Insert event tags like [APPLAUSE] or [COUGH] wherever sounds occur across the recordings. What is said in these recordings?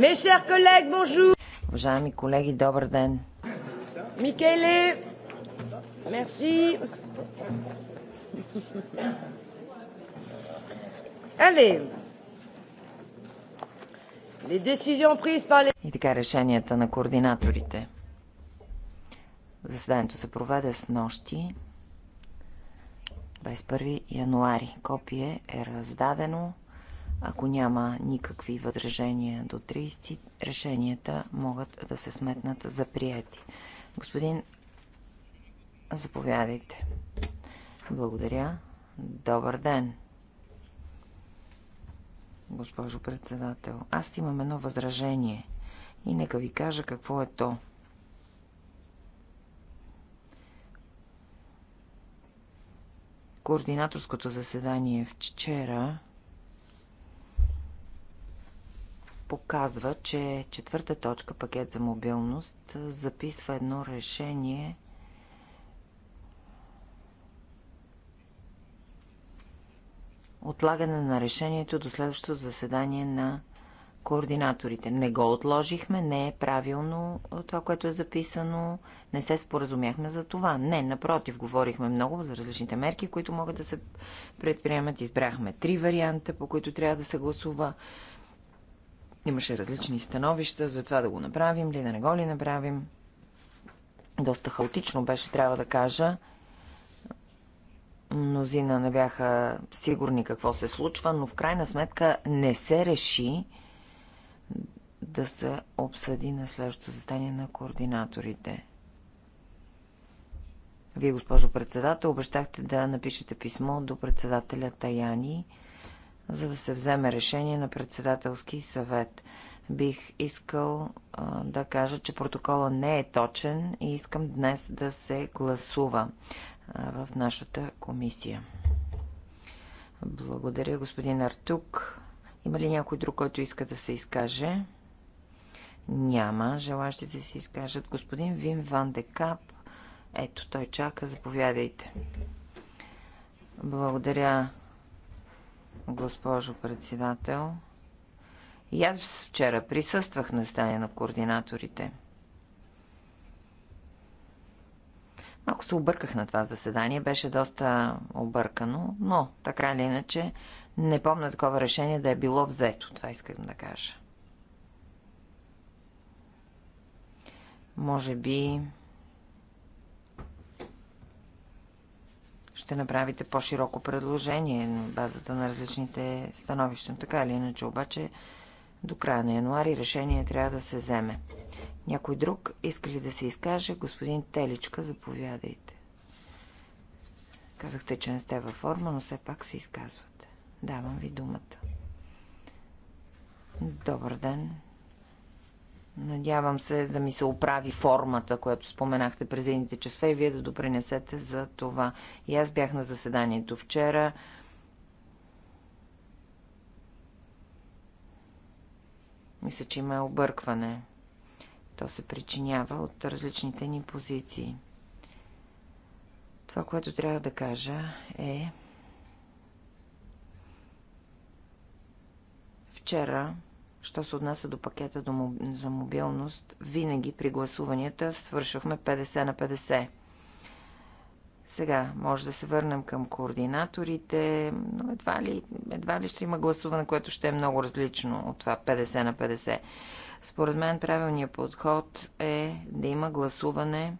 Мешер колег, collègues, Уважаеми колеги, добър ден. Микеле, мерси. Але, и така решенията на координаторите. Заседанието се проведе с нощи 21 януари. Копие е раздадено ако няма никакви възражения до 30, решенията могат да се сметнат за прияти. Господин, заповядайте. Благодаря. Добър ден. Госпожо председател, аз имам едно възражение и нека ви кажа какво е то. Координаторското заседание вчера показва, че четвърта точка, пакет за мобилност, записва едно решение отлагане на решението до следващото заседание на координаторите. Не го отложихме, не е правилно това, което е записано, не се споразумяхме за това. Не, напротив, говорихме много за различните мерки, които могат да се предприемат. Избрахме три варианта, по които трябва да се гласува. Имаше различни становища за това да го направим или да не го ли направим. Доста хаотично беше, трябва да кажа. Мнозина не бяха сигурни какво се случва, но в крайна сметка не се реши да се обсъди на следващото застание на координаторите. Вие, госпожо председател, обещахте да напишете писмо до председателя Таяни – за да се вземе решение на председателски съвет. Бих искал а, да кажа, че протокола не е точен и искам днес да се гласува а, в нашата комисия. Благодаря, господин Артук. Има ли някой друг, който иска да се изкаже? Няма. Желащи да се изкажат господин Вин Ван Декап. Ето, той чака. Заповядайте. Благодаря, госпожо председател. И аз вчера присъствах на стане на координаторите. Малко се обърках на това заседание. Беше доста объркано, но така или иначе не помня такова решение да е било взето. Това искам да кажа. Може би ще направите по-широко предложение на базата на различните становища. Така или иначе, обаче, до края на януари решение трябва да се вземе. Някой друг иска ли да се изкаже? Господин Теличка, заповядайте. Казахте, че не сте във форма, но все пак се изказвате. Давам ви думата. Добър ден. Надявам се да ми се оправи формата, която споменахте през едните часове и вие да допринесете за това. И аз бях на заседанието вчера. Мисля, че има объркване. То се причинява от различните ни позиции. Това, което трябва да кажа е... Вчера Що се отнася до пакета за мобилност, винаги при гласуванията свършвахме 50 на 50. Сега може да се върнем към координаторите, но едва ли, едва ли ще има гласуване, което ще е много различно от това 50 на 50. Според мен правилният подход е да има гласуване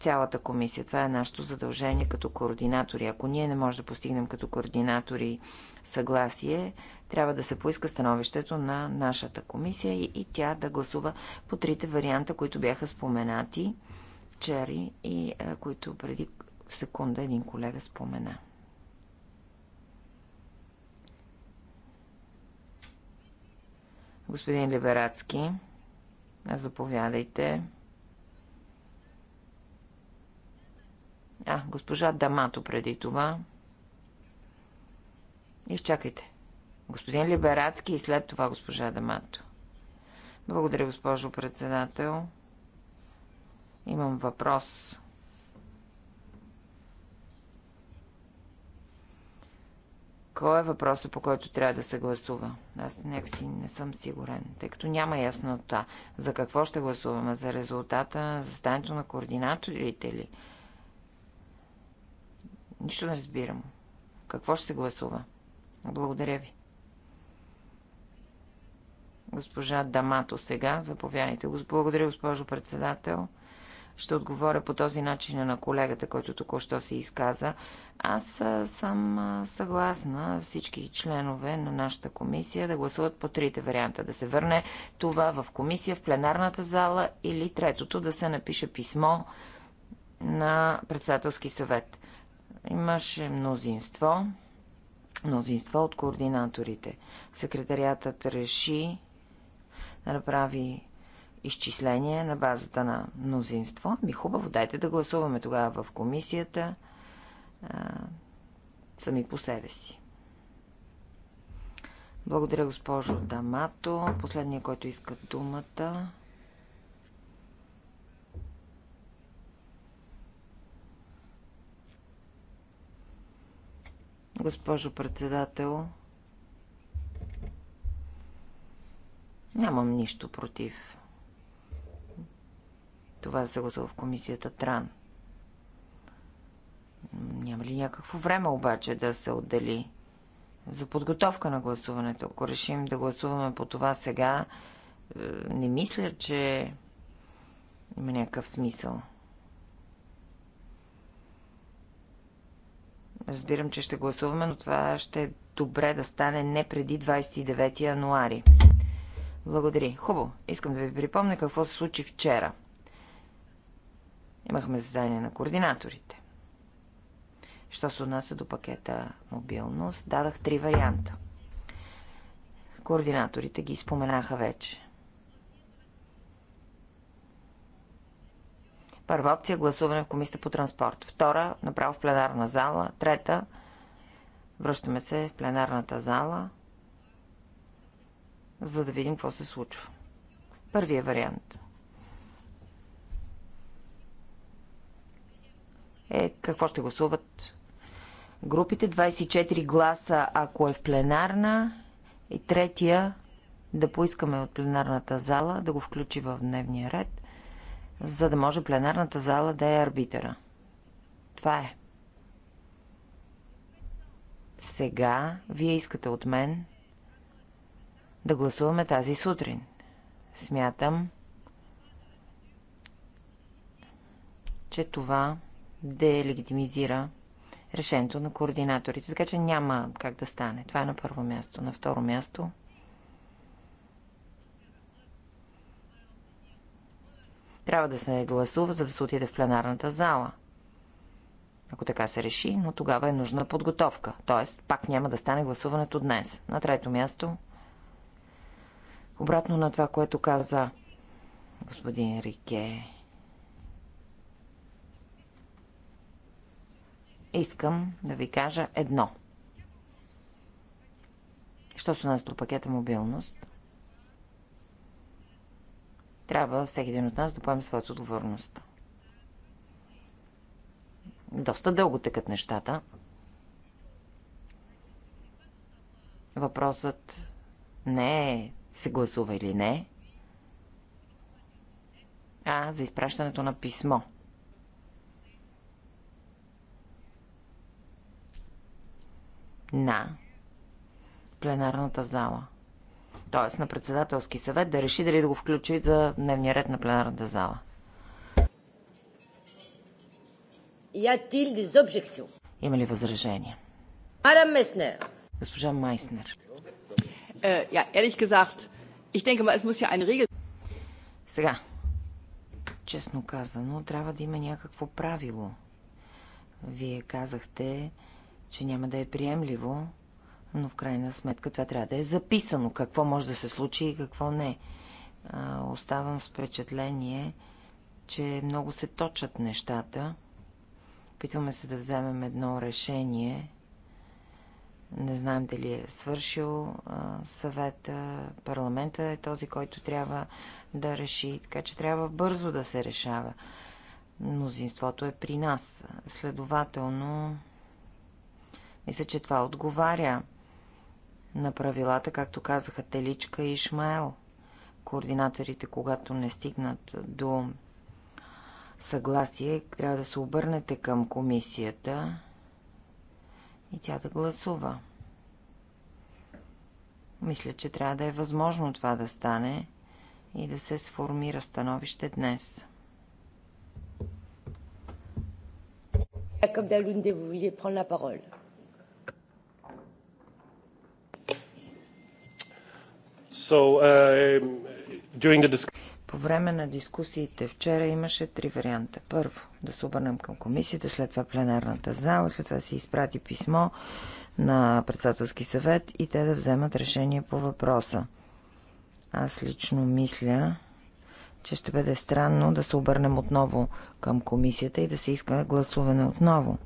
цялата комисия. Това е нашето задължение като координатори. Ако ние не можем да постигнем като координатори съгласие, трябва да се поиска становището на нашата комисия и, и тя да гласува по трите варианта, които бяха споменати вчера и а, които преди секунда един колега спомена. Господин Либерацки, заповядайте. А, госпожа Дамато преди това. Изчакайте господин Либерацки и след това госпожа Дамато. Благодаря, госпожо председател. Имам въпрос. Кой е въпросът, по който трябва да се гласува? Аз някакси не съм сигурен, тъй като няма яснота за какво ще гласуваме, за резултата, за стането на координаторите ли? Нищо не разбирам. Какво ще се гласува? Благодаря ви. Госпожа Дамато сега, заповядайте. Благодаря, госпожо председател. Ще отговоря по този начин на колегата, който току-що се изказа. Аз съм съгласна всички членове на нашата комисия да гласуват по трите варианта. Да се върне това в комисия, в пленарната зала или третото да се напише писмо на председателски съвет. Имаше мнозинство, мнозинство от координаторите. Секретариатът реши направи изчисление на базата на мнозинство. Ми хубаво, дайте да гласуваме тогава в комисията а, сами по себе си. Благодаря, госпожо Дамато. Последния, който иска думата. Госпожо председател, Нямам нищо против. Това се гласува в комисията Тран. Няма ли някакво време обаче да се отдели за подготовка на гласуването? Ако решим да гласуваме по това сега, е, не мисля, че има някакъв смисъл. Разбирам, че ще гласуваме, но това ще е добре да стане не преди 29 януари. Благодаря. Хубаво. Искам да ви припомня какво се случи вчера. Имахме заседание на координаторите. Що се отнася до пакета мобилност, дадах три варианта. Координаторите ги споменаха вече. Първа опция – гласуване в комисията по транспорт. Втора – направо в пленарна зала. Трета – връщаме се в пленарната зала – за да видим какво се случва. Първия вариант е какво ще гласуват групите. 24 гласа, ако е в пленарна и третия да поискаме от пленарната зала да го включи в дневния ред, за да може пленарната зала да е арбитъра. Това е. Сега вие искате от мен да гласуваме тази сутрин. Смятам, че това делегитимизира решението на координаторите. Така че няма как да стане. Това е на първо място. На второ място. Трябва да се гласува, за да се отиде в пленарната зала. Ако така се реши, но тогава е нужна подготовка. Тоест, пак няма да стане гласуването днес. На трето място Обратно на това, което каза господин Рике. Искам да ви кажа едно. Що се нас до пакета мобилност? Трябва всеки един от нас да поеме своята отговорност. Доста дълго текат нещата. Въпросът не е се гласува или не, а за изпращането на писмо. На пленарната зала. Тоест на председателски съвет да реши дали да го включи за дневния ред на пленарната зала. Има ли възражения? Мадам Меснер. Госпожа Майснер. Äh, ja, ehrlich gesagt, ich denke mal, es muss ja eine Regel. Сега, честно казано, трябва да има някакво правило. Вие казахте, че няма да е приемливо, но в крайна сметка това трябва да е записано. Какво може да се случи и какво не. А, оставам с впечатление, че много се точат нещата. Питваме се да вземем едно решение, не знаем дали е свършил съвета. Парламента е този, който трябва да реши. Така че трябва бързо да се решава. Мнозинството е при нас. Следователно, мисля, че това отговаря на правилата, както казаха Теличка и Ишмаел. Координаторите, когато не стигнат до съгласие, трябва да се обърнете към комисията и тя да гласува. Мисля, че трябва да е възможно това да стане и да се сформира становище днес. Uh, По време на дискусиите вчера имаше три варианта. Първо, да се обърнем към комисията, след това пленарната зала, след това се изпрати писмо на председателски съвет и те да вземат решение по въпроса. Аз лично мисля, че ще бъде странно да се обърнем отново към комисията и да се иска гласуване отново.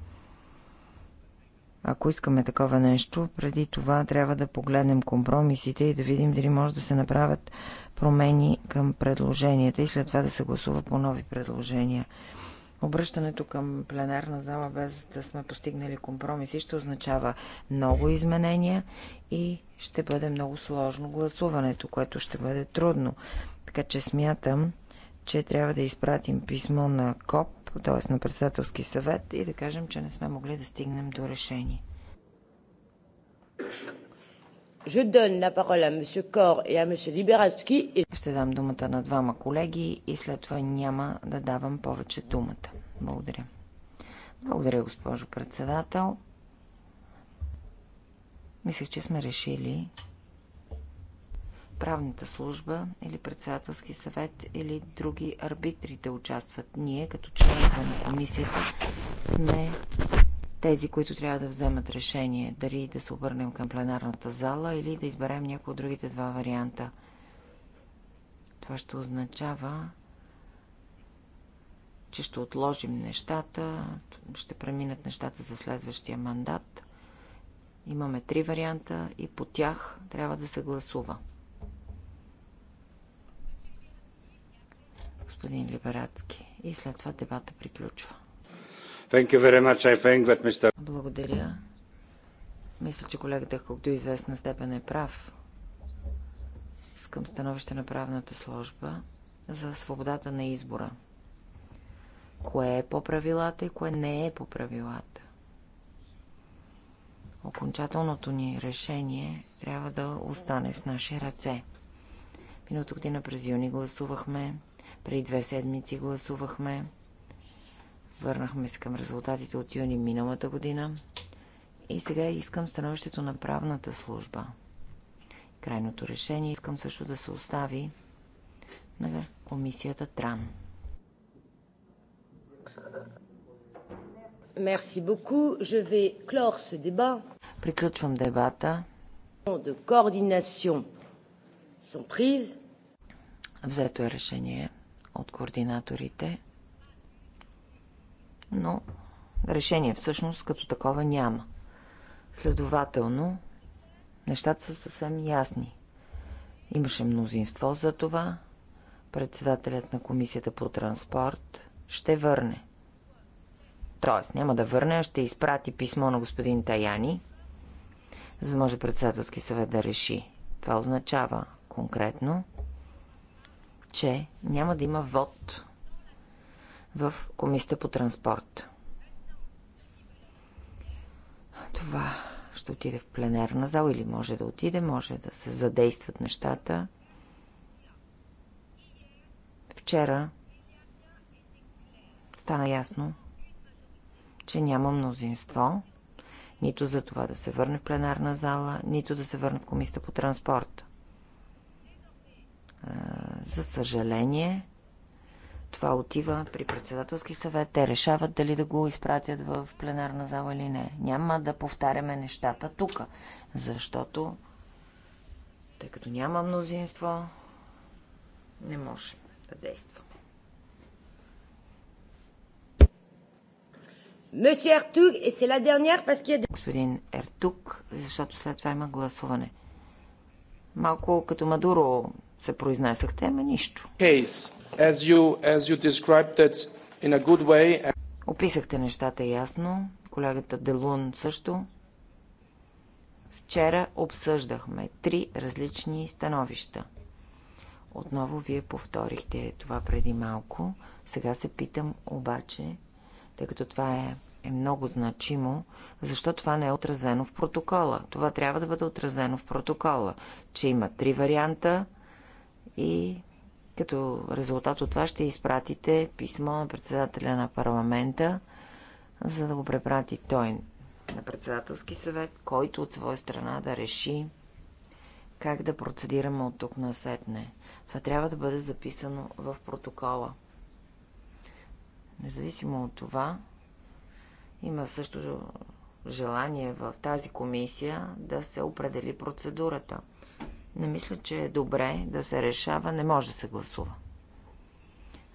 Ако искаме такова нещо, преди това трябва да погледнем компромисите и да видим дали може да се направят промени към предложенията и след това да се гласува по нови предложения. Обръщането към пленарна зала, без да сме постигнали компромиси, ще означава много изменения и ще бъде много сложно гласуването, което ще бъде трудно. Така че смятам, че трябва да изпратим писмо на КОП, т.е. на председателски съвет и да кажем, че не сме могли да стигнем до решение. Ще дам думата на двама колеги и след това няма да давам повече думата. Благодаря. Благодаря, госпожо председател. Мислех, че сме решили правната служба или председателски съвет или други арбитри да участват. Ние, като членове на комисията, сме тези, които трябва да вземат решение, дали да се обърнем към пленарната зала или да изберем някои от другите два варианта. Това ще означава, че ще отложим нещата, ще преминат нещата за следващия мандат. Имаме три варианта и по тях трябва да се гласува. Господин Либерацки. И след това дебата приключва. Much, Благодаря. Мисля, че колегата Хук до е известна степен е прав. Искам становище на правната служба за свободата на избора. Кое е по правилата и кое не е по правилата. Окончателното ни решение трябва да остане в наши ръце. Миналата година през юни гласувахме, преди две седмици гласувахме Върнахме се към резултатите от юни миналата година. И сега искам становището на правната служба. Крайното решение искам също да се остави на комисията Тран. Merci beaucoup. Je vais clore ce débat. Приключвам дебата. De coordination sont prises. Взето е решение от координаторите но решение всъщност като такова няма. Следователно, нещата са съвсем ясни. Имаше мнозинство за това. Председателят на комисията по транспорт ще върне. Тоест, няма да върне, а ще изпрати писмо на господин Таяни, за да може председателски съвет да реши. Това означава конкретно, че няма да има вод в Комисията по транспорт. Това ще отиде в пленерна зала или може да отиде, може да се задействат нещата. Вчера стана ясно, че няма мнозинство нито за това да се върне в пленарна зала, нито да се върне в комисията по транспорт. За съжаление, това отива при председателски съвет. Те решават дали да го изпратят в пленарна зала или не. Няма да повтаряме нещата тук, защото тъй като няма мнозинство, не можем да действаме. Господин Ертук, защото след това има гласуване. Малко като Мадуро се произнесахте, ама нищо. Кейс. Описахте нещата ясно. Колегата Делун също. Вчера обсъждахме три различни становища. Отново вие повторихте това преди малко. Сега се питам обаче, тъй като това е, е много значимо, защо това не е отразено в протокола. Това трябва да бъде отразено в протокола, че има три варианта и като резултат от това ще изпратите писмо на председателя на парламента, за да го препрати той на председателски съвет, който от своя страна да реши как да процедираме от тук на сетне. Това трябва да бъде записано в протокола. Независимо от това, има също желание в тази комисия да се определи процедурата – не мисля, че е добре да се решава, не може да се гласува.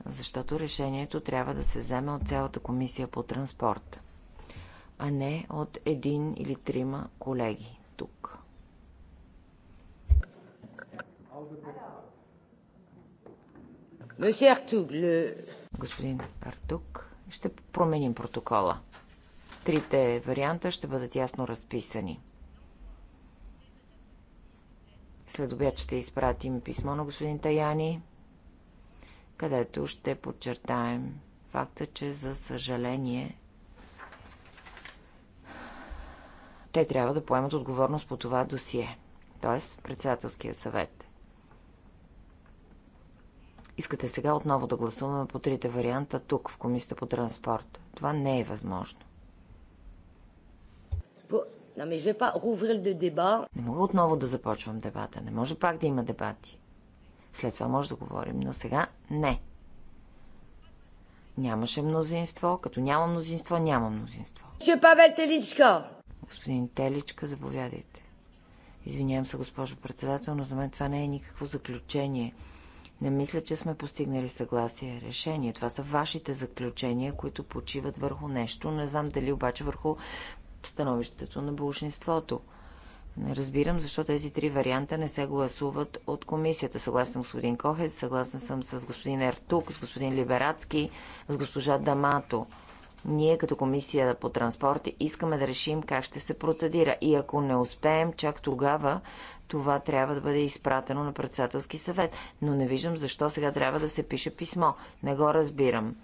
Защото решението трябва да се вземе от цялата комисия по транспорт, а не от един или трима колеги тук. Господин Артук, ще променим протокола. Трите варианта ще бъдат ясно разписани. След обяд ще изпратим писмо на господин Таяни, където ще подчертаем факта, че за съжаление те трябва да поемат отговорност по това досие, т.е. председателския съвет. Искате сега отново да гласуваме по трите варианта тук, в Комисията по транспорт. Това не е възможно. Не мога отново да започвам дебата. Не може пак да има дебати. След това може да говорим, но сега не. Нямаше мнозинство. Като няма мнозинство, няма мнозинство. Ще Павел Теличка! Господин Теличка, заповядайте. Извинявам се, госпожо председател, но за мен това не е никакво заключение. Не мисля, че сме постигнали съгласие, решение. Това са вашите заключения, които почиват върху нещо. Не знам дали обаче върху становището на большинството. Не разбирам защо тези три варианта не се гласуват от комисията. Съгласен съм с господин Кохец, съгласен съм с господин Ертук, с господин Либерацки, с госпожа Дамато. Ние като комисия по транспорт искаме да решим как ще се процедира. И ако не успеем, чак тогава това трябва да бъде изпратено на председателски съвет. Но не виждам защо сега трябва да се пише писмо. Не го разбирам.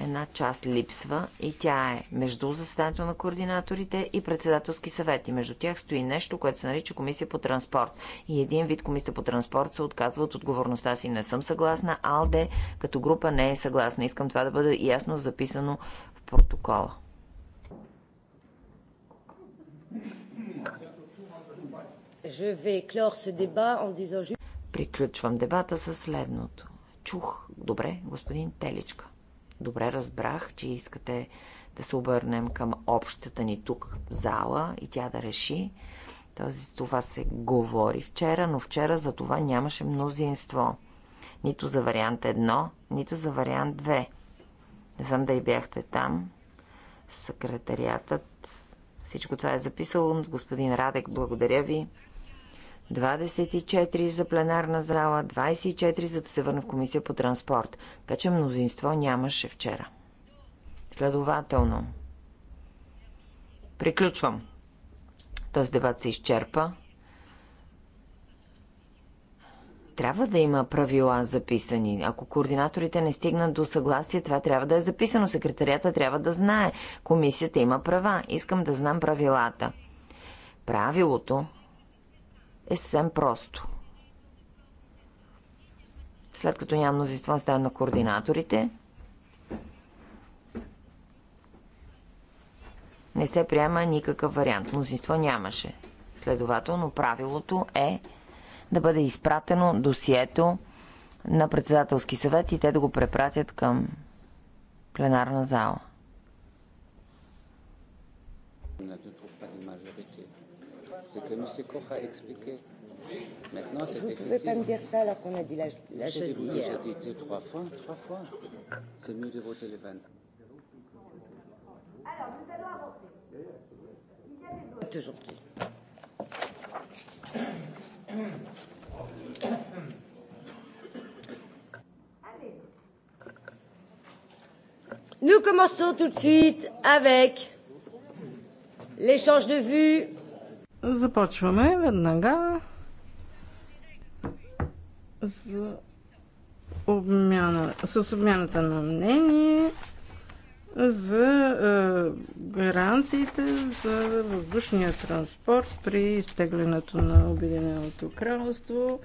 Една част липсва и тя е между заседанието на координаторите и председателски съвет. И Между тях стои нещо, което се нарича комисия по транспорт. И един вид комисия по транспорт се отказва от отговорността си. Не съм съгласна. Алде като група не е съгласна. Искам това да бъде ясно записано в протокола. Приключвам дебата със следното. Чух, добре, господин Теличка. Добре разбрах, че искате да се обърнем към общата ни тук зала и тя да реши. Този това се говори вчера, но вчера за това нямаше мнозинство. Нито за вариант 1, нито за вариант 2. Не знам да и бяхте там. Секретариатът. Всичко това е записало. Господин Радек, благодаря ви. 24 за пленарна зала, 24 за да се върна в комисия по транспорт. Така че мнозинство нямаше вчера. Следователно. Приключвам. Този дебат се изчерпа. Трябва да има правила записани. Ако координаторите не стигнат до съгласие, това трябва да е записано. Секретарията трябва да знае. Комисията има права. Искам да знам правилата. Правилото е съвсем просто. След като няма мнозинство става на координаторите, не се приема никакъв вариант. Мнозинство нямаше. Следователно, правилото е да бъде изпратено досието на председателски съвет и те да го препратят към пленарна зала ce que M. Koch a expliqué. Maintenant, c'est difficile. Vous ne pouvez pas me dire ça alors qu'on a dit la, la chose hier. J'ai dit trois fois, trois fois. C'est mieux de voter le 20. Alors, nous allons avancer. Il y a des votes aujourd'hui. Nous commençons tout de suite avec l'échange de vues Започваме веднага за обмяна, с обмяната на мнение за е, гаранциите за въздушния транспорт при изтеглянето на Обединеното кралство.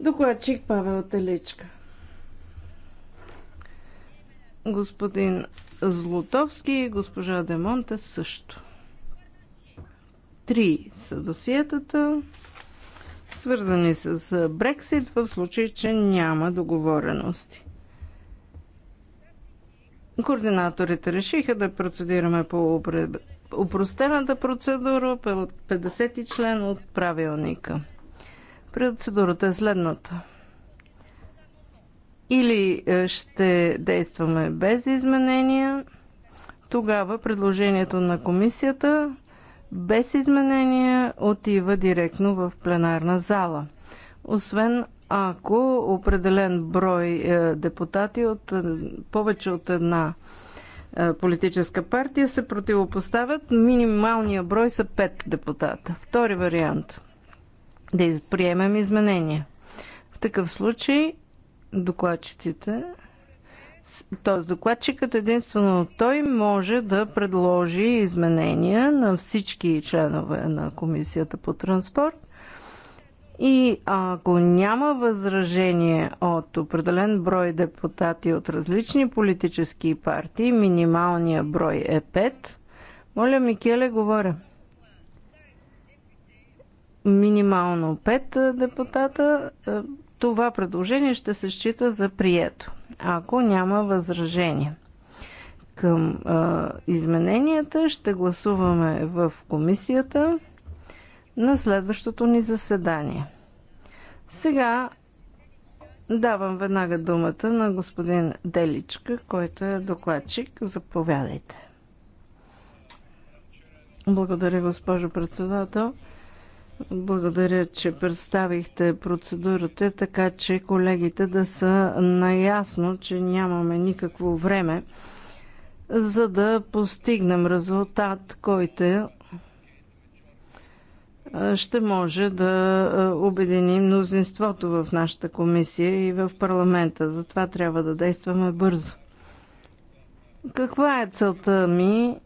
Докладчик Павел Теличка. Господин Злотовски и госпожа Демонта също. Три са досиетата, свързани с Брексит, в случай, че няма договорености. Координаторите решиха да процедираме по упростената процедура от 50 член от правилника. Процедурата е следната – или е, ще действаме без изменения, тогава предложението на комисията без изменения отива директно в пленарна зала. Освен ако определен брой е, депутати от е, повече от една политическа партия се противопоставят, минималния брой са 5 депутата. Втори вариант – да приемем изменения. В такъв случай докладчиците, Тоест, докладчикът единствено той може да предложи изменения на всички членове на Комисията по транспорт. И ако няма възражение от определен брой депутати от различни политически партии, минималният брой е 5. Моля, Микеле, говоря. Минимално 5 е, депутата е, това предложение ще се счита за прието, ако няма възражение. Към а, измененията ще гласуваме в комисията на следващото ни заседание. Сега давам веднага думата на господин Деличка, който е докладчик. Заповядайте. Благодаря, госпожо председател. Благодаря, че представихте процедурата, така че колегите да са наясно, че нямаме никакво време, за да постигнем резултат, който ще може да обедини мнозинството в нашата комисия и в парламента. Затова трябва да действаме бързо. Каква е целта ми?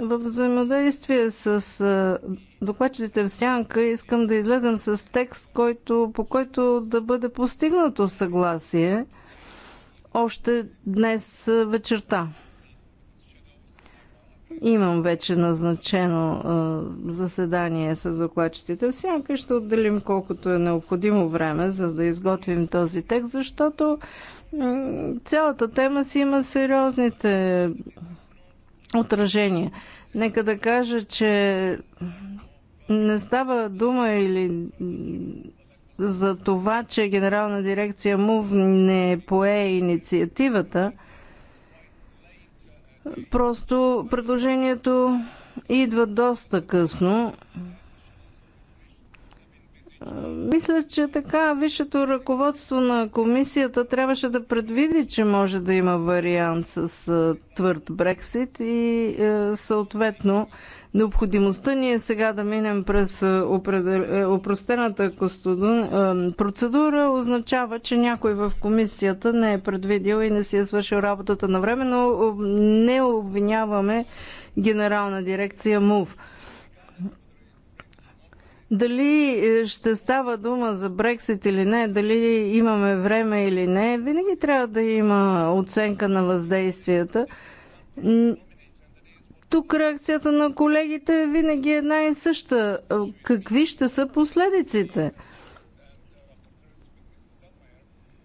В взаимодействие с докладчите в сянка искам да излезам с текст, който, по който да бъде постигнато съгласие още днес вечерта. Имам вече назначено а, заседание с докладчиците в сянка и ще отделим колкото е необходимо време, за да изготвим този текст, защото цялата тема си има сериозните отражение. Нека да кажа, че не става дума или за това, че генерална дирекция МУВ не пое инициативата. Просто предложението идва доста късно. Мисля, че така висшето ръководство на комисията трябваше да предвиди, че може да има вариант с твърд Брексит и е, съответно необходимостта ни е сега да минем през е, опростената е, процедура означава, че някой в комисията не е предвидил и не си е свършил работата на време, но не обвиняваме генерална дирекция МУВ. Дали е, ще става дума за Брексит или не, дали имаме време или не, винаги трябва да има оценка на въздействията. Тук реакцията на колегите винаги е една и съща. Какви ще са последиците?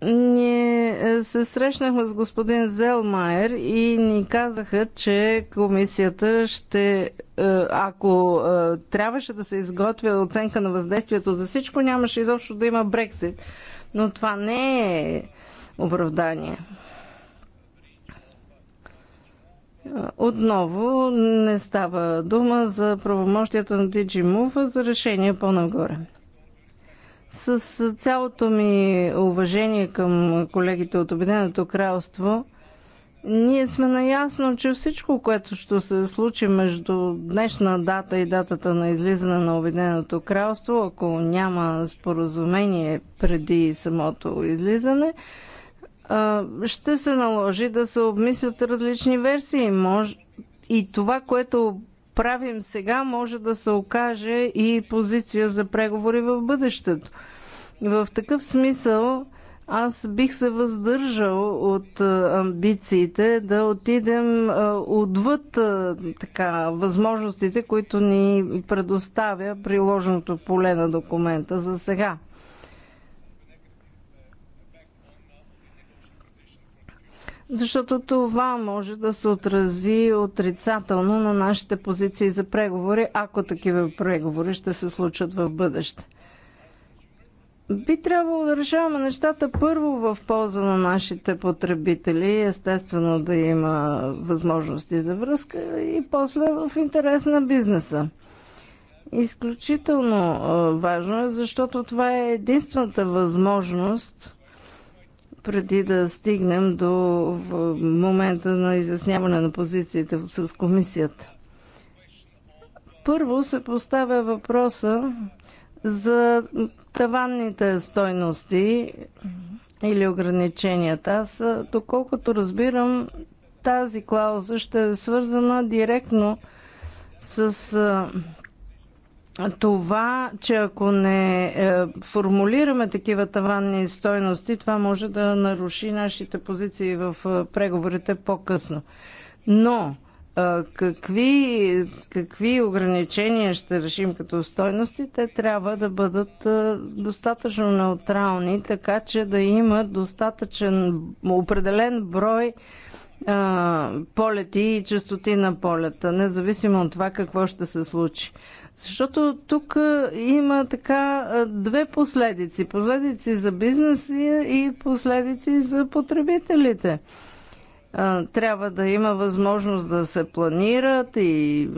Ние е, се срещнахме с господин Зелмайер и ни казаха, че комисията ще, е, ако е, трябваше да се изготвя оценка на въздействието за всичко, нямаше изобщо да има Брексит. Но това не е оправдание. Отново не става дума за правомощията на DigiMove за решение по-нагоре. С цялото ми уважение към колегите от Обединеното кралство, ние сме наясно, че всичко, което ще се случи между днешна дата и датата на излизане на Обединеното кралство, ако няма споразумение преди самото излизане, ще се наложи да се обмислят различни версии. И това, което правим сега, може да се окаже и позиция за преговори в бъдещето. В такъв смисъл аз бих се въздържал от амбициите да отидем отвъд така, възможностите, които ни предоставя приложеното поле на документа за сега. защото това може да се отрази отрицателно на нашите позиции за преговори, ако такива преговори ще се случат в бъдеще. Би трябвало да решаваме нещата първо в полза на нашите потребители, естествено да има възможности за връзка и после в интерес на бизнеса. Изключително важно е, защото това е единствената възможност – преди да стигнем до момента на изясняване на позициите с комисията. Първо се поставя въпроса за таванните стойности или ограниченията. Аз, доколкото разбирам, тази клауза ще е свързана директно с това, че ако не е, формулираме такива таванни стойности, това може да наруши нашите позиции в е, преговорите по-късно. Но е, какви, какви ограничения ще решим като стойности, те трябва да бъдат достатъчно неутрални, така че да има достатъчен определен брой полети и частоти на полета, независимо от това какво ще се случи. Защото тук има така две последици. Последици за бизнеса и последици за потребителите. Трябва да има възможност да се планират и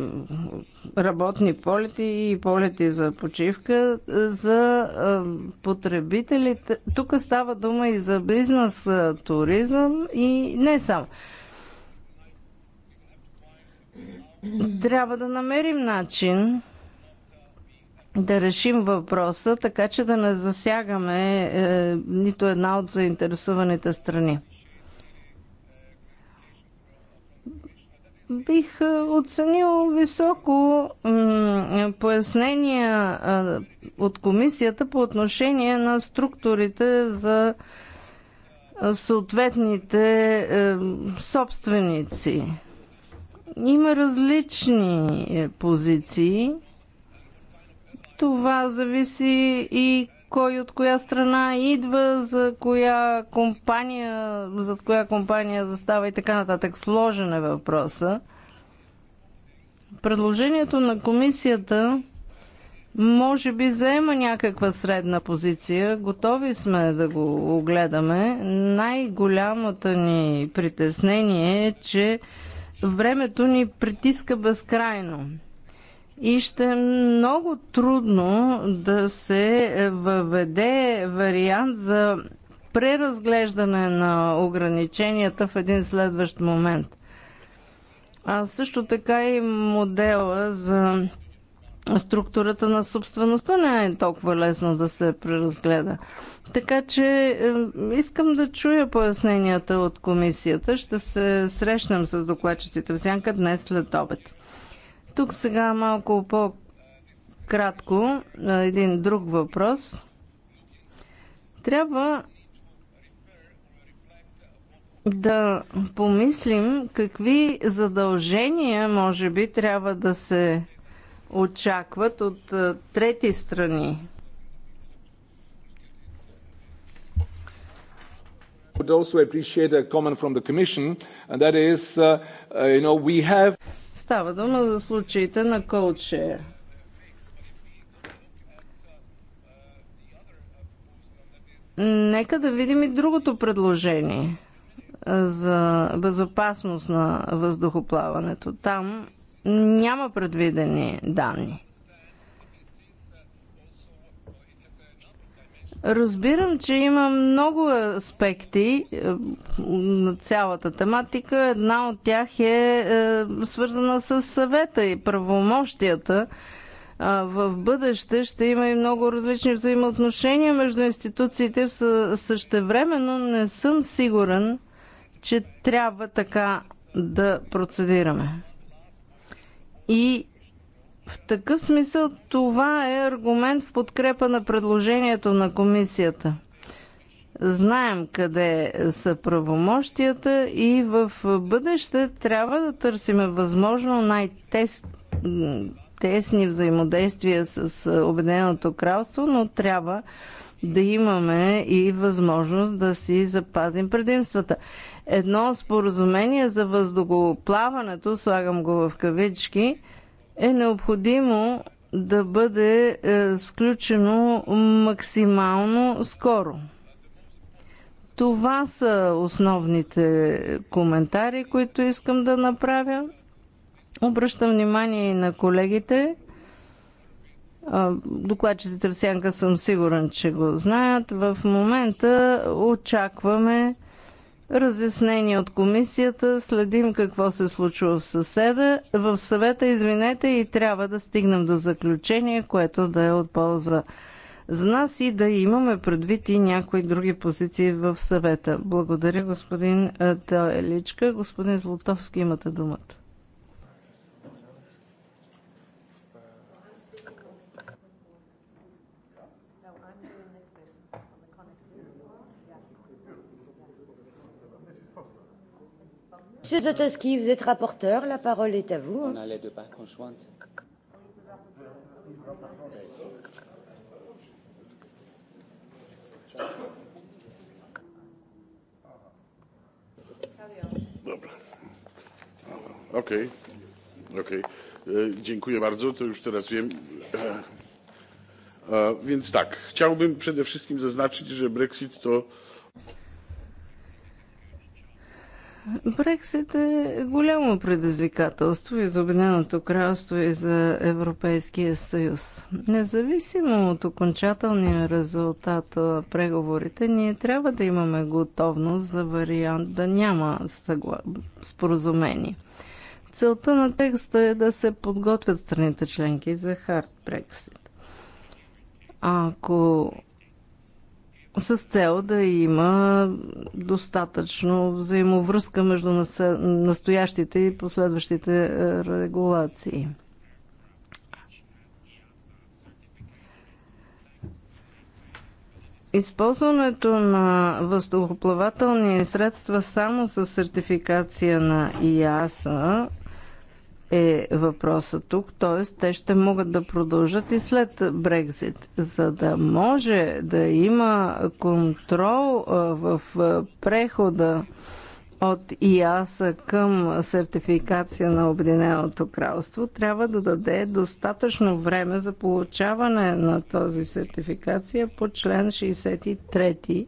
работни полети и полети за почивка за потребителите. Тук става дума и за бизнес, туризъм и не само трябва да намерим начин да решим въпроса, така че да не засягаме е, нито една от заинтересуваните страни. бих е, оценил високо пояснения е, от комисията по отношение на структурите за е, съответните собственици. Има различни позиции. Това зависи и кой от коя страна идва, за коя компания, зад коя компания застава и така нататък. Сложен е въпроса. Предложението на комисията може би заема някаква средна позиция. Готови сме да го огледаме. Най-голямото ни притеснение е, че времето ни притиска безкрайно и ще е много трудно да се въведе вариант за преразглеждане на ограниченията в един следващ момент. А също така и модела за структурата на собствеността не е толкова лесно да се преразгледа. Така че искам да чуя поясненията от комисията. Ще се срещнем с докладчиците в сянка днес след обед. Тук сега малко по-кратко един друг въпрос. Трябва да помислим какви задължения може би трябва да се очакват от трети страни. would also appreciate a comment from the Commission, and that is, uh, uh, you know, we have Става дума за случаите на коучер. Нека да видим и другото предложение за безопасност на въздухоплаването. Там няма предвидени данни. Разбирам, че има много аспекти е, на цялата тематика. Една от тях е, е свързана с съвета и правомощията. Е, в бъдеще ще има и много различни взаимоотношения между институциите. Същевременно не съм сигурен, че трябва така да процедираме. И в такъв смисъл това е аргумент в подкрепа на предложението на комисията. Знаем къде са правомощията и в бъдеще трябва да търсим възможно най-тесни взаимодействия с Обединеното кралство, но трябва да имаме и възможност да си запазим предимствата. Едно споразумение за въздухоплаването, слагам го в кавички, е необходимо да бъде е, сключено максимално скоро. Това са основните коментари, които искам да направя. Обръщам внимание и на колегите. Докладчиците в сянка съм сигурен, че го знаят. В момента очакваме разяснение от комисията, следим какво се случва в съседа, в съвета, извинете, и трябва да стигнем до заключение, което да е от полза за нас и да имаме предвид и някои други позиции в съвета. Благодаря, господин е, Теличка. Господин Златовски, имате думата. Monsieur Zatoski, vous êtes rapporteur, la parole est à vous. On a les deux parts conjointes. Dobra. Okej. Okay. Okej. Okay. Dziękuję bardzo. To już teraz wiem. Więc tak, chciałbym przede wszystkim zaznaczyć, że Brexit to Брексит е голямо предизвикателство и за Обединеното кралство и за Европейския съюз. Независимо от окончателния резултат от преговорите, ние трябва да имаме готовност за вариант да няма съгла... споразумение. Целта на текста е да се подготвят страните членки за хард Брексит. Ако с цел да има достатъчно взаимовръзка между настоящите и последващите е, регулации. Използването на въздухоплавателни средства само с сертификация на ИАСА е въпроса тук, т.е. те ще могат да продължат и след Брекзит. За да може да има контрол в прехода от ИАСа към сертификация на Обединеното кралство, трябва да даде достатъчно време за получаване на този сертификация по член 63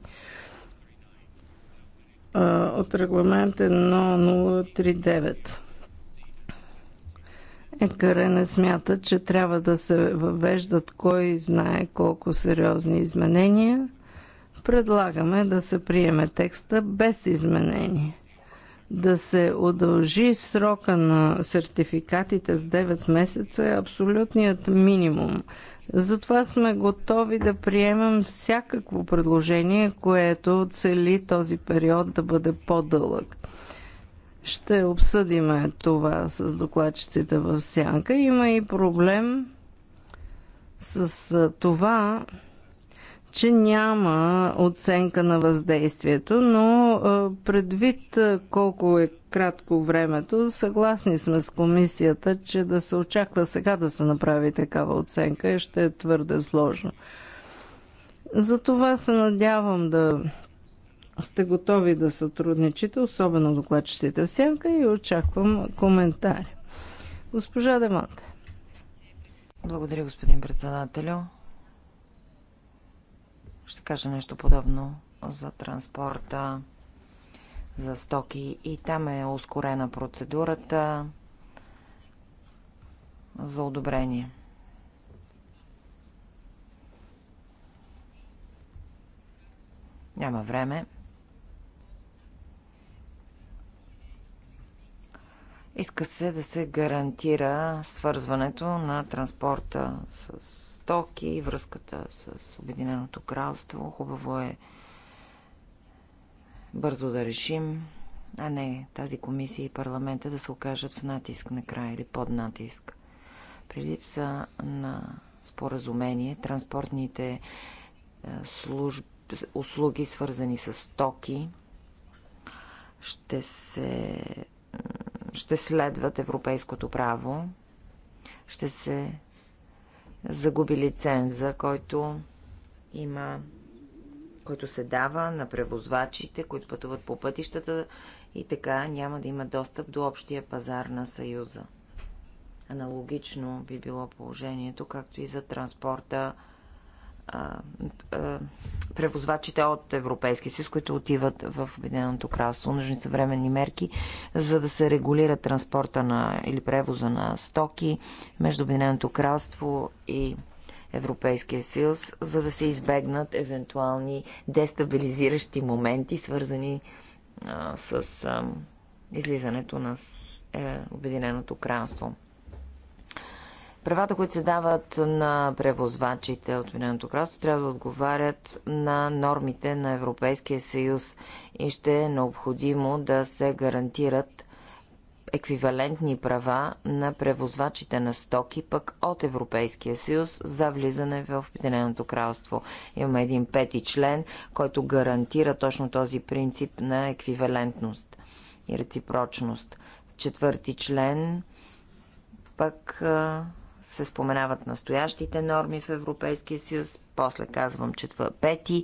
от регламент 1039. Карена не смята, че трябва да се въвеждат кой знае колко сериозни изменения. Предлагаме да се приеме текста без изменение. Да се удължи срока на сертификатите с 9 месеца е абсолютният минимум. Затова сме готови да приемем всякакво предложение, което цели този период да бъде по-дълъг. Ще обсъдиме това с докладчиците в сянка. Има и проблем с това, че няма оценка на въздействието, но предвид колко е кратко времето, съгласни сме с комисията, че да се очаква сега да се направи такава оценка ще е твърде сложно. Затова се надявам да сте готови да сътрудничите, особено доклад сте в сянка и очаквам коментари. Госпожа Деманте. Благодаря, господин председателю. Ще кажа нещо подобно за транспорта, за стоки. И там е ускорена процедурата за одобрение. Няма време. Иска се да се гарантира свързването на транспорта с стоки и връзката с Обединеното кралство. Хубаво е бързо да решим, а не тази комисия и парламента да се окажат в натиск накрая или под натиск. При липса на споразумение, транспортните е, служб, услуги, свързани с токи, ще се ще следват европейското право, ще се загуби лиценза, който има който се дава на превозвачите, които пътуват по пътищата и така няма да има достъп до общия пазар на Съюза. Аналогично би било положението, както и за транспорта превозвачите от Европейския съюз, които отиват в Обединеното кралство. Нужни са временни мерки, за да се регулира транспорта на, или превоза на стоки между Обединеното кралство и Европейския съюз, за да се избегнат евентуални дестабилизиращи моменти, свързани а, с а, излизането на е, Обединеното кралство. Правата, които се дават на превозвачите от Миналното кралство, трябва да отговарят на нормите на Европейския съюз и ще е необходимо да се гарантират еквивалентни права на превозвачите на стоки пък от Европейския съюз за влизане в Обединеното кралство. Имаме един пети член, който гарантира точно този принцип на еквивалентност и реципрочност. Четвърти член пък се споменават настоящите норми в Европейския съюз, после казвам четвър, е пети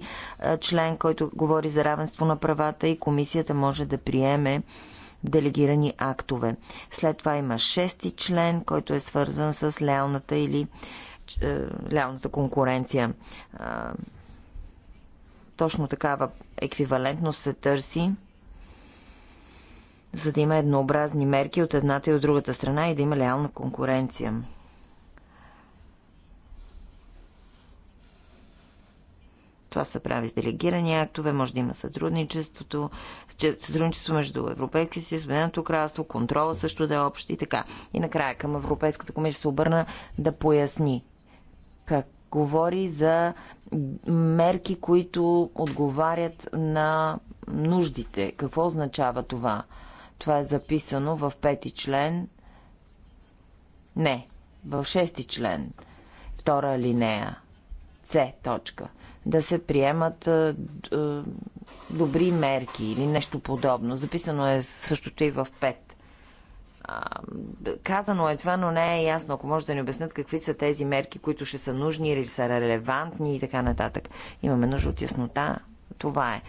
член, който говори за равенство на правата и комисията може да приеме делегирани актове. След това има шести член, който е свързан с леалната или е, леалната конкуренция. Е, точно такава еквивалентност се търси за да има еднообразни мерки от едната и от другата страна и да има леална конкуренция. Това се прави с делегирани актове, може да има сътрудничеството, сътрудничество между Европейския съюз, Съединеното кралство, контрола също да е общ и така. И накрая към Европейската комисия се обърна да поясни как говори за мерки, които отговарят на нуждите. Какво означава това? Това е записано в пети член. Не, в шести член. Втора линея. С точка да се приемат добри мерки или нещо подобно. Записано е същото и в пет. Казано е това, но не е ясно. Ако може да ни обяснят какви са тези мерки, които ще са нужни или са релевантни и така нататък. Имаме нужда от яснота. Това е.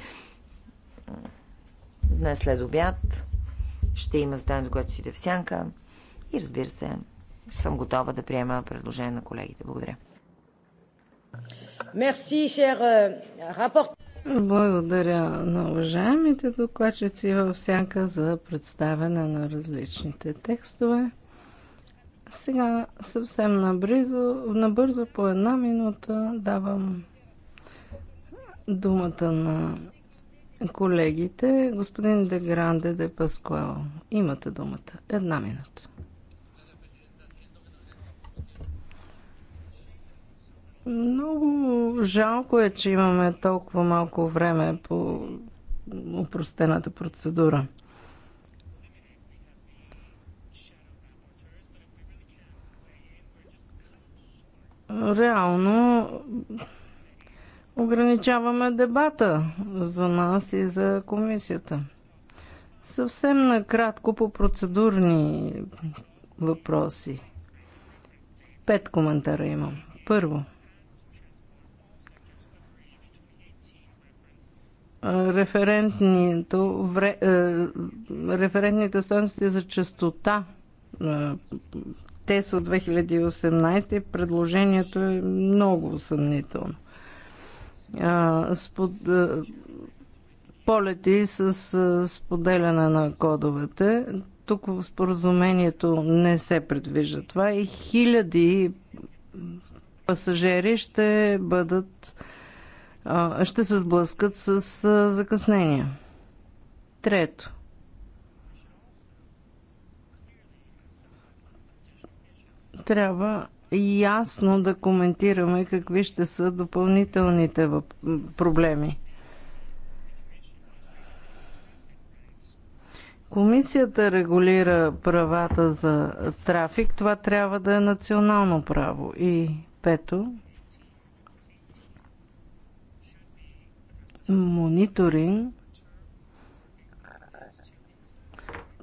Днес след обяд ще има до което си в сянка. И разбира се, съм готова да приема предложение на колегите. Благодаря. Мерси, шер рапорт. Благодаря на уважаемите докладчици във сянка за представяне на различните текстове. Сега съвсем набризо, набързо по една минута давам думата на колегите. Господин Дегранде де Паскуел, имате думата. Една минута. Много жалко е, че имаме толкова малко време по упростената процедура. Реално ограничаваме дебата за нас и за комисията. Съвсем накратко по процедурни въпроси. Пет коментара имам. Първо – вре, е, референтните стоености за частота. Е, те са от 2018 предложението е много съмнително. Е, спод, полети с споделяне на кодовете. Тук в споразумението не се предвижда това и хиляди пасажери ще бъдат ще се сблъскат с закъснения. Трето. Трябва ясно да коментираме какви ще са допълнителните проблеми. Комисията регулира правата за трафик. Това трябва да е национално право. И пето, мониторинг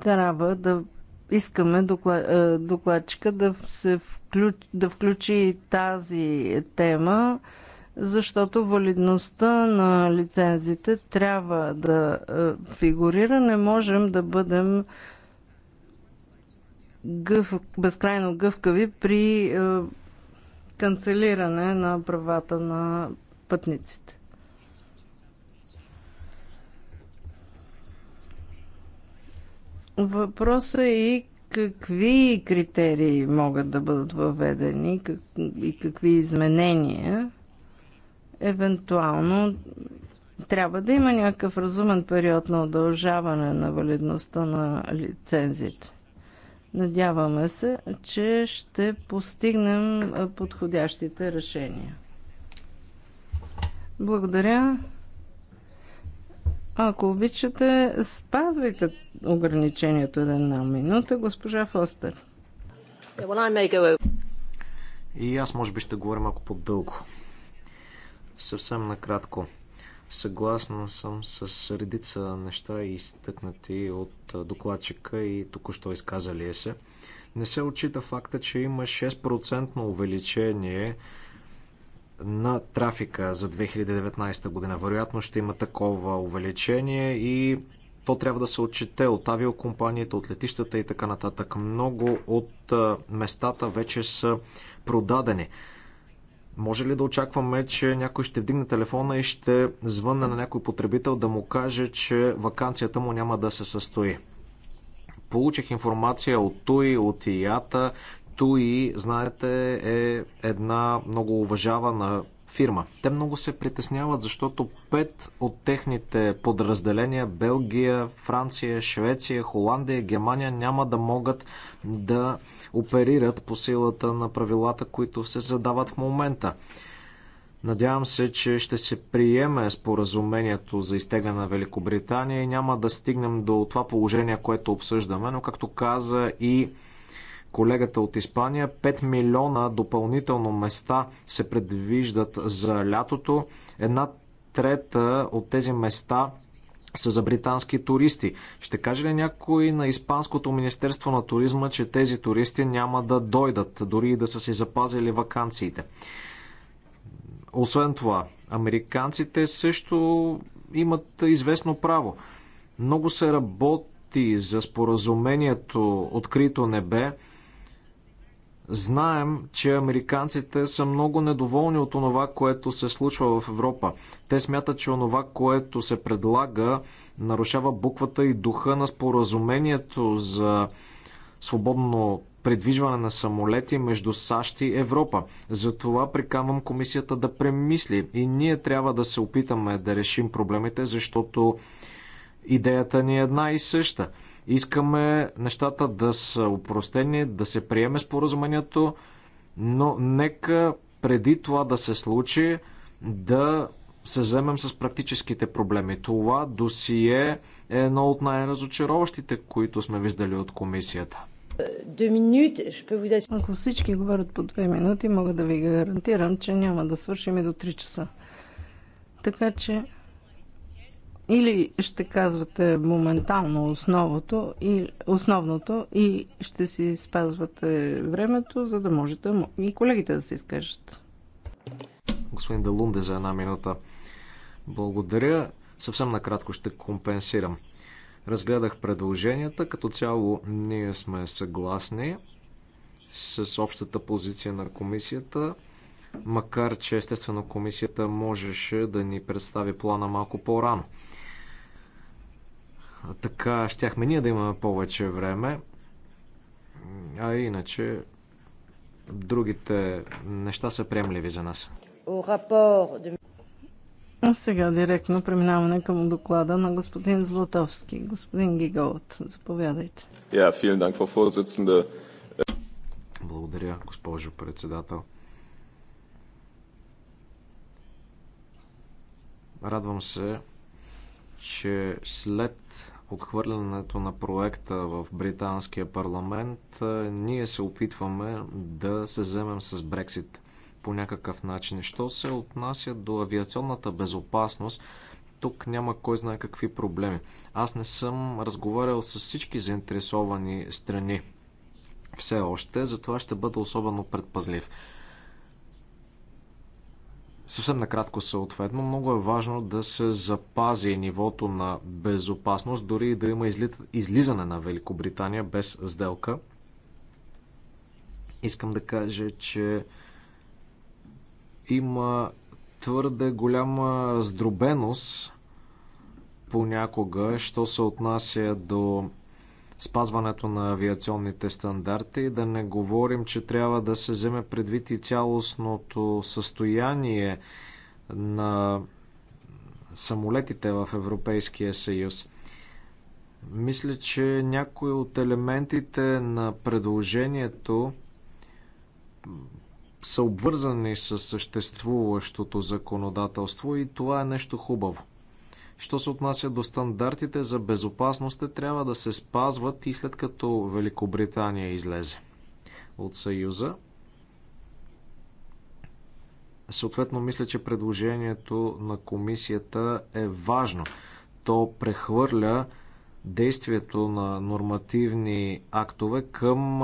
трябва да искаме е, докладчика да, се включи, да включи тази тема, защото валидността на лицензите трябва да е, фигурира. Не можем да бъдем гъв, безкрайно гъвкави при е, канцелиране на правата на пътниците. Въпросът е и какви критерии могат да бъдат въведени и какви изменения. Евентуално трябва да има някакъв разумен период на удължаване на валидността на лицензите. Надяваме се, че ще постигнем подходящите решения. Благодаря. Ако обичате, спазвайте ограничението на една минута, госпожа Фостер. И аз може би ще говоря малко по-дълго. Съвсем накратко. Съгласна съм с редица неща изтъкнати от докладчика и току-що изказали се. Не се отчита факта, че има 6% увеличение на трафика за 2019 година. Вероятно ще има такова увеличение и то трябва да се отчете от авиокомпанията, от летищата и така нататък. Много от местата вече са продадени. Може ли да очакваме, че някой ще вдигне телефона и ще звънне на някой потребител да му каже, че вакансията му няма да се състои? Получих информация от ТУИ, от ИАТА, ТУИ, знаете, е една много уважавана фирма. Те много се притесняват, защото пет от техните подразделения Белгия, Франция, Швеция, Холандия, Германия няма да могат да оперират по силата на правилата, които се задават в момента. Надявам се, че ще се приеме споразумението за изтегляне на Великобритания и няма да стигнем до това положение, което обсъждаме, но както каза и колегата от Испания. 5 милиона допълнително места се предвиждат за лятото. Една трета от тези места са за британски туристи. Ще каже ли някой на Испанското Министерство на туризма, че тези туристи няма да дойдат, дори и да са си запазили вакансиите? Освен това, американците също имат известно право. Много се работи за споразумението Открито небе. Знаем, че американците са много недоволни от онова, което се случва в Европа. Те смятат, че онова, което се предлага, нарушава буквата и духа на споразумението за свободно предвижване на самолети между САЩ и Европа. Затова приканвам комисията да премисли и ние трябва да се опитаме да решим проблемите, защото идеята ни е една и съща – Искаме нещата да са упростени, да се приеме споразумението, но нека преди това да се случи да се вземем с практическите проблеми. Това досие е едно от най-разочароващите, които сме виждали от комисията. Ако всички говорят по две минути, мога да ви гарантирам, че няма да свършим и до 3 часа. Така че или ще казвате моментално основното, и, основното и ще си спазвате времето, за да можете и колегите да се изкажат. Господин Далунде за една минута. Благодаря. Съвсем накратко ще компенсирам. Разгледах предложенията. Като цяло ние сме съгласни с общата позиция на комисията макар че естествено комисията можеше да ни представи плана малко по-рано. Така щяхме ние да имаме повече време. А иначе другите неща са приемливи за нас. А сега директно преминаваме към доклада на господин Злотовски. Господин Гигалът, заповядайте. Благодаря, госпожо председател. Радвам се, че след отхвърлянето на проекта в британския парламент, е, ние се опитваме да се вземем с Брексит по някакъв начин. Що се отнася до авиационната безопасност, тук няма кой знае какви проблеми. Аз не съм разговарял с всички заинтересовани страни все още, затова ще бъда особено предпазлив. Съвсем накратко съответно, много е важно да се запази нивото на безопасност, дори и да има излизане на Великобритания без сделка. Искам да кажа, че има твърде голяма раздробеност понякога, що се отнася до спазването на авиационните стандарти. Да не говорим, че трябва да се вземе предвид и цялостното състояние на самолетите в Европейския съюз. Мисля, че някои от елементите на предложението са обвързани с съществуващото законодателство и това е нещо хубаво. Що се отнася до стандартите за безопасност, те трябва да се спазват и след като Великобритания излезе от Съюза. Съответно, мисля, че предложението на комисията е важно. То прехвърля действието на нормативни актове към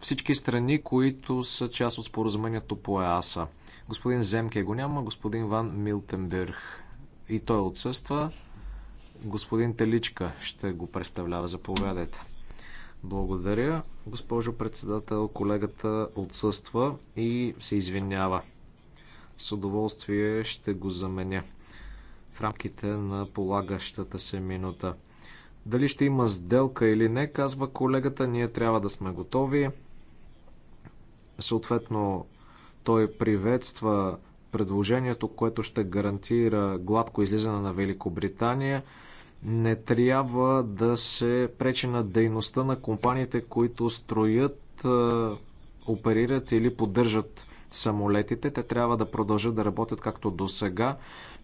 всички страни, които са част от споразумението по ЕАСА. Господин Земке го няма, господин Ван Милтенберг и той отсъства. Господин Теличка ще го представлява. Заповядайте. Благодаря. Госпожо председател, колегата отсъства и се извинява. С удоволствие ще го заменя в рамките на полагащата се минута. Дали ще има сделка или не, казва колегата, ние трябва да сме готови. Съответно, той приветства предложението, което ще гарантира гладко излизане на Великобритания, не трябва да се пречи на дейността на компаниите, които строят, оперират или поддържат самолетите. Те трябва да продължат да работят както до сега.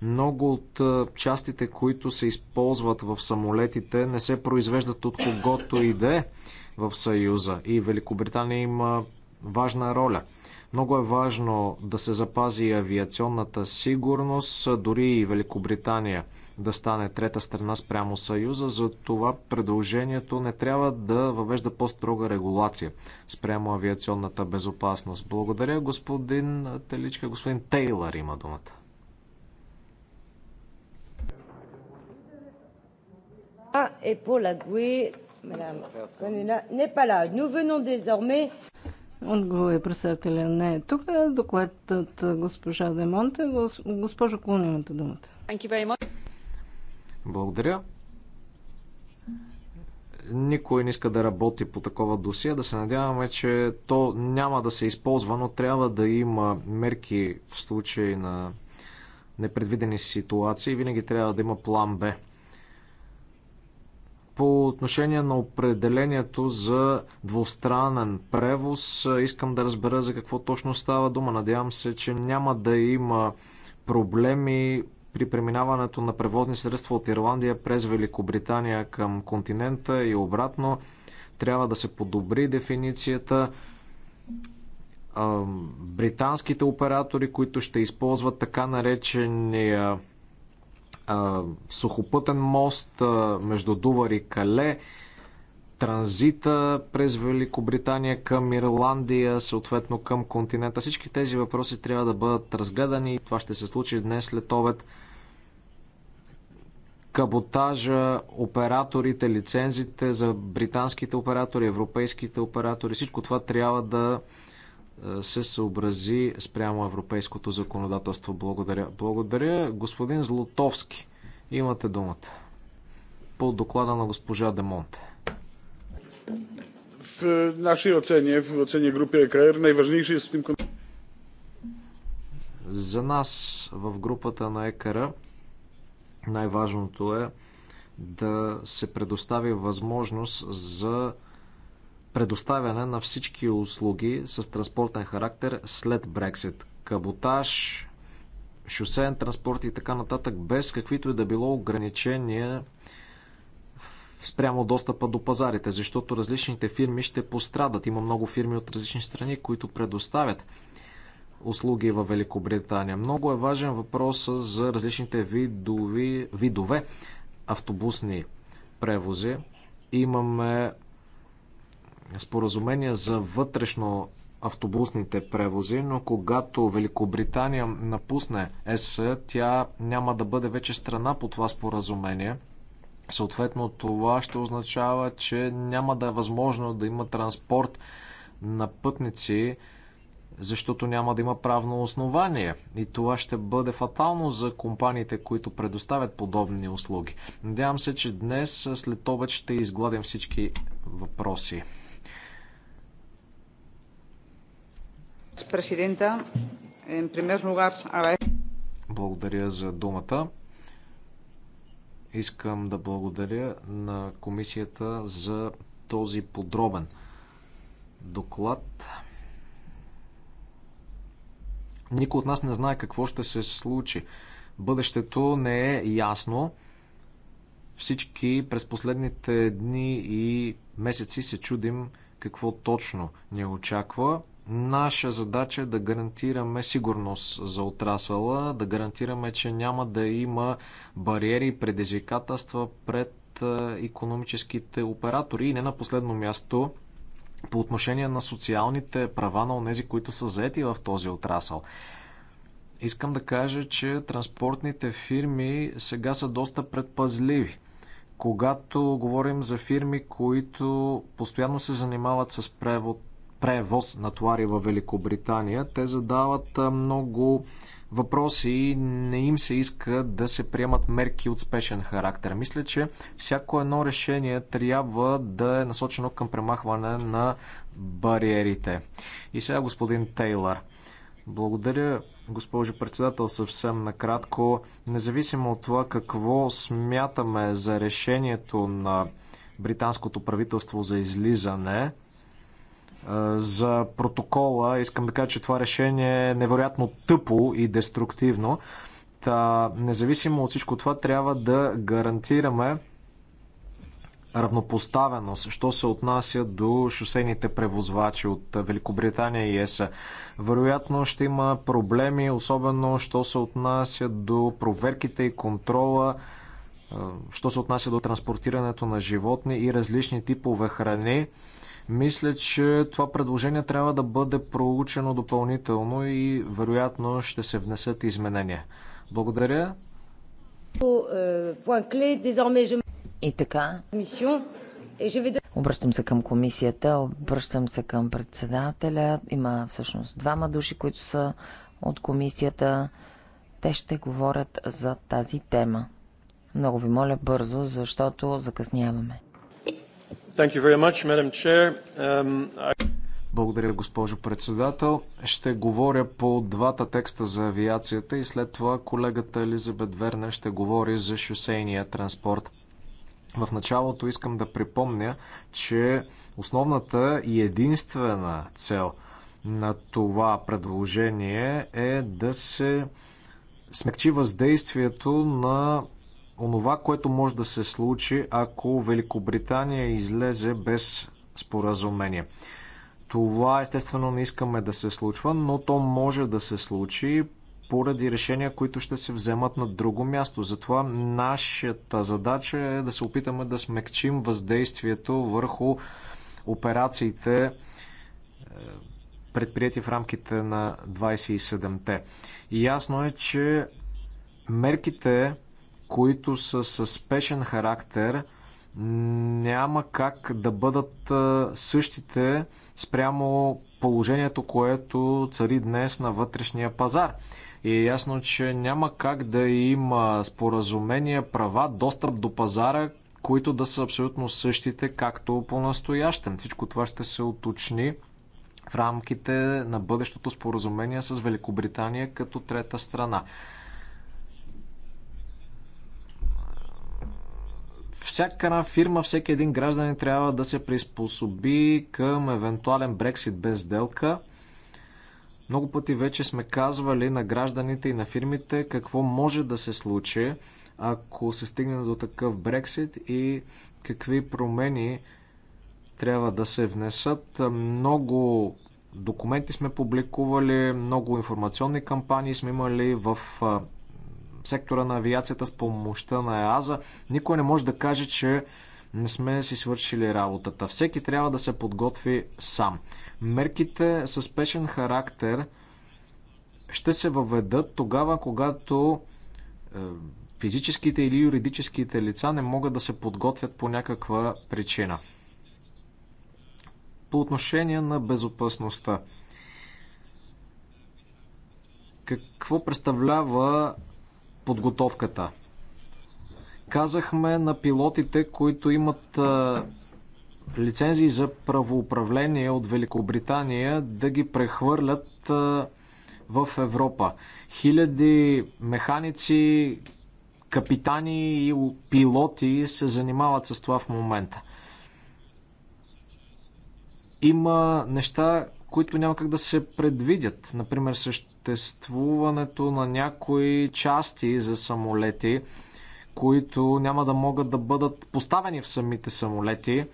Много от частите, които се използват в самолетите, не се произвеждат от когото и да е в Съюза. И Великобритания има важна роля – много е важно да се запази авиационната сигурност, дори и Великобритания да стане трета страна спрямо Съюза, За това предложението не трябва да въвежда по-строга регулация спрямо авиационната безопасност. Благодаря, господин Теличка. Господин Тейлър има думата. Et pour la Gué, madame, n'est pas Nous venons désormais Отговори е представителя не е тук. Докладът госпожа Демонте. Госпожо Клун, имате думата. Благодаря. Никой не иска да работи по такова досие. Да се надяваме, че то няма да се използва, но трябва да има мерки в случай на непредвидени ситуации. Винаги трябва да има план Б по отношение на определението за двустранен превоз, искам да разбера за какво точно става дума. Надявам се, че няма да има проблеми при преминаването на превозни средства от Ирландия през Великобритания към континента и обратно. Трябва да се подобри дефиницията. Британските оператори, които ще използват така наречения сухопътен мост между Дувар и Кале, транзита през Великобритания към Ирландия, съответно към континента. Всички тези въпроси трябва да бъдат разгледани и това ще се случи днес след обед. Каботажа, операторите, лицензите за британските оператори, европейските оператори, всичко това трябва да се съобрази спрямо европейското законодателство. Благодаря. Благодаря, господин Злотовски. Имате думата. По доклада на госпожа Демонте. В нашия ocenie, в ocenie групи ЕКР, най jest с tym За нас в групата на ЕКР най-важното е да се предостави възможност за предоставяне на всички услуги с транспортен характер след Брексит. Каботаж, шосеен транспорт и така нататък, без каквито и да било ограничения спрямо достъпа до пазарите, защото различните фирми ще пострадат. Има много фирми от различни страни, които предоставят услуги във Великобритания. Много е важен въпрос за различните видови, видове автобусни превози. Имаме споразумения за вътрешно автобусните превози, но когато Великобритания напусне ЕС, тя няма да бъде вече страна по това споразумение. Съответно, това ще означава, че няма да е възможно да има транспорт на пътници, защото няма да има правно основание. И това ще бъде фатално за компаниите, които предоставят подобни услуги. Надявам се, че днес след обед ще изгладим всички въпроси. Благодаря за думата. Искам да благодаря на комисията за този подробен доклад. Никой от нас не знае какво ще се случи. Бъдещето не е ясно. Всички през последните дни и месеци се чудим какво точно ни очаква. Наша задача е да гарантираме сигурност за отрасъла, да гарантираме, че няма да има бариери и предизвикателства пред економическите оператори и не на последно място по отношение на социалните права на онези, които са заети в този отрасъл. Искам да кажа, че транспортните фирми сега са доста предпазливи когато говорим за фирми, които постоянно се занимават с превод превоз на товари в Великобритания. Те задават много въпроси и не им се иска да се приемат мерки от спешен характер. Мисля, че всяко едно решение трябва да е насочено към премахване на бариерите. И сега господин Тейлър. Благодаря, госпожо председател, съвсем накратко. Независимо от това какво смятаме за решението на британското правителство за излизане, за протокола. Искам да кажа, че това решение е невероятно тъпо и деструктивно. Та, независимо от всичко това, трябва да гарантираме равнопоставеност, що се отнася до шосейните превозвачи от Великобритания и ЕСА. Вероятно ще има проблеми, особено що се отнася до проверките и контрола, що се отнася до транспортирането на животни и различни типове храни. Мисля, че това предложение трябва да бъде проучено допълнително и вероятно ще се внесат изменения. Благодаря. Е, и така. Обръщам се към комисията, обръщам се към председателя. Има всъщност двама души, които са от комисията. Те ще говорят за тази тема. Много ви моля бързо, защото закъсняваме. Um, Благодаря, госпожо председател. Ще говоря по двата текста за авиацията и след това колегата Елизабет Вернер ще говори за шосейния транспорт. В началото искам да припомня, че основната и единствена цел на това предложение е да се смекчи въздействието на онова, което може да се случи, ако Великобритания излезе без споразумение. Това естествено не искаме да се случва, но то може да се случи поради решения, които ще се вземат на друго място. Затова нашата задача е да се опитаме да смекчим въздействието върху операциите, е, предприяти в рамките на 27-те. И ясно е, че мерките, които са със спешен характер, няма как да бъдат същите спрямо положението, което цари днес на вътрешния пазар. И е ясно, че няма как да има споразумения, права, достъп до пазара, които да са абсолютно същите, както по-настоящем. Всичко това ще се уточни в рамките на бъдещото споразумение с Великобритания като трета страна. Всяка една фирма, всеки един гражданин трябва да се приспособи към евентуален Брексит без сделка. Много пъти вече сме казвали на гражданите и на фирмите какво може да се случи, ако се стигне до такъв Брексит и какви промени трябва да се внесат. Много документи сме публикували, много информационни кампании сме имали в сектора на авиацията с помощта на ЕАЗа, никой не може да каже, че не сме си свършили работата. Всеки трябва да се подготви сам. Мерките с спешен характер ще се въведат тогава, когато е, физическите или юридическите лица не могат да се подготвят по някаква причина. По отношение на безопасността. Какво представлява подготовката. Казахме на пилотите, които имат лицензии за правоуправление от Великобритания, да ги прехвърлят в Европа. Хиляди механици, капитани и пилоти се занимават с това в момента. Има неща, които няма как да се предвидят. Например, съществуването на някои части за самолети, които няма да могат да бъдат поставени в самите самолети,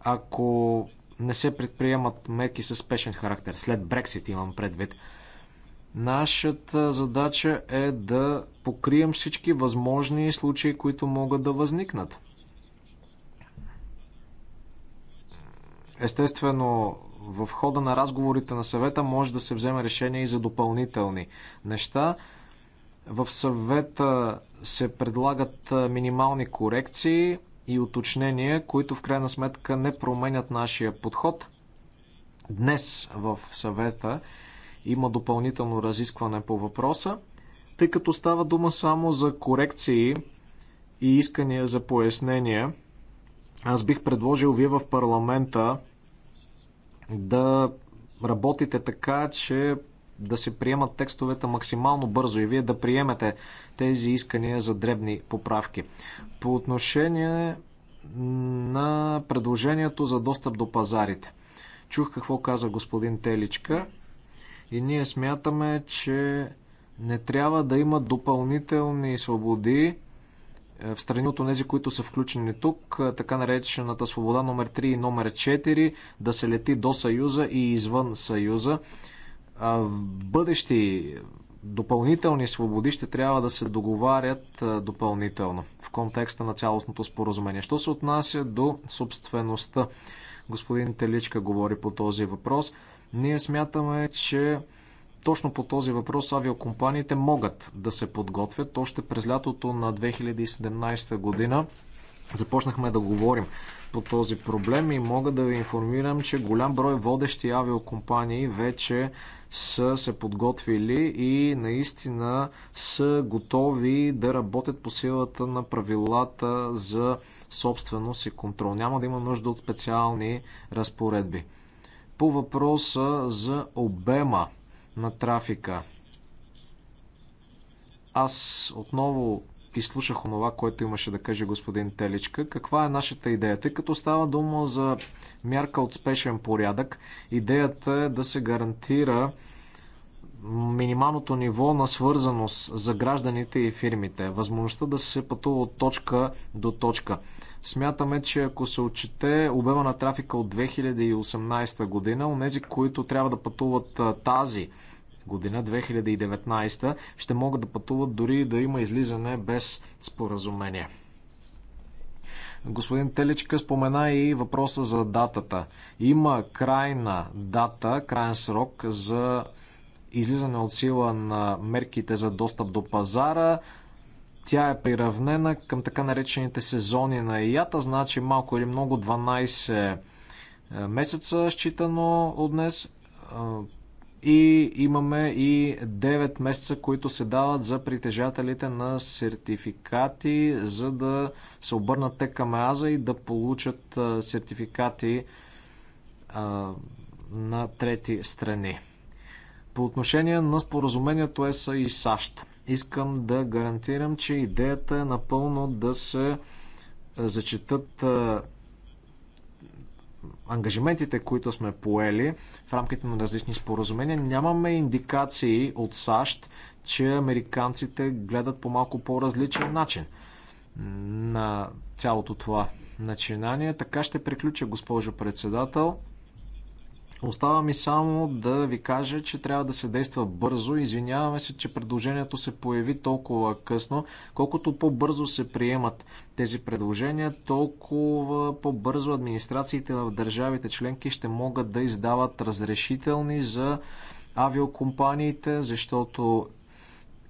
ако не се предприемат меки със спешен характер. След Брексит имам предвид. Нашата задача е да покрием всички възможни случаи, които могат да възникнат. Естествено, в хода на разговорите на съвета може да се вземе решение и за допълнителни неща. В съвета се предлагат минимални корекции и уточнения, които в крайна сметка не променят нашия подход. Днес в съвета има допълнително разискване по въпроса, тъй като става дума само за корекции и искания за пояснения. Аз бих предложил вие в парламента да работите така, че да се приемат текстовете максимално бързо и вие да приемете тези искания за дребни поправки. По отношение на предложението за достъп до пазарите. Чух какво каза господин Теличка и ние смятаме, че не трябва да има допълнителни свободи е, в страни от тези, които са включени тук, е, така наречената свобода номер 3 и номер 4, да се лети до Съюза и извън Съюза. В бъдещи допълнителни свободи ще трябва да се договарят е, допълнително в контекста на цялостното споразумение. Що се отнася до собствеността? Господин Теличка говори по този въпрос. Ние смятаме, че точно по този въпрос авиокомпаниите могат да се подготвят. Още през лятото на 2017 година започнахме да говорим по този проблем и мога да ви информирам, че голям брой водещи авиокомпании вече са се подготвили и наистина са готови да работят по силата на правилата за собственост и контрол. Няма да има нужда от специални разпоредби. По въпроса за обема на трафика. Аз отново изслушах онова, което имаше да каже господин Теличка. Каква е нашата идея? Тъй като става дума за мярка от спешен порядък, идеята е да се гарантира минималното ниво на свързаност за гражданите и фирмите. Възможността да се пътува от точка до точка. Смятаме, че ако се отчете обема на трафика от 2018 година, онези, които трябва да пътуват тази година, 2019, ще могат да пътуват дори да има излизане без споразумение. Господин Теличка спомена и въпроса за датата. Има крайна дата, крайен срок за излизане от сила на мерките за достъп до пазара. Тя е приравнена към така наречените сезони на Ията, значи малко или много 12 е, месеца, считано от днес. Е, и имаме и 9 месеца, които се дават за притежателите на сертификати, за да се обърнат те към ЕАЗа и да получат е, сертификати на трети страни. По отношение на споразумението ЕСА и САЩ. Искам да гарантирам, че идеята е напълно да се е, зачитат е, ангажиментите, които сме поели в рамките на различни споразумения. Нямаме индикации от САЩ, че американците гледат по малко по-различен начин на цялото това начинание. Така ще приключа, госпожо председател. Остава ми само да ви кажа, че трябва да се действа бързо. Извиняваме се, че предложението се появи толкова късно. Колкото по-бързо се приемат тези предложения, толкова по-бързо администрациите в държавите членки ще могат да издават разрешителни за авиокомпаниите, защото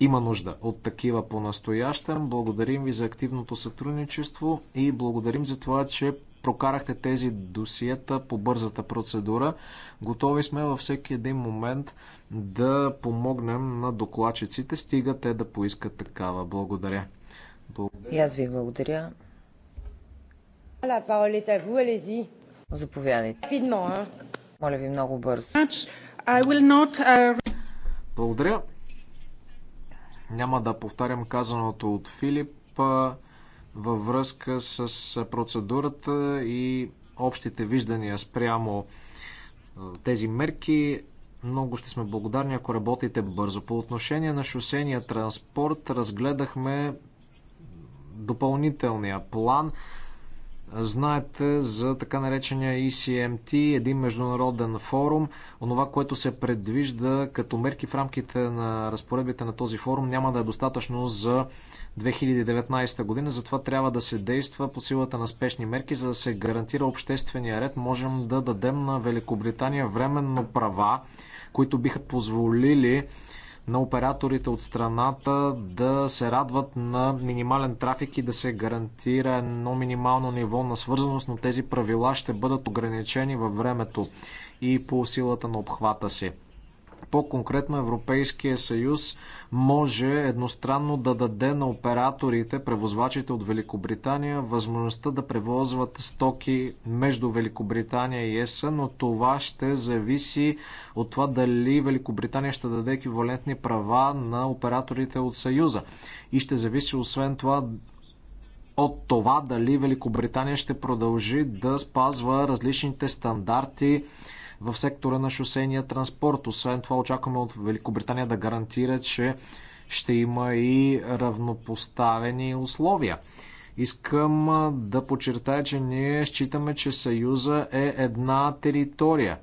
има нужда от такива по-настоящем. Благодарим ви за активното сътрудничество и благодарим за това, че прокарахте тези досиета по бързата процедура. Готови сме във всеки един момент да помогнем на докладчиците, стига те да поискат такава. Благодаря. благодаря. И аз ви благодаря. Заповядайте. Моля ви много бързо. Uh, благодаря. Няма да повтарям казаното от Филип във връзка с процедурата и общите виждания спрямо тези мерки. Много ще сме благодарни, ако работите бързо. По отношение на шосения транспорт разгледахме допълнителния план. Знаете за така наречения ECMT, един международен форум. Онова, което се предвижда като мерки в рамките на разпоредбите на този форум, няма да е достатъчно за 2019 година. Затова трябва да се действа по силата на спешни мерки, за да се гарантира обществения ред. Можем да дадем на Великобритания временно права, които биха позволили на операторите от страната да се радват на минимален трафик и да се гарантира едно минимално ниво на свързаност, но тези правила ще бъдат ограничени във времето и по силата на обхвата си. По-конкретно Европейския съюз може едностранно да даде на операторите, превозвачите от Великобритания, възможността да превозват стоки между Великобритания и ЕС, но това ще зависи от това дали Великобритания ще даде еквивалентни права на операторите от Съюза. И ще зависи освен това от това дали Великобритания ще продължи да спазва различните стандарти в сектора на шосейния транспорт. Освен това очакваме от Великобритания да гарантира, че ще има и равнопоставени условия. Искам да подчертая, че ние считаме, че Съюза е една територия.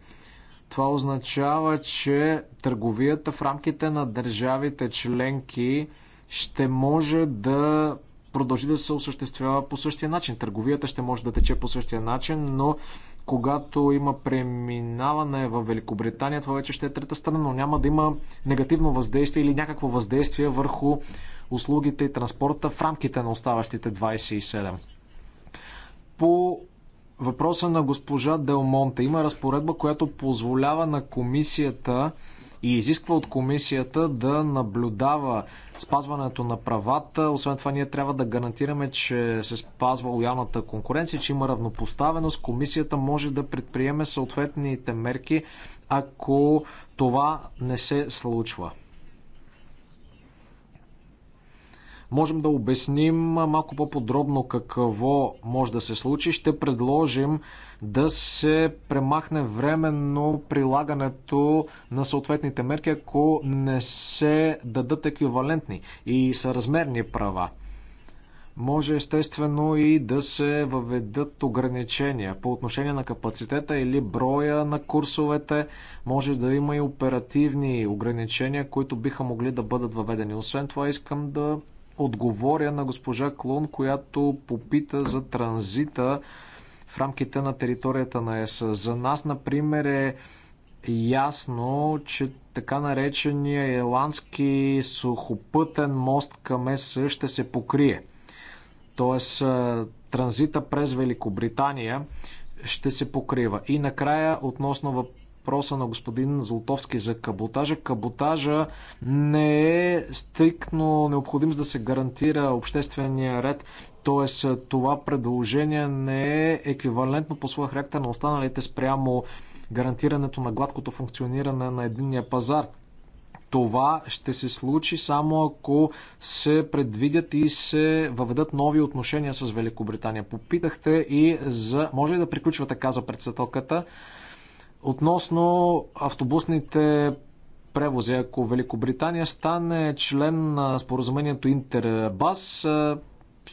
Това означава, че търговията в рамките на държавите членки ще може да продължи да се осъществява по същия начин. Търговията ще може да тече по същия начин, но когато има преминаване в Великобритания, това вече ще е трета страна, но няма да има негативно въздействие или някакво въздействие върху услугите и транспорта в рамките на оставащите 27. По въпроса на госпожа Делмонте има разпоредба, която позволява на комисията и изисква от комисията да наблюдава спазването на правата. Освен това, ние трябва да гарантираме, че се спазва лоялната конкуренция, че има равнопоставеност. Комисията може да предприеме съответните мерки, ако това не се случва. можем да обясним малко по-подробно какво може да се случи. Ще предложим да се премахне временно прилагането на съответните мерки, ако не се дадат еквивалентни и съразмерни права. Може естествено и да се въведат ограничения по отношение на капацитета или броя на курсовете. Може да има и оперативни ограничения, които биха могли да бъдат въведени. Освен това искам да отговоря на госпожа Клон, която попита за транзита в рамките на територията на ЕС. За нас, например, е ясно, че така наречения ирландски сухопътен мост към ЕС ще се покрие. Тоест, транзита през Великобритания ще се покрива. И накрая, относно въпроса на господин Золотовски за каботажа. Каботажа не е стриктно необходим за да се гарантира обществения ред. Тоест, е, това предложение не е еквивалентно по своя характер на останалите спрямо гарантирането на гладкото функциониране на единния пазар. Това ще се случи само ако се предвидят и се въведат нови отношения с Великобритания. Попитахте и за... Може ли да приключва така за председателката? Относно автобусните превози, ако Великобритания стане член на споразумението Интербас, е,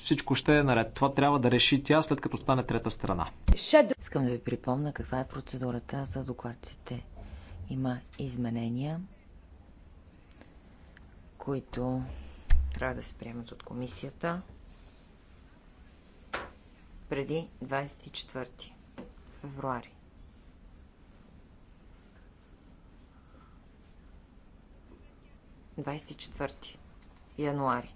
всичко ще е наред. Това трябва да реши тя, след като стане трета страна. Искам да ви припомна каква е процедурата за докладците. Има изменения, които трябва да се приемат от комисията преди 24 февруари. 24 януари.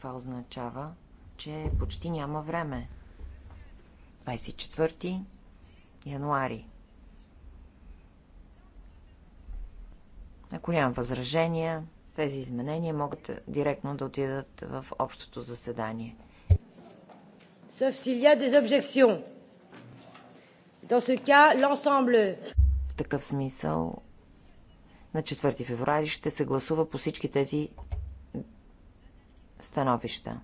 Това означава, че почти няма време. 24 януари. Ако нямам възражения, тези изменения могат директно да отидат в общото заседание. Sauf s'il y a des objections. Dans ce cas, l'ensemble. В такъв смисъл, на 4 феврари ще се гласува по всички тези становища.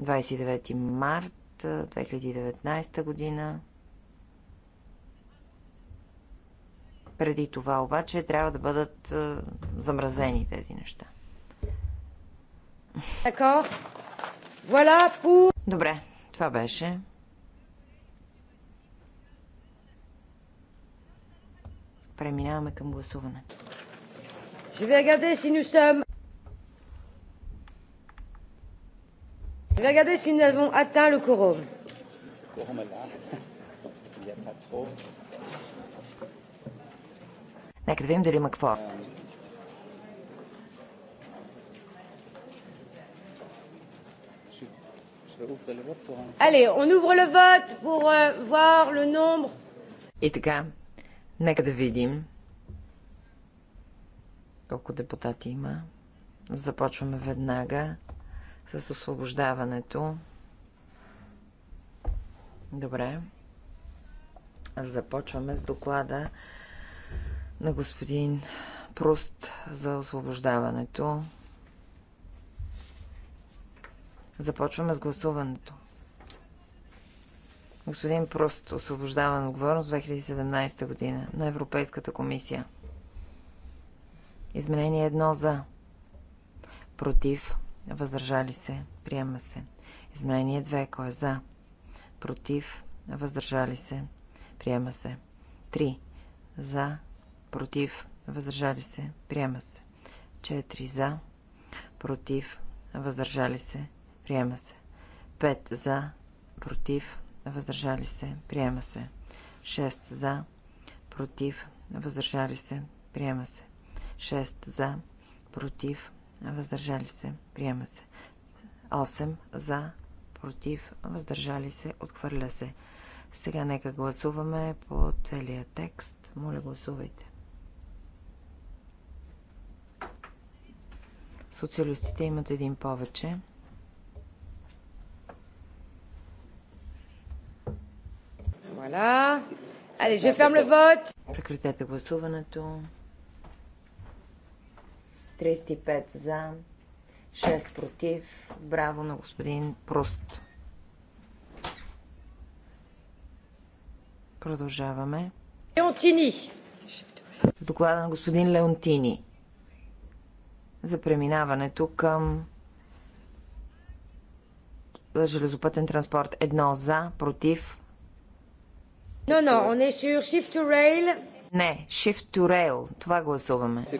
29 март 2019 година. Преди това обаче трябва да бъдат замразени тези неща. Добре, това беше. Преминаваме към гласуване. Je vais regarder si nous sommes Regardez si nous avons atteint le quorum. Нека да видим дали има кворум. Allez, on ouvre le vote pour euh, voir le nombre. И така, нека да видим колко депутати има. Започваме веднага с освобождаването. Добре. Започваме с доклада на господин Пруст за освобождаването. Започваме с гласуването. Господин Пруст, освобождава на отговорност 2017 година на Европейската комисия. Изменение едно за. Против въздържали се, приема се. Изменение 2, кой е за, против, въздържали се, приема се. 3. За, против, въздържали се, приема се. 4. За, против, въздържали се, приема се. 5. За, против, въздържали се, приема се. 6. За, против, въздържали се, приема се. 6. За, против, въздържали се, приема се. 8 за, против, въздържали се, отхвърля се. Сега нека гласуваме по целия текст. Моля, гласувайте. Социалистите имат един повече. Voilà. Allez, je ferme le vote. Прекратете гласуването. 35 за, 6 против. Браво на господин Пруст. Продължаваме. Леонтини. С доклада на господин Леонтини за преминаването към железопътен транспорт. Едно за, против. Не, не, on est sur Shift to Rail не, Shift to Rail. Това гласуваме. С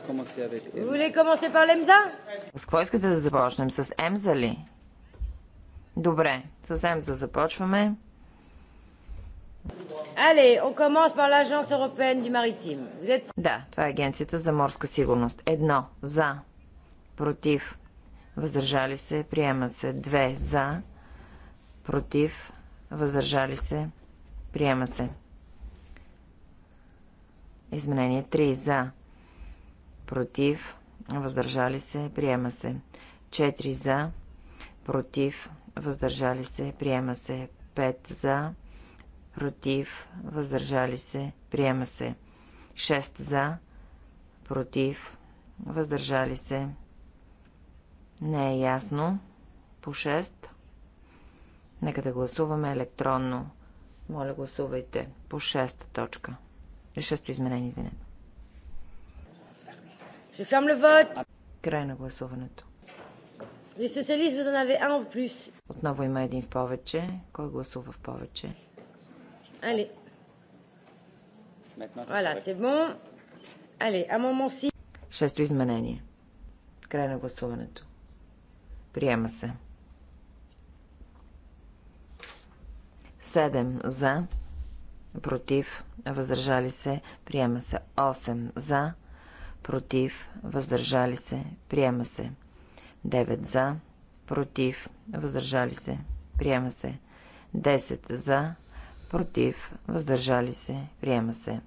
какво искате да започнем? С Емза ли? Добре, с Емза започваме. Allez, on commence par l'Agence européenne du maritime. Vous êtes... Да, това е Агенцията за морска сигурност. Едно, за, против, въздържали се, приема се. Две, за, против, въздържали се, приема се. Изменение 3 за. Против. Въздържали се. Приема се. 4 за. Против. Въздържали се. Приема се. 5 за. Против. Въздържали се. Приема се. 6 за. Против. Въздържали се. Не е ясно. По 6. Нека да гласуваме електронно. Моля, гласувайте по 6 точка. Шесто изменение, извинете. Край на гласуването. Les socialistes, vous en avez un en plus. Отново има един в повече. Кой гласува в повече? Але. Voilà, се bon. Allez, а moment си. Шесто изменение. Край на гласуването. Приема се. Седем за против, въздържали се, приема се. 8 за, против, въздържали се, приема се. 9 за, против, въздържали се, приема се. 10 за, против, въздържали се, приема се.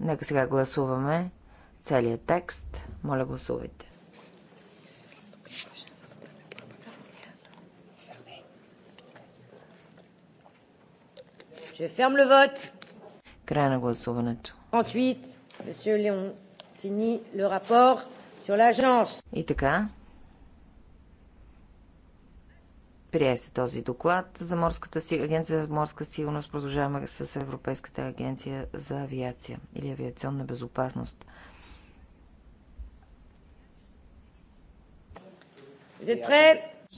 Нека сега гласуваме целият текст. Моля, гласувайте. Je ferme le vote. Край на гласуването. Ensuite, monsieur Leontini, le rapport sur l'agence. И така. Прие се този доклад за морската си... агенция за морска сигурност. Продължаваме с Европейската агенция за авиация или авиационна безопасност.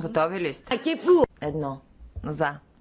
Готови ли сте? Едно. За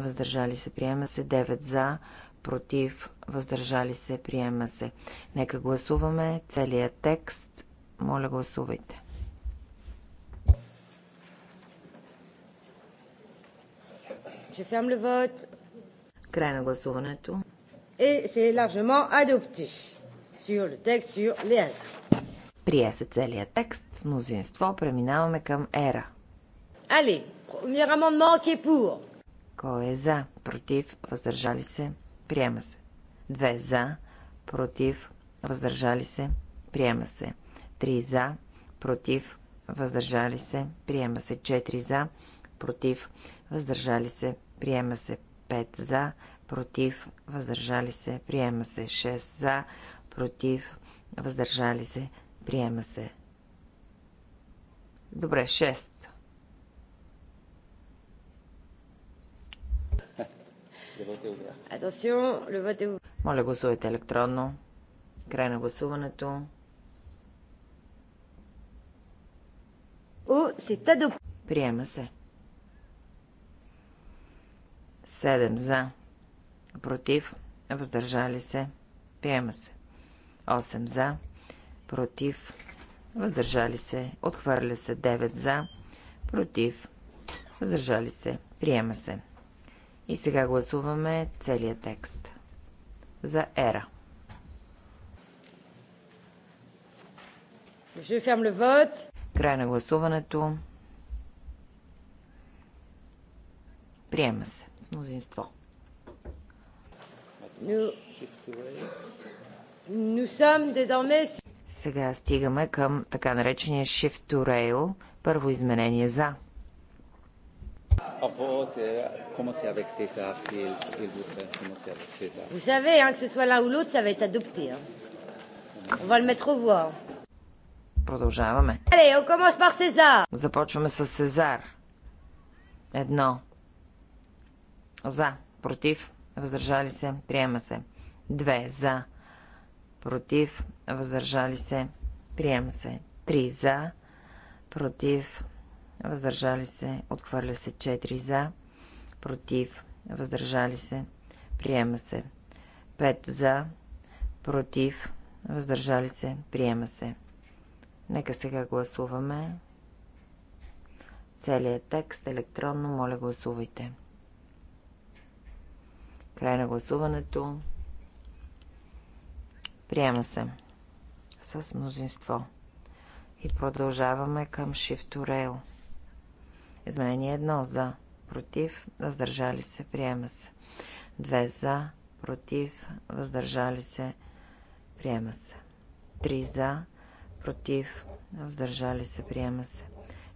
въздържали се, приема се. 9 за, против, въздържали се, приема се. Нека гласуваме целият текст. Моля, гласувайте. Край на гласуването. И се е лажемо sur le Прие се целият текст с мнозинство. Преминаваме към ера. Али, premier amendement qui est кой е за? Против? Въздържали се? Приема се. 2 за? Против? Въздържали се? Приема се. 3 за? Против? Въздържали се? Приема се. 4 за? Против? Въздържали се? Приема се. 5 за? Против? Въздържали се? Приема се. 6 за? Против? Въздържали се? Приема се. Добре, 6. Моля, гласувайте електронно. Край на гласуването. Приема се. 7 за. Против. Въздържали се. Приема се. 8 за. Против. Въздържали се. Отхвърля се. 9 за. Против. Въздържали се. Приема се. И сега гласуваме целият текст за ера. Край на гласуването. Приема се с мнозинство. Сега стигаме към така наречения Shift to Rail. Първо изменение за. Eh, Vous savez, hein, que ce soit l'un ou l'autre, ça va être adopté. Hein. On va le mettre au voir. Продължаваме. Allez, on commence par César. Започваме с Сезар. Едно. За. Против. Въздържали се. Приема се. Две. За. Против. Въздържали се. Приема се. Три. За. Против въздържали се, отхвърля се 4 за, против, въздържали се, приема се 5 за, против, въздържали се, приема се. Нека сега гласуваме целият текст електронно, моля гласувайте. Край на гласуването. Приема се с мнозинство. И продължаваме към Shift to Rail. Изменение 1 за, против, въздържали се, приема се. 2 за, против, въздържали се, приема се. 3 за, против, въздържали се, приема се.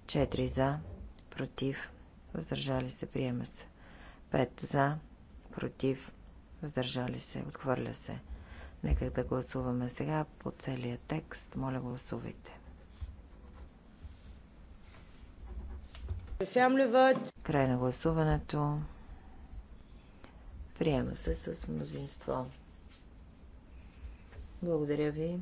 4 за, против, въздържали се, приема се. 5 за, против, въздържали се, отхвърля се. Нека да гласуваме сега по целия текст. Моля, гласувайте. Край на гласуването. Приема се с мнозинство. Благодаря ви.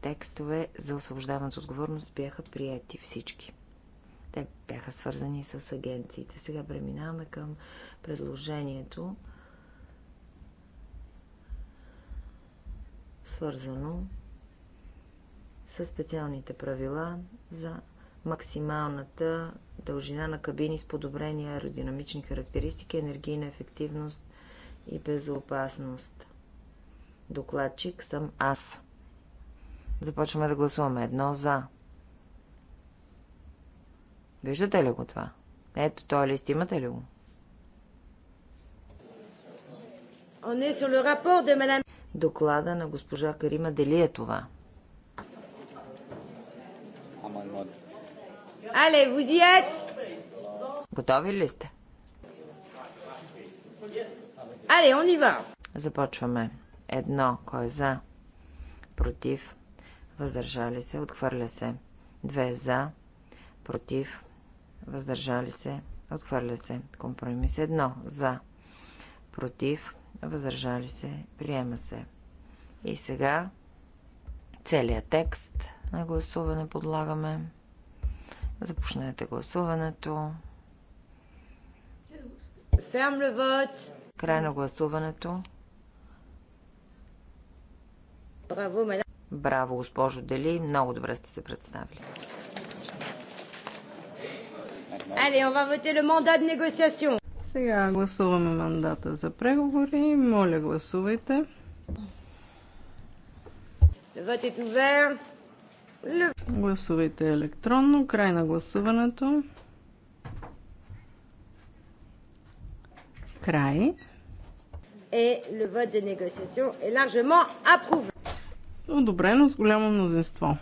Текстове за освобождаването отговорност бяха прияти всички. Те бяха свързани с агенциите. Сега преминаваме към предложението, свързано със специалните правила за максималната дължина на кабини с подобрени аеродинамични характеристики, енергийна ефективност и безопасност. Докладчик съм аз. Започваме да гласуваме. Едно за. Виждате ли го това? Ето, той лист имате ли го? Доклада на госпожа Карима Дели е това. Але, вузият! Готови ли сте? Але, он ива! Започваме. Едно. Кой е за? Против. Въздържали се. Отхвърля се. Две за. Против. Въздържали се. Отхвърля се. Компромис едно. За. Против. Въздържали се. Приема се. И сега целият текст – на гласуване подлагаме. Започнете гласуването. Край на гласуването. Браво, Браво, госпожо Дели. Много добре сте се представили. Сега гласуваме мандата за преговори. Моля, гласувайте. Le е est Гласувайте електронно. Край на гласуването. Край. Et le vote des négociations Одобрено с голямо мнозинство.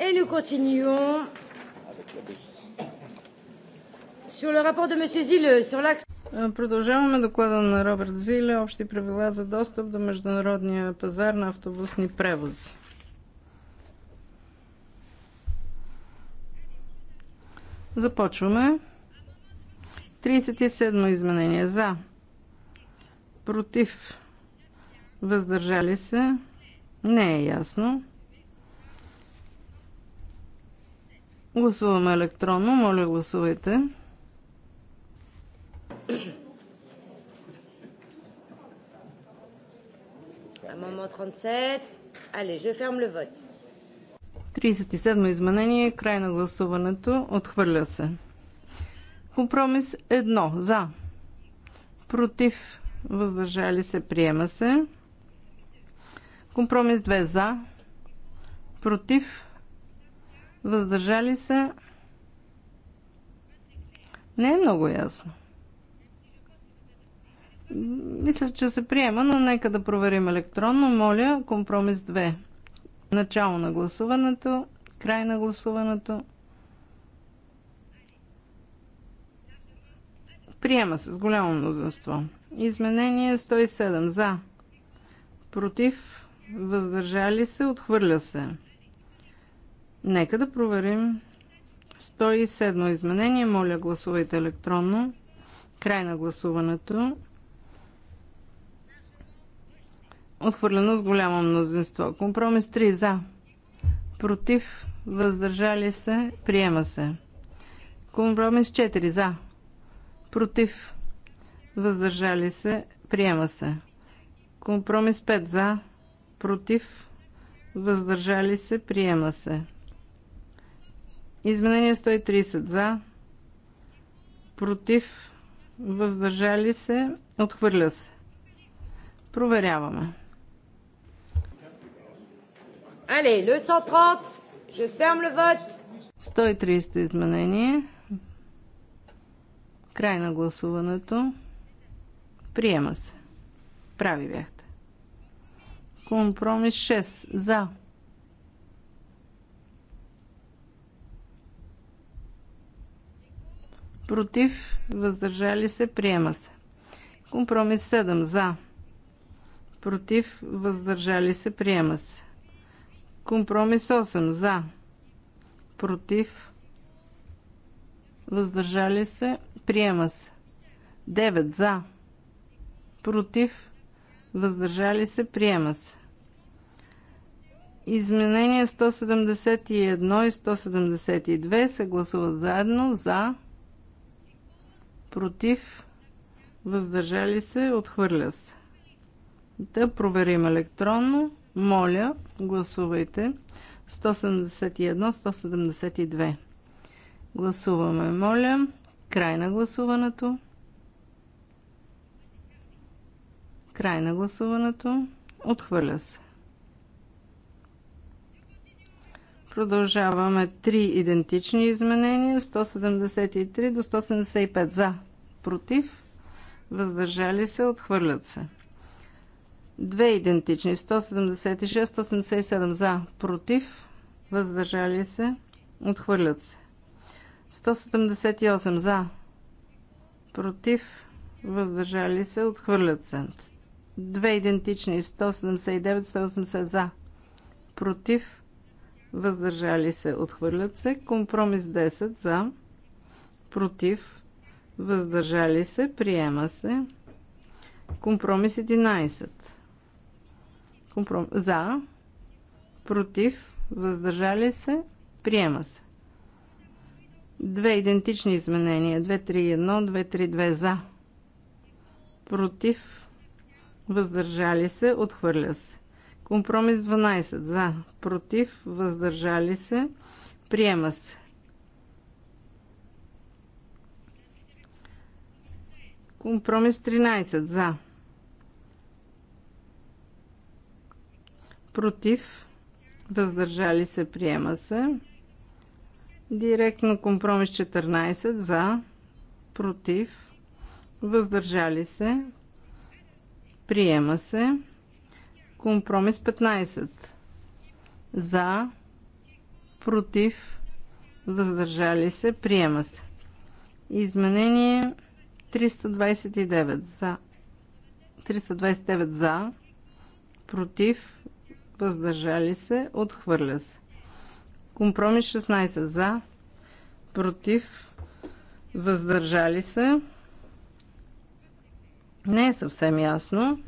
Et nous continuons sur le rapport de M. Zille sur l'axe. Е, продължаваме доклада на Роберт Зиле. Общи правила за достъп до международния пазар на автобусни превози. Започваме. 37 изменение за. Против. Въздържали се. Не е ясно. Гласуваме електронно. Моля, гласувайте. Amendement 37. Allez, je ferme le vote. 37 изменение, край на гласуването, отхвърля се. Компромис 1 за. Против, въздържали се, приема се. Компромис 2 за. Против, въздържали се. Не е много ясно. Мисля, че се приема, но нека да проверим електронно. Моля, компромис 2. Начало на гласуването, край на гласуването. Приема се с голямо мнозинство. Изменение 107 за. Против. Въздържали се. Отхвърля се. Нека да проверим. 107 изменение. Моля гласувайте електронно. Край на гласуването. Отхвърлено с голямо мнозинство. Компромис 3 за. Против. Въздържали се. Приема се. Компромис 4 за. Против. Въздържали се. Приема се. Компромис 5 за. Против. Въздържали се. Приема се. Изменение 130 за. Против. Въздържали се. Отхвърля се. Проверяваме. Allez, le 130, je ferme le vote. 130 изменение. Край на гласуването. Приема се. Прави бяхте. Компромис 6. За. Против. Въздържали се. Приема се. Компромис 7. За. Против. Въздържали се. Приема се. Компромис 8 за. Против. Въздържали се. Приема се. 9 за. Против. Въздържали се. Приема се. Изменения 171 и 172 се гласуват заедно за, против, въздържали се, отхвърля се. Да проверим електронно. Моля, гласувайте. 171-172. Гласуваме, моля. Край на гласуването. Край на гласуването. Отхвърля се. Продължаваме три идентични изменения. 173 до 175 за. Против. Въздържали се. Отхвърлят се. Две идентични. 176, 177 за. Против. Въздържали се. Отхвърлят се. 178 за. Против. Въздържали се. Отхвърлят се. Две идентични. 179, 180 за. Против. Въздържали се. Отхвърлят се. Компромис 10 за. Против. Въздържали се. Приема се. Компромис 11. Компромис. За. Против. Въздържали се. Приема се. Две идентични изменения. 231, 232 за. Против. Въздържали се. Отхвърля се. Компромис 12 за. Против. Въздържали се. Приема се. Компромис 13 за против, въздържали се, приема се. Директно компромис 14 за, против, въздържали се, приема се. Компромис 15 за, против, въздържали се, приема се. Изменение 329 за, 329 за, против, въздържали се, отхвърля се. Компромис 16 за, против, въздържали се. Не е съвсем ясно.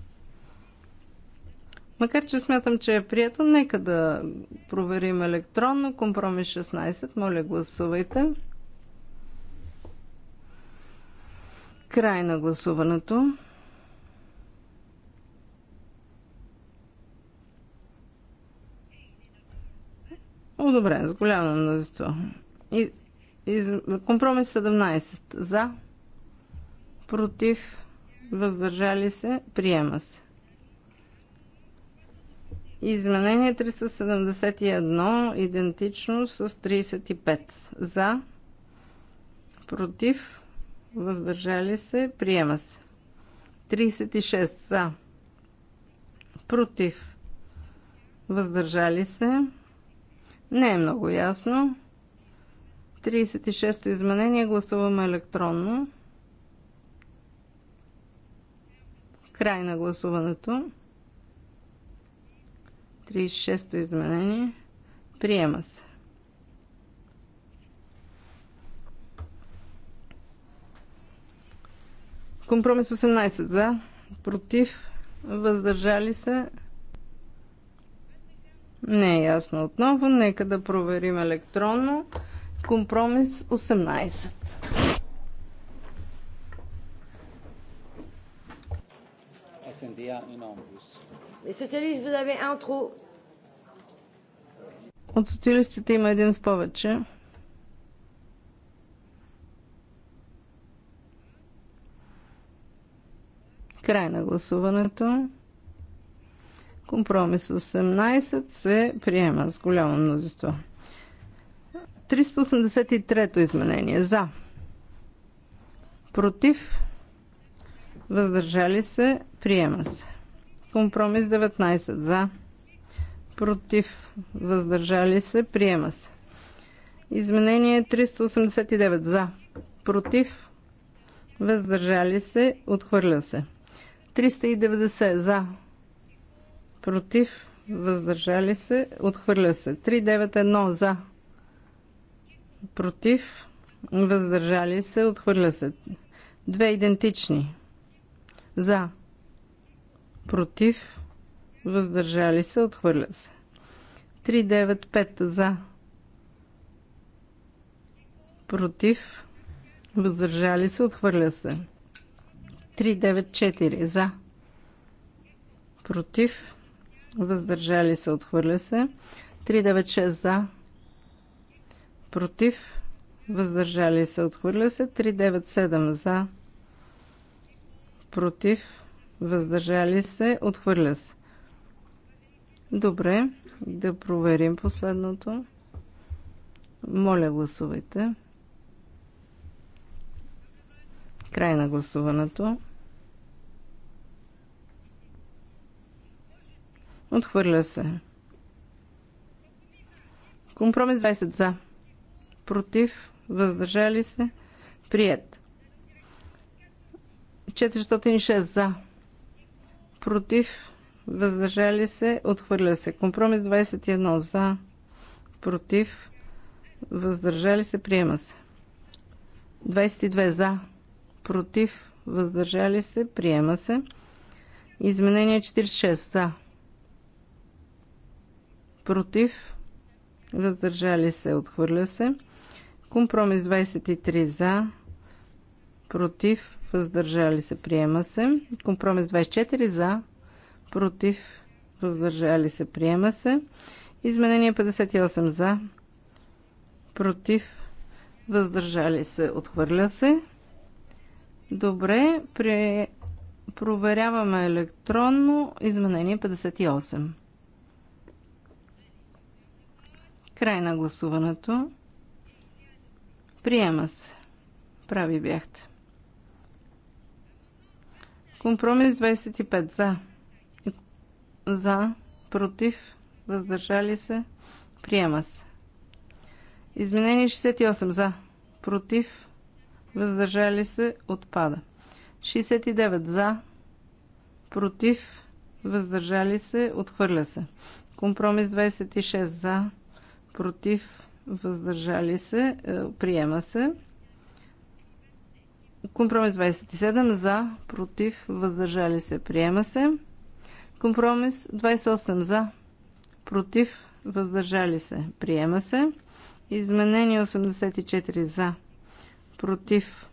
Макар, че смятам, че е прието, нека да проверим електронно. Компромис 16, моля гласувайте. Край на гласуването. Одобрен с голямо мнозинство. компромис 17. За. Против. Въздържали се. Приема се. Изменение 371. Идентично с 35. За. Против. Въздържали се. Приема се. 36. За. Против. Въздържали се. Не е много ясно. 36-то изменение гласуваме електронно. Край на гласуването. 36-то изменение. Приема се. Компромис 18 за, против, въздържали се, не е ясно отново. Нека да проверим електронно. Компромис 18. От социалистите има един в повече. Край на гласуването. Компромис 18 се приема с голямо мнозинство. 383-то изменение. За. Против. Въздържали се. Приема се. Компромис 19. За. Против. Въздържали се. Приема се. Изменение 389. За. Против. Въздържали се. Отхвърля се. 390. За против, въздържали се, отхвърля се. 391 за, против, въздържали се, отхвърля се. Две идентични. За, против, въздържали се, отхвърля се. 395 за, против, въздържали се, отхвърля се. 394 за, против, въздържали се, отхвърля се. 396 за, против, въздържали се, отхвърля се. 397 за, против, въздържали се, отхвърля се. Добре, да проверим последното. Моля, гласувайте. Край на гласуването. Отхвърля се. Компромис 20 за. Против. Въздържали се. Прият. 406 за. Против. Въздържали се. Отхвърля се. Компромис 21 за. Против. Въздържали се. Приема се. 22 за. Против. Въздържали се. Приема се. Изменение 46 за против, въздържали се, отхвърля се. Компромис 23 за, против, въздържали се, приема се. Компромис 24 за, против, въздържали се, приема се. Изменение 58 за, против, въздържали се, отхвърля се. Добре, при... проверяваме електронно изменение 58. Край на гласуването. Приема се. Прави бяхте. Компромис 25 за. За. Против. Въздържали се. Приема се. Изменение 68 за. Против. Въздържали се. Отпада. 69 за. Против. Въздържали се. Отхвърля се. Компромис 26 за против, въздържали се, е, приема се. Компромис 27 за, против, въздържали се, приема се. Компромис 28 за, против, въздържали се, приема се. Изменение 84 за, против,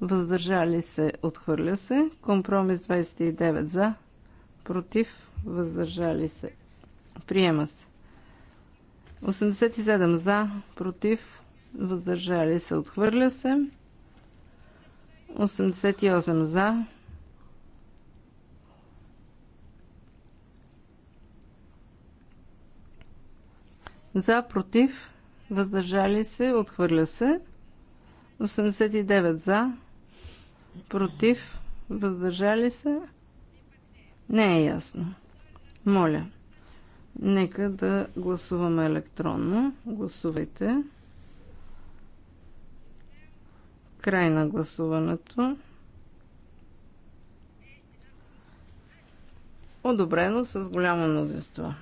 въздържали се, отхвърля се. Компромис 29 за, против, въздържали се, приема се. 87 за, против, въздържали се, отхвърля се. 88 за. За, против, въздържали се, отхвърля се. 89 за, против, въздържали се. Не е ясно. Моля. Нека да гласуваме електронно. Гласувайте. Край на гласуването. Одобрено с голямо мнозинство.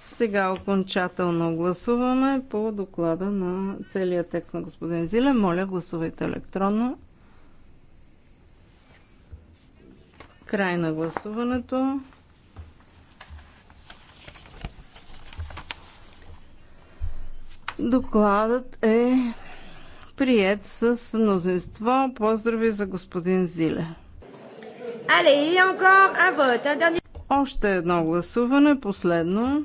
Сега окончателно гласуваме по доклада на целия текст на господин Зиле. Моля, гласувайте електронно. Край на гласуването. Докладът е прият с мнозинство. Поздрави за господин Зиле. Още едно гласуване, последно.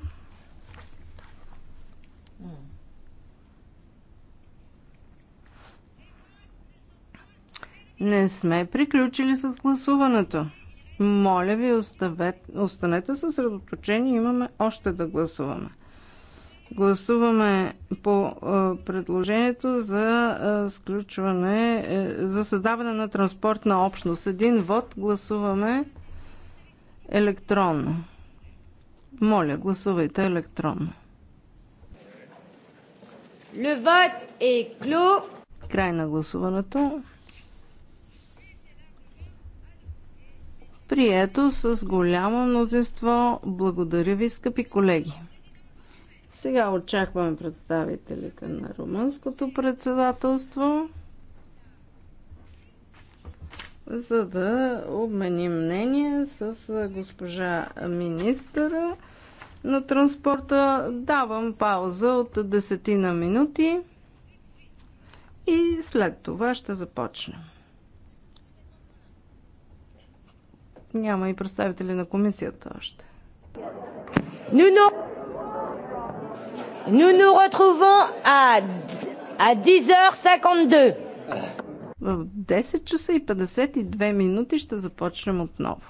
Не сме приключили с гласуването. Моля ви, оставете, останете съсредоточени, имаме още да гласуваме. Гласуваме по е, предложението за е, сключване, е, за създаване на транспортна общност. Един вод гласуваме електронно. Моля, гласувайте електронно. Le vote est Край на гласуването. Прието с голямо мнозинство. Благодаря ви, скъпи колеги. Сега очакваме представителите на румънското председателство, за да обменим мнение с госпожа министъра на транспорта. Давам пауза от десетина минути и след това ще започнем. Няма и представители на комисията още. Нуно! Nous nous В 10 часа и 52 минути ще започнем отново.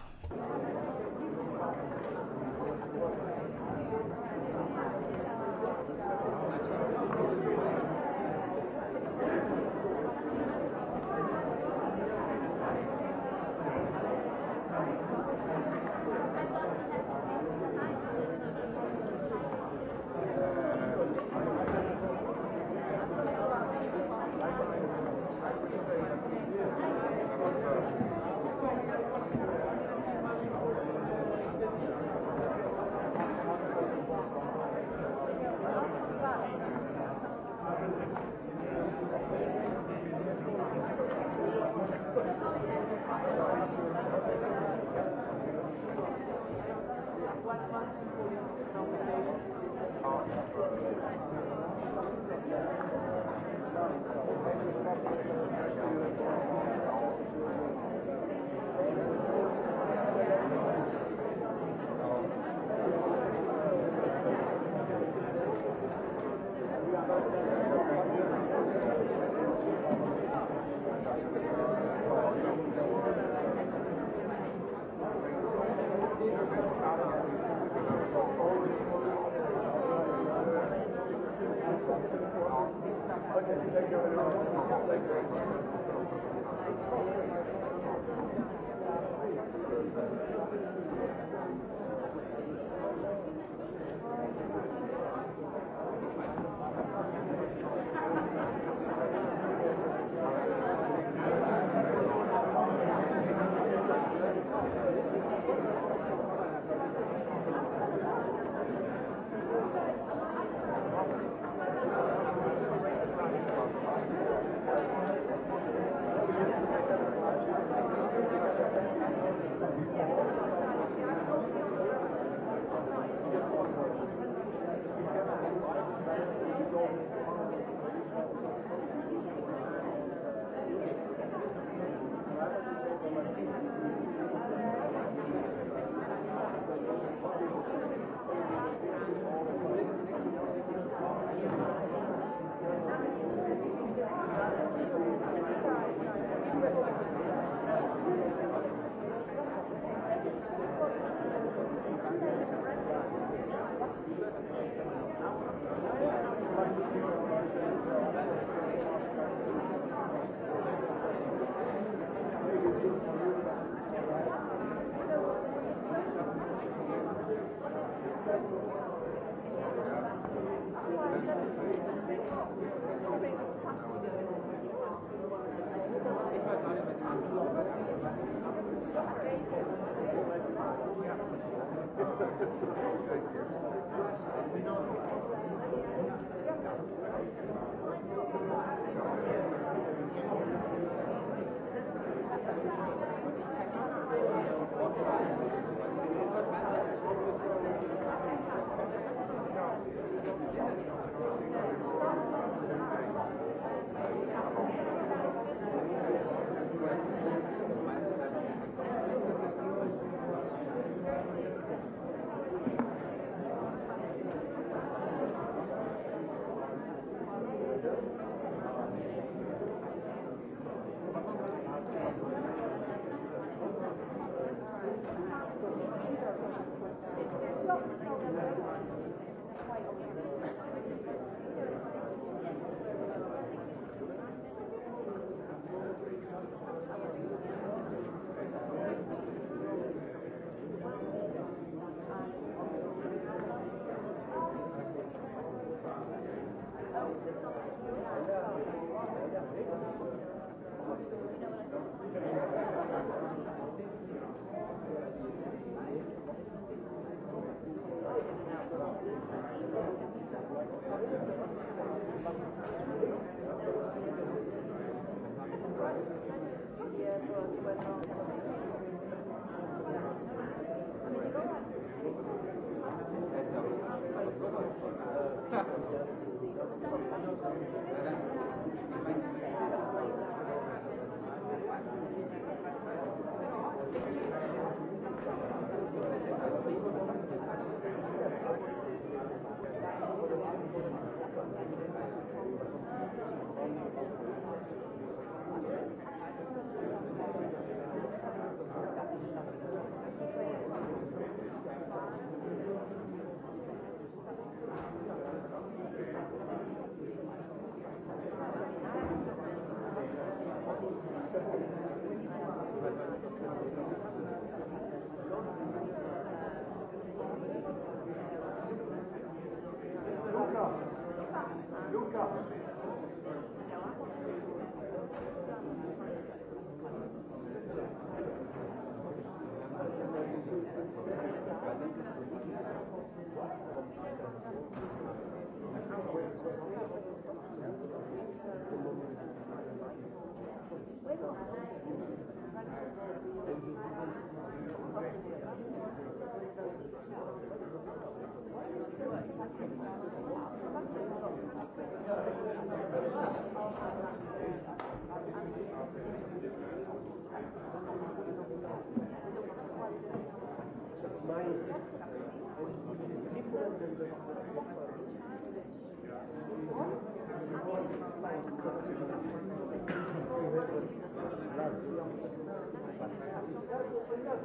Ah,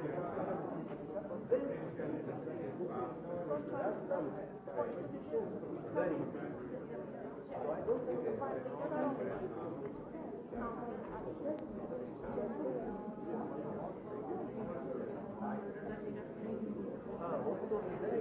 what's on the day?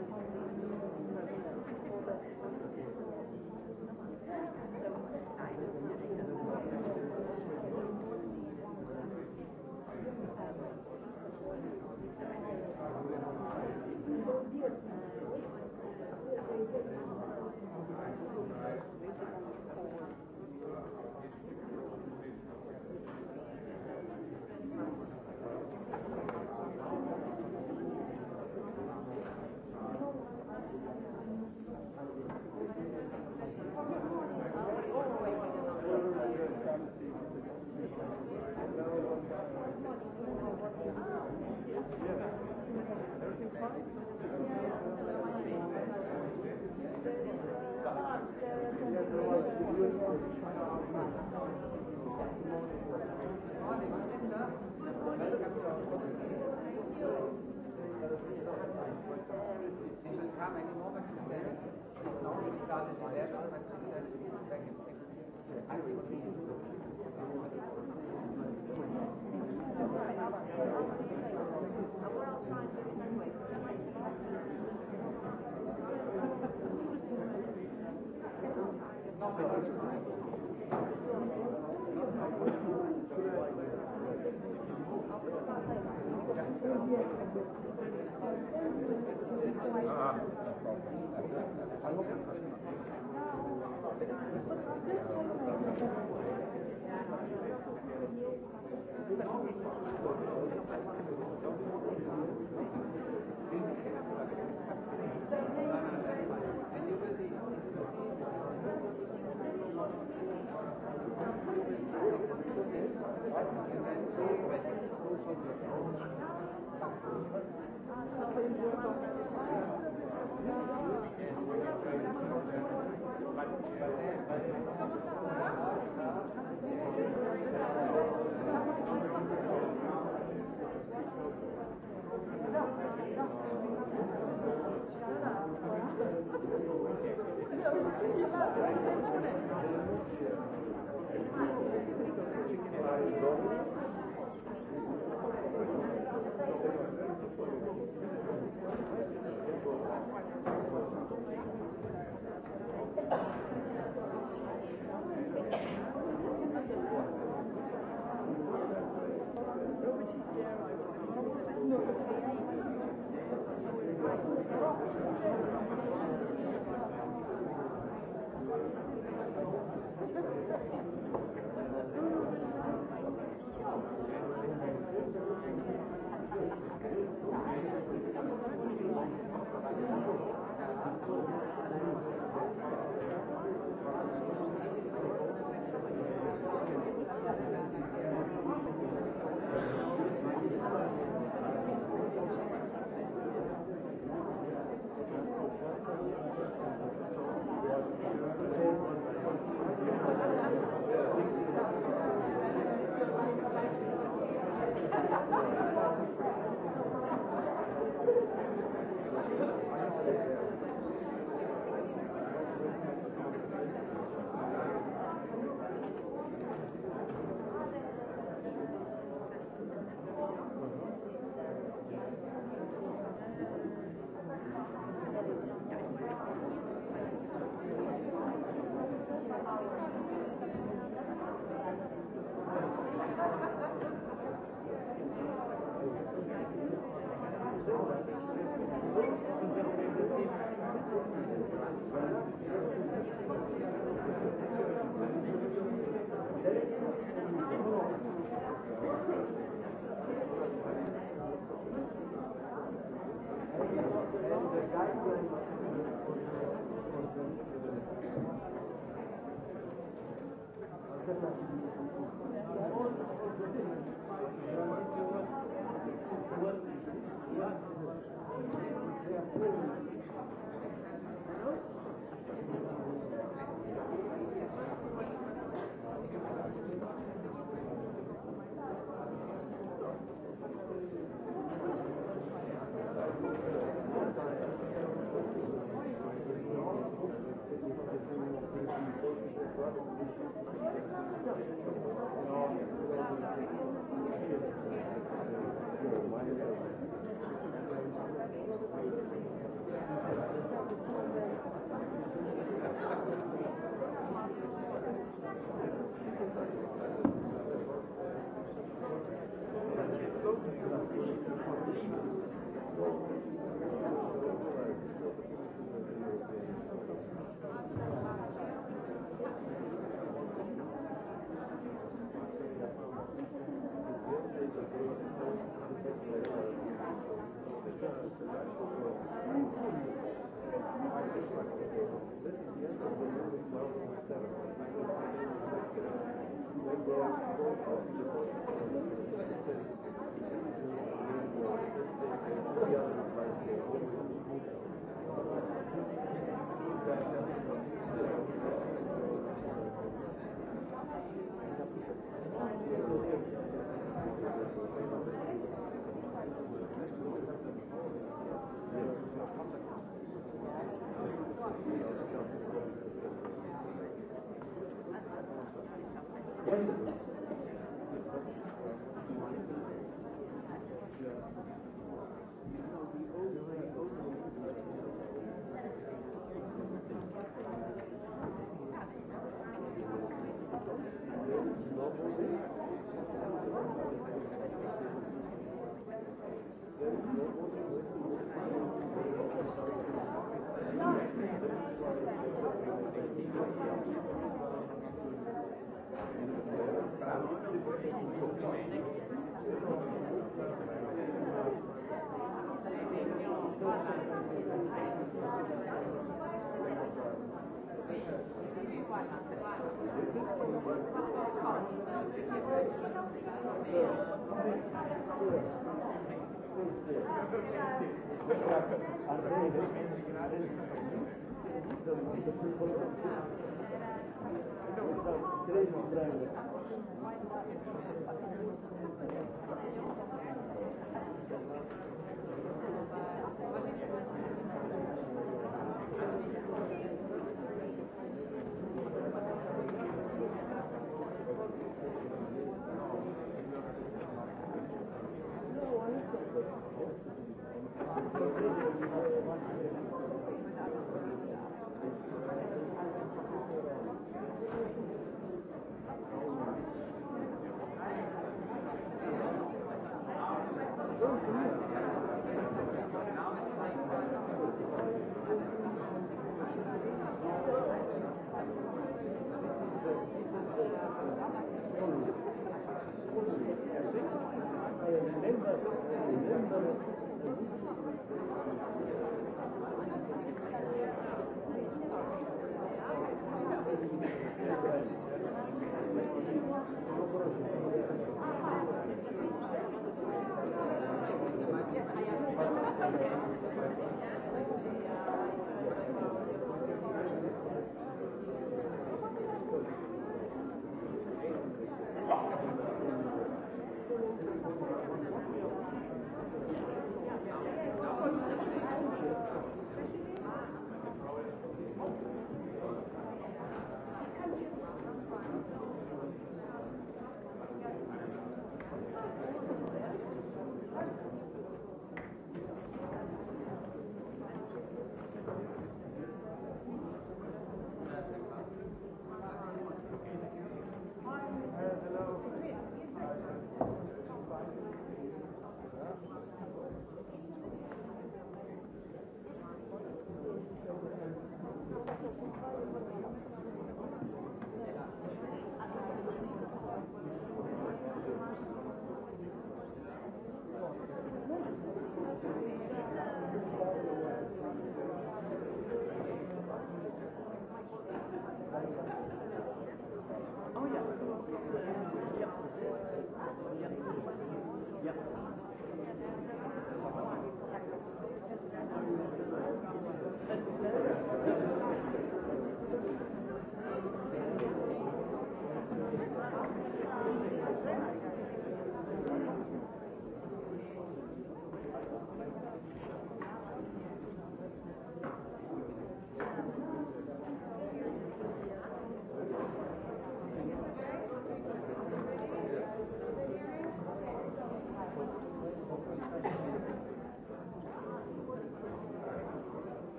Grazie.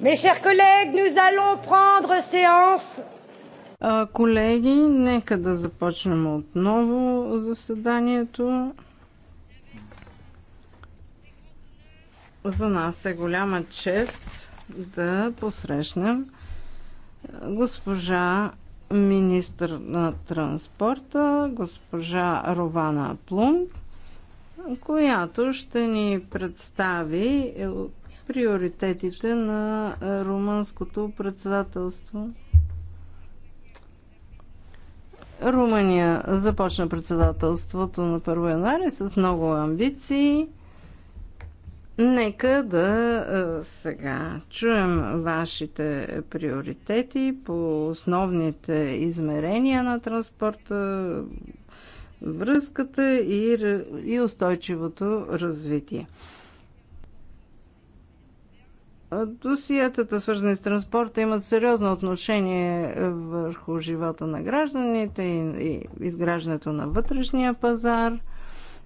Mes chers collègues, nous allons prendre séance. Колеги, нека да започнем отново заседанието. За нас е голяма чест да посрещнем госпожа министър на транспорта, госпожа Рована Плум, която ще ни представи приоритетите на румънското председателство. Румъния започна председателството на 1 януари с много амбиции. Нека да сега чуем вашите приоритети по основните измерения на транспорта, връзката и, и устойчивото развитие. Досиетата, свързани с транспорта, имат сериозно отношение върху живота на гражданите и изграждането на вътрешния пазар.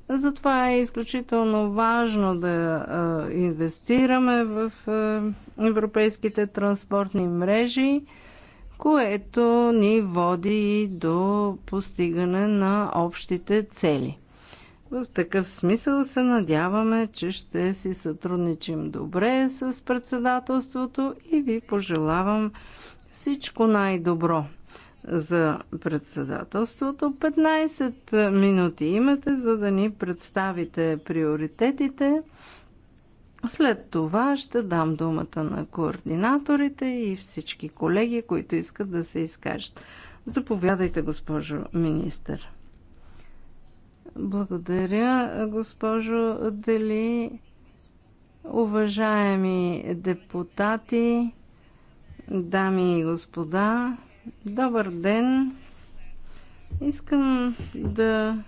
Затова е изключително важно да инвестираме в европейските транспортни мрежи, което ни води и до постигане на общите цели. В такъв смисъл се надяваме, че ще си сътрудничим добре с председателството и ви пожелавам всичко най-добро за председателството. 15 минути имате, за да ни представите приоритетите. След това ще дам думата на координаторите и всички колеги, които искат да се изкажат. Заповядайте, госпожо министър. Благодаря, госпожо Дели. Уважаеми депутати, дами и господа, добър ден! Искам да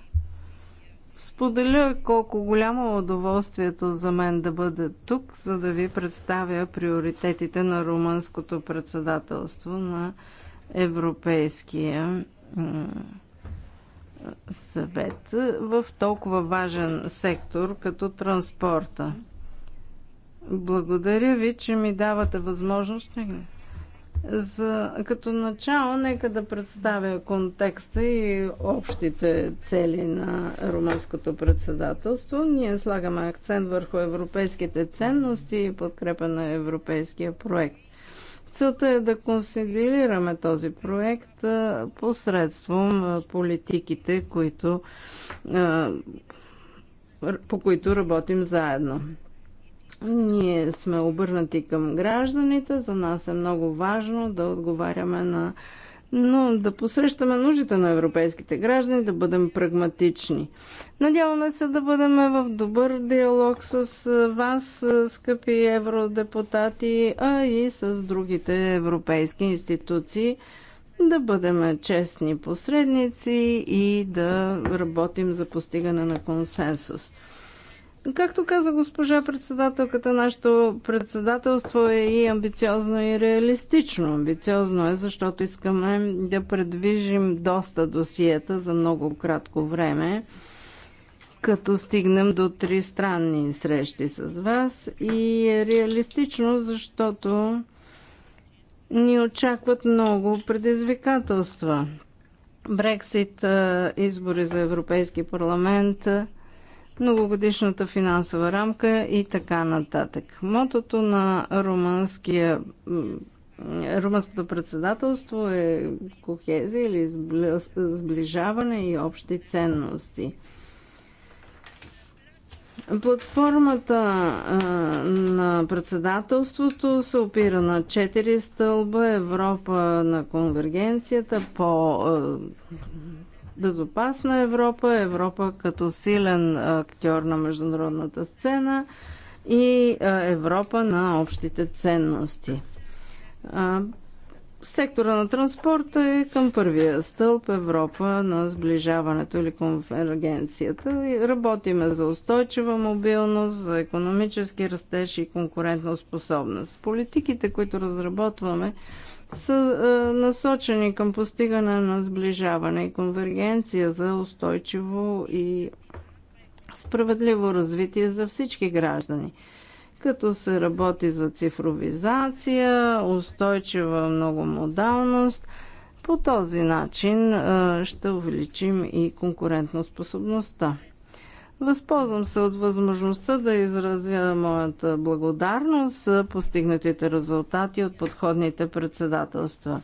споделя колко голямо удоволствието за мен да бъда тук, за да ви представя приоритетите на румънското председателство на Европейския съвет в толкова важен сектор като транспорта. Благодаря ви, че ми давате възможност. За, като начало, нека да представя контекста и общите цели на румънското председателство. Ние слагаме акцент върху европейските ценности и подкрепа на европейския проект. Целта е да консолидираме този проект посредством политиките, които, по които работим заедно. Ние сме обърнати към гражданите. За нас е много важно да отговаряме на но да посрещаме нуждите на европейските граждани, да бъдем прагматични. Надяваме се да бъдем в добър диалог с вас, скъпи евродепутати, а и с другите европейски институции, да бъдем честни посредници и да работим за постигане на консенсус. Както каза госпожа председателката, нашето председателство е и амбициозно, и реалистично. Амбициозно е, защото искаме да предвижим доста досиета за много кратко време, като стигнем до три странни срещи с вас. И е реалистично, защото ни очакват много предизвикателства. Брексит, избори за Европейски парламент – многогодишната финансова рамка и така нататък. Мотото на румънския Румънското председателство е кохезия или сближаване и общи ценности. Платформата на председателството се опира на четири стълба Европа на конвергенцията по безопасна Европа, Европа като силен актьор на международната сцена и Европа на общите ценности. Сектора на транспорта е към първия стълб Европа на сближаването или конвергенцията. Работиме за устойчива мобилност, за економически растеж и конкурентна способност. Политиките, които разработваме, са е, насочени към постигане на сближаване и конвергенция за устойчиво и справедливо развитие за всички граждани като се работи за цифровизация, устойчива многомодалност. По този начин е, ще увеличим и конкурентоспособността. Възползвам се от възможността да изразя моята благодарност за постигнатите резултати от подходните председателства.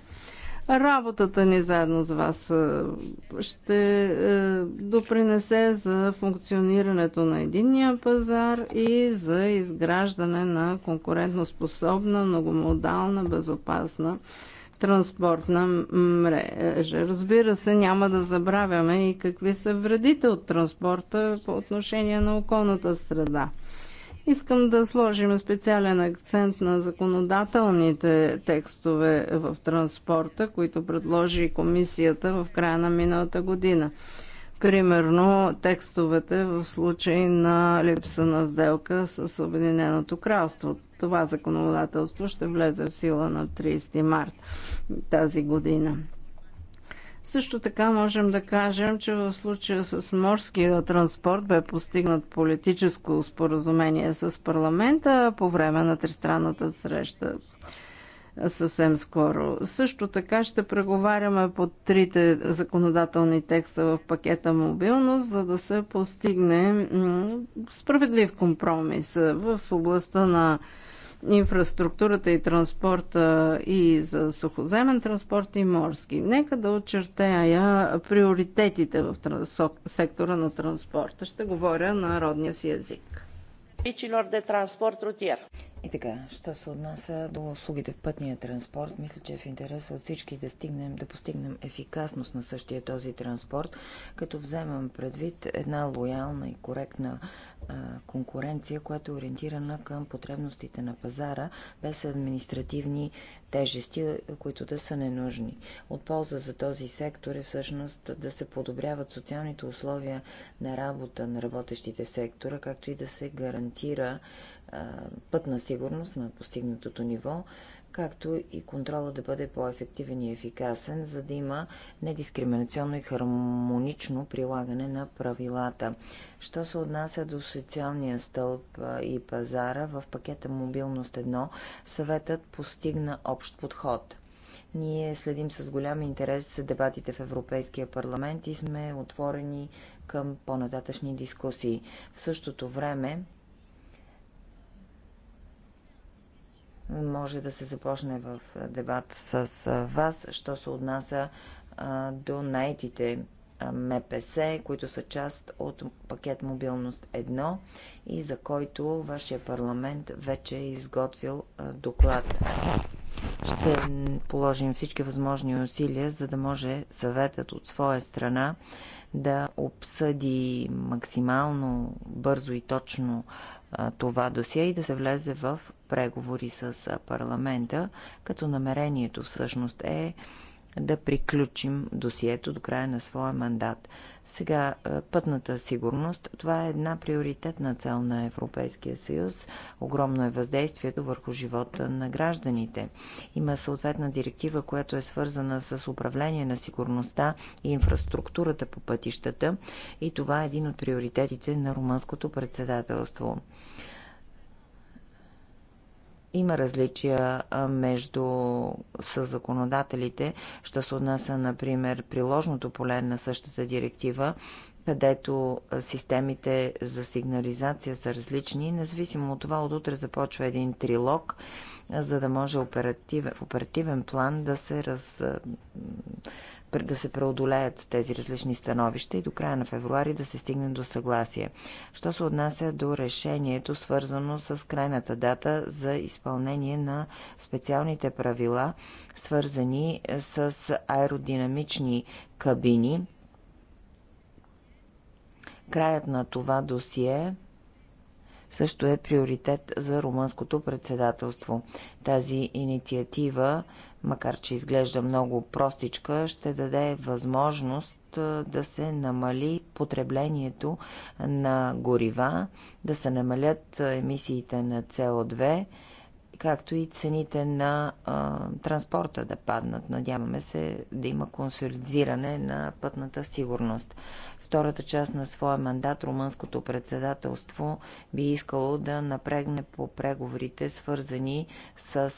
Работата ни заедно с вас е, ще е, допринесе за функционирането на единния пазар и за изграждане на конкурентоспособна, многомодална, безопасна транспортна мрежа. Разбира се, няма да забравяме и какви са вредите от транспорта по отношение на околната среда. Искам да сложим специален акцент на законодателните текстове в транспорта, които предложи комисията в края на миналата година. Примерно текстовете в случай на липса на сделка с Обединеното кралство. Това законодателство ще влезе в сила на 30 март тази година. Също така можем да кажем, че в случая с морския транспорт бе постигнат политическо споразумение с парламента по време на тристранната среща съвсем скоро. Също така ще преговаряме по трите законодателни текста в пакета мобилност, за да се постигне справедлив компромис в областта на инфраструктурата и транспорта и за сухоземен транспорт и морски. Нека да очертая приоритетите в сектора на транспорта. Ще говоря на родния си език. Пичилор де транспорт рутиер. И така, що се отнася до услугите в пътния транспорт, мисля, че е в интерес от всички да, стигнем, да постигнем ефикасност на същия този транспорт, като вземам предвид една лоялна и коректна а, конкуренция, която е ориентирана към потребностите на пазара, без административни тежести, които да са ненужни. От полза за този сектор е всъщност да се подобряват социалните условия на работа на работещите в сектора, както и да се гарантира Път на сигурност на постигнатото ниво, както и контрола да бъде по-ефективен и ефикасен, за да има недискриминационно и хармонично прилагане на правилата. Що се отнася до социалния стълб и пазара, в пакета Мобилност 1 съветът постигна общ подход. Ние следим с голям интерес дебатите в Европейския парламент и сме отворени към по-нататъчни дискусии. В същото време може да се започне в дебат с вас, що се отнася до найтите МПС, които са част от пакет Мобилност 1 и за който вашия парламент вече е изготвил доклад. Ще положим всички възможни усилия, за да може съветът от своя страна да обсъди максимално бързо и точно това досие и да се влезе в преговори с парламента, като намерението всъщност е да приключим досието до края на своя мандат. Сега, е, пътната сигурност, това е една приоритетна цел на Европейския съюз. Огромно е въздействието върху живота на гражданите. Има съответна директива, която е свързана с управление на сигурността и инфраструктурата по пътищата и това е един от приоритетите на румънското председателство има различия между законодателите, що се отнася, например, приложното поле на същата директива, където системите за сигнализация са различни. Независимо от това, от утре започва един трилог, за да може оперативен, в оперативен план да се раз, да се преодолеят тези различни становища и до края на февруари да се стигне до съгласие. Що се отнася до решението, свързано с крайната дата за изпълнение на специалните правила, свързани е, с аеродинамични кабини, краят на това досие също е приоритет за румънското председателство. Тази инициатива макар че изглежда много простичка, ще даде възможност да се намали потреблението на горива, да се намалят емисиите на СО2, както и цените на а, транспорта да паднат. Надяваме се да има консолидиране на пътната сигурност втората част на своя мандат румънското председателство би искало да напрегне по преговорите, свързани с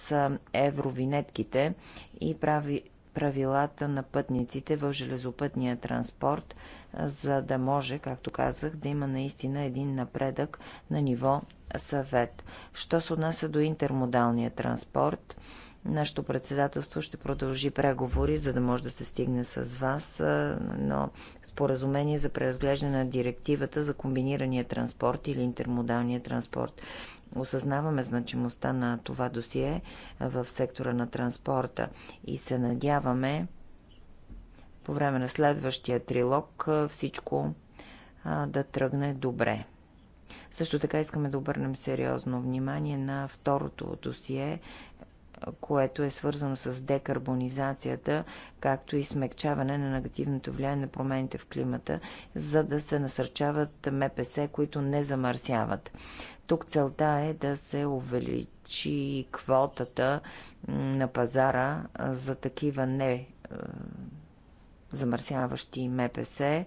евровинетките и прави правилата на пътниците в железопътния транспорт, за да може, както казах, да има наистина един напредък на ниво съвет. Що се отнася до интермодалния транспорт, Нашето председателство ще продължи преговори, за да може да се стигне с вас, но споразумение за преразглеждане на директивата за комбинирания транспорт или интермодалния транспорт. Осъзнаваме значимостта на това досие в сектора на транспорта и се надяваме по време на следващия трилог всичко да тръгне добре. Също така искаме да обърнем сериозно внимание на второто досие което е свързано с декарбонизацията, както и смягчаване на негативното влияние на промените в климата, за да се насърчават МПС, които не замърсяват. Тук целта е да се увеличи квотата на пазара за такива не замърсяващи МПС,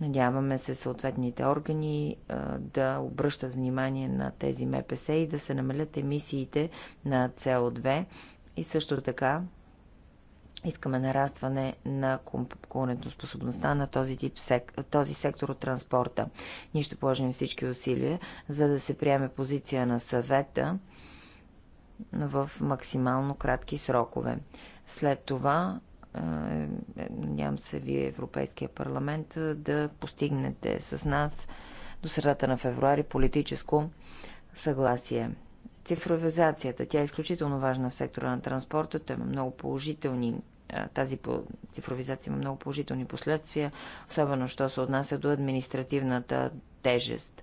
Надяваме се съответните органи да обръщат внимание на тези МПС и да се намалят емисиите на со 2 и също така искаме нарастване на конкурентоспособността на този, тип сек... този сектор от транспорта. Ние ще положим всички усилия, за да се приеме позиция на съвета в максимално кратки срокове. След това е, Надявам се вие, Европейския парламент, да постигнете с нас до средата на февруари политическо съгласие. Цифровизацията, тя е изключително важна в сектора на транспорта. Той има много положителни тази цифровизация има много положителни последствия, особено що се отнася до административната тежест.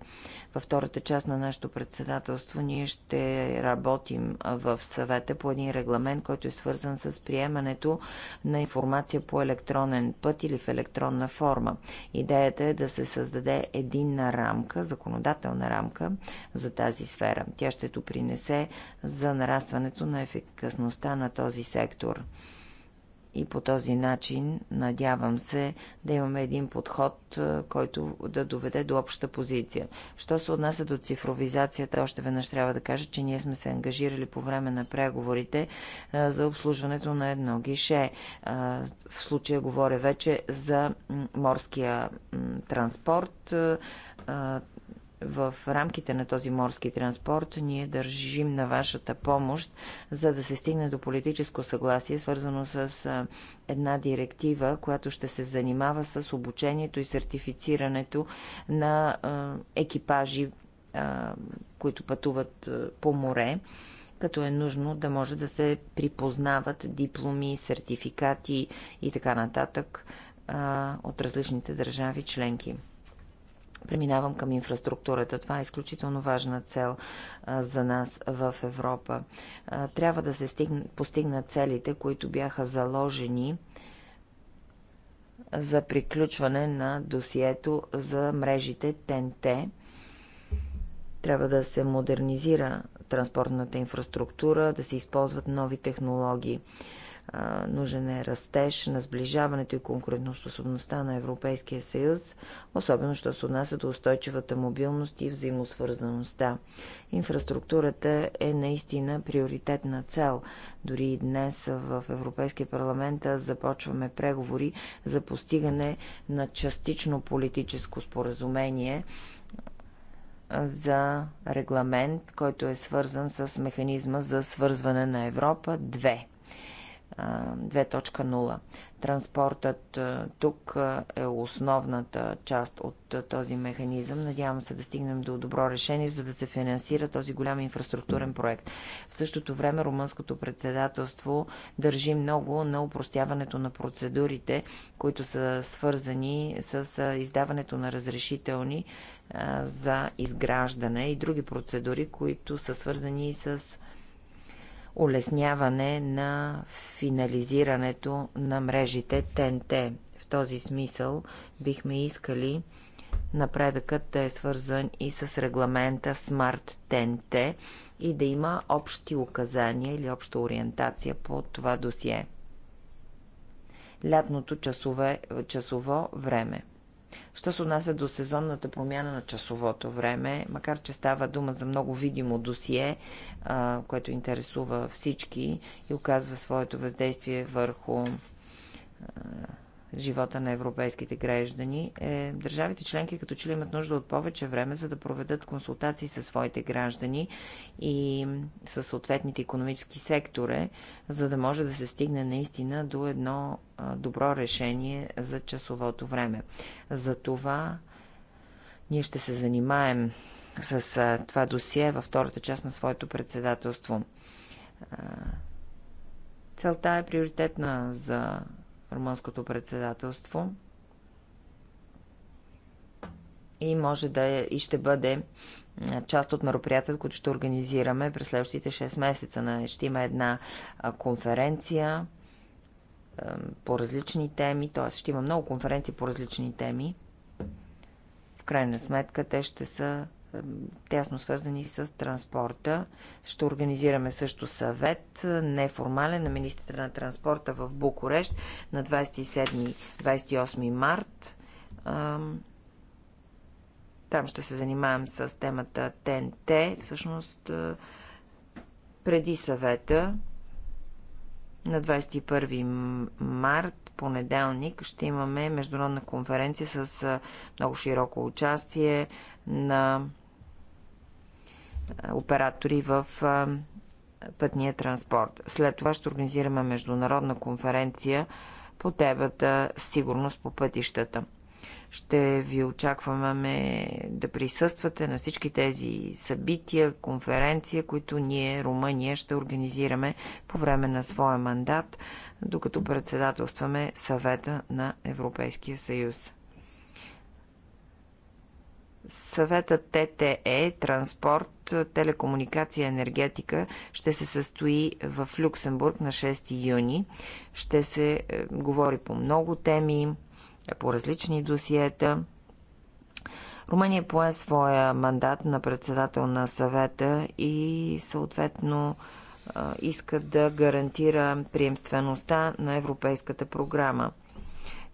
Във втората част на нашето председателство ние ще работим в съвета по един регламент, който е свързан с приемането на информация по електронен път или в електронна форма. Идеята е да се създаде единна рамка, законодателна рамка за тази сфера. Тя ще допринесе за нарастването на ефикасността на този сектор. И по този начин, надявам се, да имаме един подход, който да доведе до обща позиция. Що се отнася до цифровизацията, още веднъж трябва да кажа, че ние сме се ангажирали по време на преговорите за обслужването на едно гише. В случая говоря вече за морския транспорт, в рамките на този морски транспорт ние държим на вашата помощ, за да се стигне до политическо съгласие, свързано с една директива, която ще се занимава с обучението и сертифицирането на екипажи, които пътуват по море като е нужно да може да се припознават дипломи, сертификати и така нататък от различните държави членки. Преминавам към инфраструктурата. Това е изключително важна цел а, за нас в Европа. А, трябва да се стигна, постигнат целите, които бяха заложени за приключване на досието за мрежите ТНТ. Трябва да се модернизира транспортната инфраструктура, да се използват нови технологии нужен е растеж на сближаването и конкурентоспособността на Европейския съюз, особено що се отнася до устойчивата мобилност и взаимосвързаността. Инфраструктурата е наистина приоритетна цел. Дори и днес в Европейския парламент започваме преговори за постигане на частично политическо споразумение за регламент, който е свързан с механизма за свързване на Европа 2. 2.0. Транспортът тук е основната част от този механизъм. Надявам се да стигнем до добро решение, за да се финансира този голям инфраструктурен проект. В същото време румънското председателство държи много на упростяването на процедурите, които са свързани с издаването на разрешителни за изграждане и други процедури, които са свързани с улесняване на финализирането на мрежите ТНТ. В този смисъл бихме искали напредъкът да е свързан и с регламента Smart TNT и да има общи указания или обща ориентация по това досие. Лятното часове, часово време. Що се отнася до сезонната промяна на часовото време, макар че става дума за много видимо досие, което интересува всички и оказва своето въздействие върху живота на европейските граждани, е, държавите членки като че ли имат нужда от повече време, за да проведат консултации със своите граждани и с съответните економически сектори, за да може да се стигне наистина до едно добро решение за часовото време. За това ние ще се занимаем с това досие във втората част на своето председателство. Целта е приоритетна за румънското председателство и може да е, и ще бъде част от мероприятията, които ще организираме през следващите 6 месеца. Ще има една конференция по различни теми, т.е. ще има много конференции по различни теми. В крайна сметка те ще са тясно свързани с транспорта. Ще организираме също съвет, е, неформален, на министрите на транспорта в Букурещ на 27-28 март. Там ще се занимаем с темата ТНТ. Всъщност, е, преди съвета на 21 март понеделник ще имаме международна конференция с много широко участие на оператори в пътния транспорт. След това ще организираме международна конференция по темата сигурност по пътищата. Ще ви очакваме да присъствате на всички тези събития, конференция, които ние, Румъния, ще организираме по време на своя мандат, докато председателстваме съвета на Европейския съюз. Съвета ТТЕ, транспорт, телекомуникация, и енергетика ще се състои в Люксембург на 6 юни. Ще се е, говори по много теми е по различни досиета. Румъния пое своя мандат на председател на съвета и съответно иска да гарантира приемствеността на европейската програма.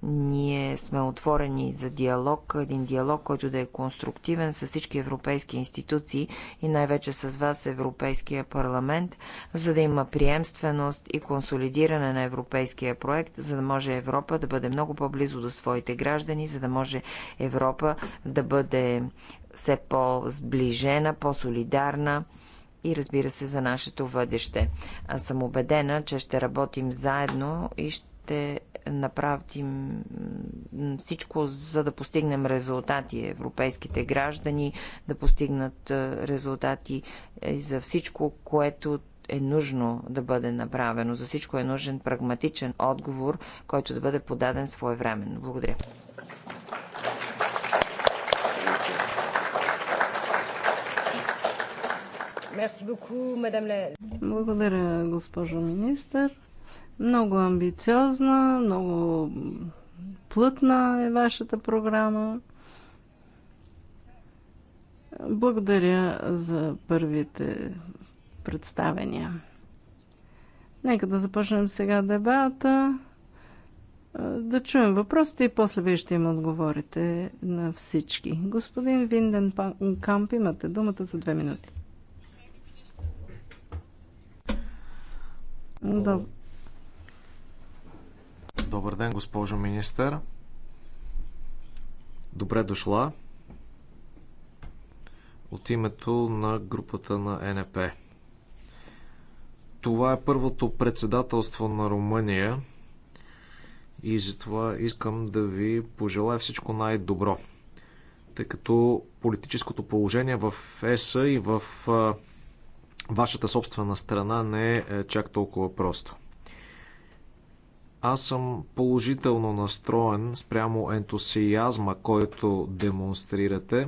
Ние сме отворени за диалог, един диалог, който да е конструктивен с всички европейски институции и най-вече с вас, Европейския парламент, за да има приемственост и консолидиране на европейския проект, за да може Европа да бъде много по-близо до своите граждани, за да може Европа да бъде все по-сближена, по-солидарна и разбира се за нашето бъдеще. Аз съм убедена, че ще работим заедно и ще направим всичко, за да постигнем резултати. Европейските граждани да постигнат е, резултати е, за всичко, което е нужно да бъде направено. За всичко е нужен прагматичен отговор, който да бъде подаден своевременно. Благодаря. Благодаря, госпожо министър. Много амбициозна, много плътна е вашата програма. Благодаря за първите представения. Нека да започнем сега дебата, да чуем въпросите и после вие ще им отговорите на всички. Господин Винден Камп, имате думата за две минути. Добре. Добър ден, госпожо министър. Добре дошла от името на групата на НП. Това е първото председателство на Румъния и затова искам да ви пожелая всичко най-добро, тъй като политическото положение в ЕСА и в вашата собствена страна не е, е чак толкова просто. Аз съм положително настроен спрямо ентусиазма, който демонстрирате.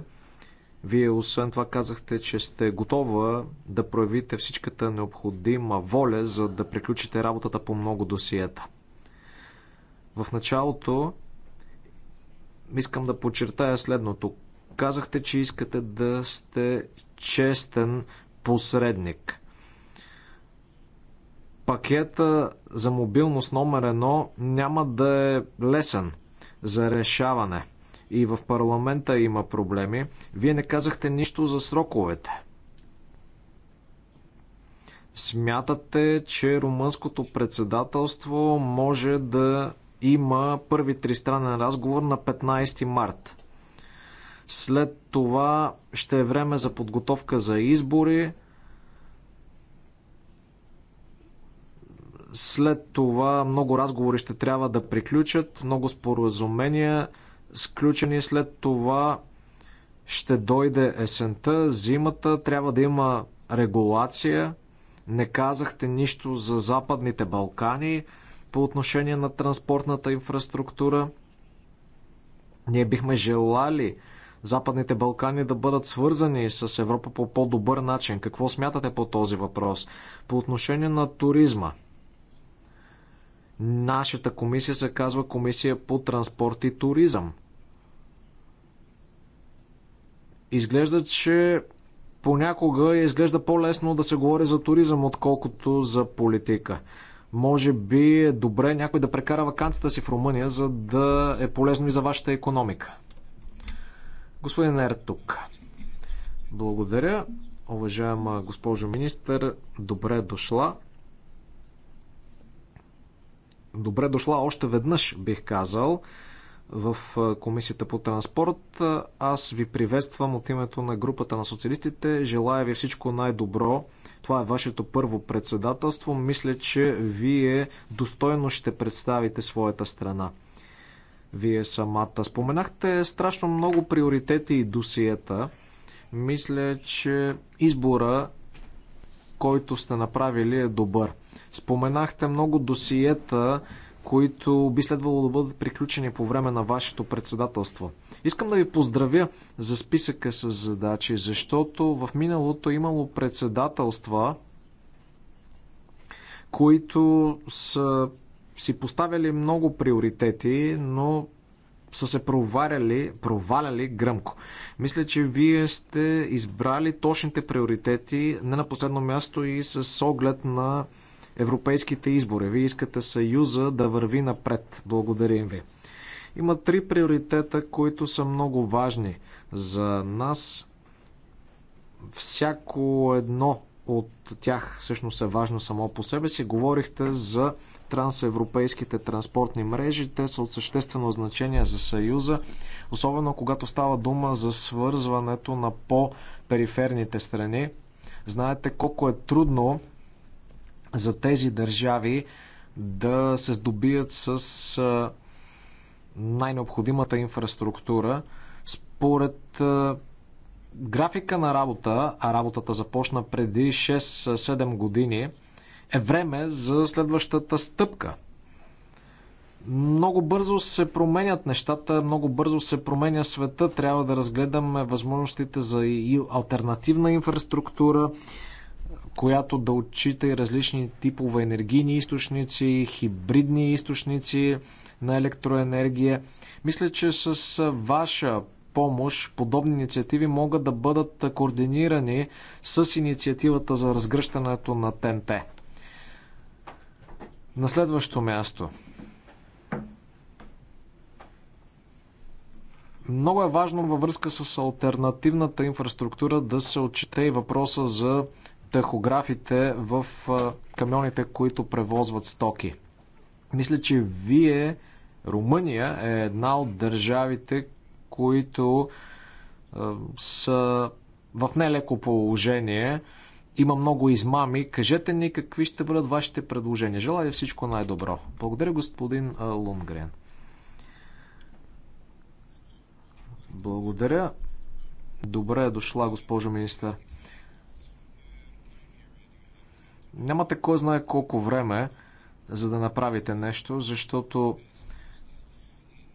Вие освен това казахте, че сте готова да проявите всичката необходима воля, за да приключите работата по много досиета. В началото искам да подчертая следното. Казахте, че искате да сте честен посредник пакета за мобилност номер едно няма да е лесен за решаване. И в парламента има проблеми. Вие не казахте нищо за сроковете. Смятате, че румънското председателство може да има първи тристранен разговор на 15 март. След това ще е време за подготовка за избори След това много разговори ще трябва да приключат, много споразумения сключени след това ще дойде есента, зимата, трябва да има регулация. Не казахте нищо за Западните Балкани по отношение на транспортната инфраструктура. Ние бихме желали Западните Балкани да бъдат свързани с Европа по по-добър начин. Какво смятате по този въпрос? По отношение на туризма – Нашата комисия се казва Комисия по транспорт и туризъм. Изглежда, че понякога изглежда по-лесно да се говори за туризъм, отколкото за политика. Може би е добре някой да прекара вакансията си в Румъния, за да е полезно и за вашата економика. Господин Ертук, благодаря. Уважаема госпожо министър, добре е дошла. Добре дошла още веднъж, бих казал, в Комисията по транспорт. Аз ви приветствам от името на групата на социалистите. Желая ви всичко най-добро. Това е вашето първо председателство. Мисля, че вие достойно ще представите своята страна. Вие самата. Споменахте страшно много приоритети и досиета. Мисля, че избора който сте направили е добър. Споменахте много досиета, които би следвало да бъдат приключени по време на вашето председателство. Искам да ви поздравя за списъка с задачи, защото в миналото имало председателства, които са си поставяли много приоритети, но са се проваляли, проваляли гръмко. Мисля, че вие сте избрали точните приоритети, не на последно място и с оглед на европейските избори. Вие искате Съюза да върви напред. Благодарим ви. Има три приоритета, които са много важни за нас. Всяко едно от тях всъщност е важно само по себе си. Говорихте за трансевропейските транспортни мрежи. Те са от съществено значение за Съюза, особено когато става дума за свързването на по-периферните страни. Знаете колко е трудно за тези държави да се здобият с най-необходимата инфраструктура. Според графика на работа, а работата започна преди 6-7 години, е време за следващата стъпка. Много бързо се променят нещата, много бързо се променя света. Трябва да разгледаме възможностите за и альтернативна инфраструктура, която да отчита и различни типове енергийни източници, хибридни източници на електроенергия. Мисля, че с ваша помощ подобни инициативи могат да бъдат координирани с инициативата за разгръщането на ТНТ. На следващо място. Много е важно във връзка с альтернативната инфраструктура да се отчете и въпроса за тахографите в камионите, които превозват стоки. Мисля, че вие, Румъния е една от държавите, които са в нелеко положение има много измами. Кажете ни какви ще бъдат вашите предложения. Желая всичко най-добро. Благодаря, господин Лунгрен. Благодаря. Добре е дошла, госпожо министър. Нямате кой знае колко време, за да направите нещо, защото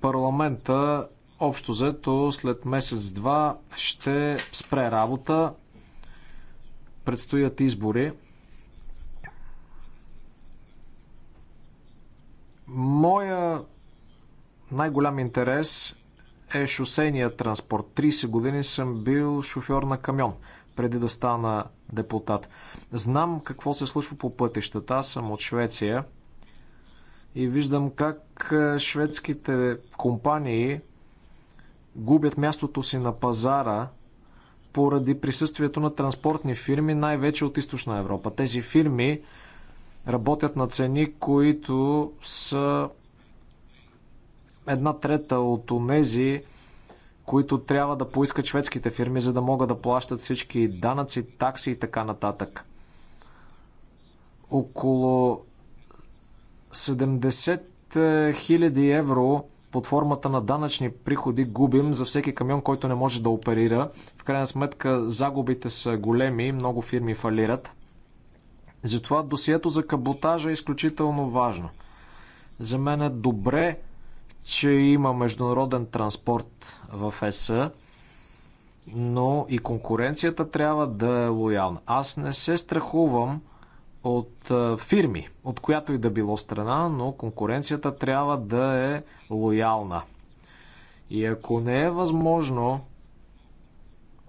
парламента общо взето след месец-два ще спре работа Предстоят избори. Моя най-голям интерес е шосейния транспорт. 30 години съм бил шофьор на камион, преди да стана депутат. Знам какво се случва по пътищата. Аз съм от Швеция и виждам как е, шведските компании губят мястото си на пазара поради присъствието на транспортни фирми, най-вече от източна Европа. Тези фирми работят на цени, които са една трета от онези, които трябва да поискат шведските фирми, за да могат да плащат всички данъци, такси и така нататък. Около 70 000 евро под формата на данъчни приходи губим за всеки камион, който не може да оперира. В крайна сметка загубите са големи, много фирми фалират. Затова досието за каботажа е изключително важно. За мен е добре, че има международен транспорт в ЕС, но и конкуренцията трябва да е лоялна. Аз не се страхувам от фирми, от която и да било страна, но конкуренцията трябва да е лоялна. И ако не е възможно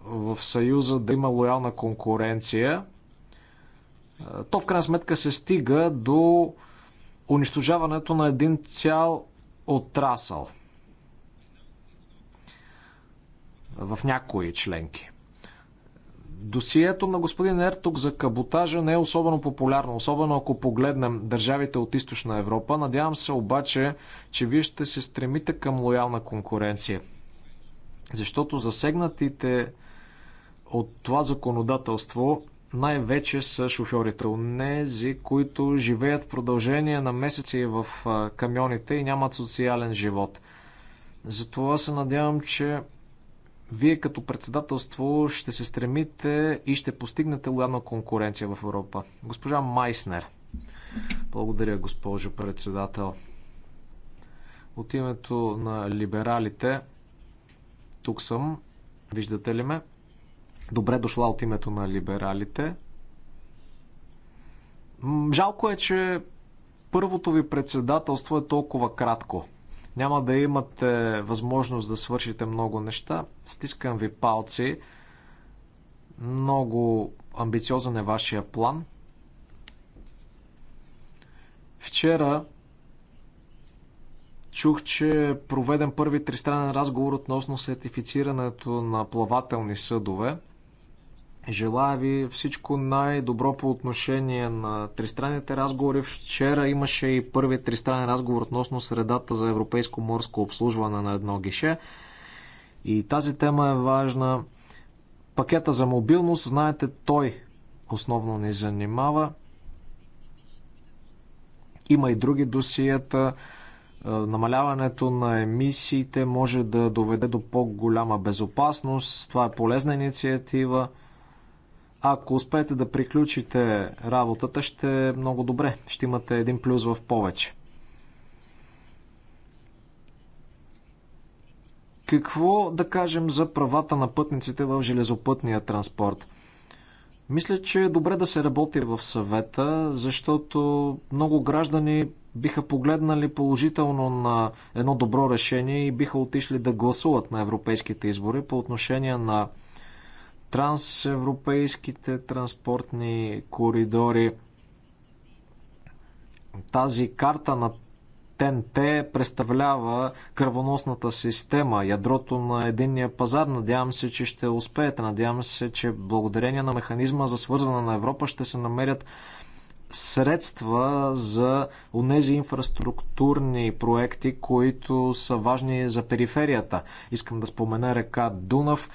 в Съюза да има лоялна конкуренция, то в крайна сметка се стига до унищожаването на един цял отрасъл в някои членки. Досието на господин Ертук за каботажа не е особено популярно, особено ако погледнем държавите от източна Европа. Надявам се обаче, че вие ще се стремите към лоялна конкуренция. Защото засегнатите от това законодателство най-вече са шофьорите. Онези, които живеят в продължение на месеци в камионите и нямат социален живот. Затова се надявам, че вие като председателство ще се стремите и ще постигнете лоялна конкуренция в Европа. Госпожа Майснер. Благодаря, госпожо председател. От името на либералите, тук съм, виждате ли ме? Добре дошла от името на либералите. Жалко е, че първото ви председателство е толкова кратко. Няма да имате възможност да свършите много неща. Стискам ви палци. Много амбициозен е вашия план. Вчера чух, че проведен първи тристранен разговор относно сертифицирането на плавателни съдове – Желая ви всичко най-добро по отношение на тристранните разговори. Вчера имаше и първият тристранен разговор относно средата за европейско морско обслужване на едно гише. И тази тема е важна. Пакета за мобилност, знаете, той основно ни занимава. Има и други досията. Е, намаляването на емисиите може да доведе до по-голяма безопасност. Това е полезна инициатива. Ако успеете да приключите работата, ще е много добре. Ще имате един плюс в повече. Какво да кажем за правата на пътниците в железопътния транспорт? Мисля, че е добре да се работи в съвета, защото много граждани биха погледнали положително на едно добро решение и биха отишли да гласуват на европейските избори по отношение на трансевропейските транспортни коридори. Тази карта на ТНТ представлява кръвоносната система, ядрото на единния пазар. Надявам се, че ще успеете. Надявам се, че благодарение на механизма за свързване на Европа ще се намерят средства за онези инфраструктурни проекти, които са важни за периферията. Искам да спомена река Дунав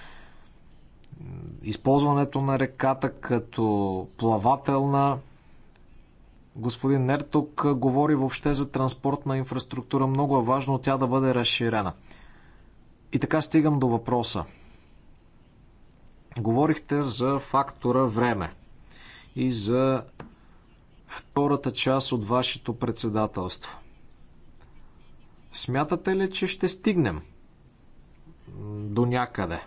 използването на реката като плавателна. Господин Нерток говори въобще за транспортна инфраструктура. Много е важно тя да бъде разширена. И така стигам до въпроса. Говорихте за фактора време и за втората част от вашето председателство. Смятате ли, че ще стигнем до някъде?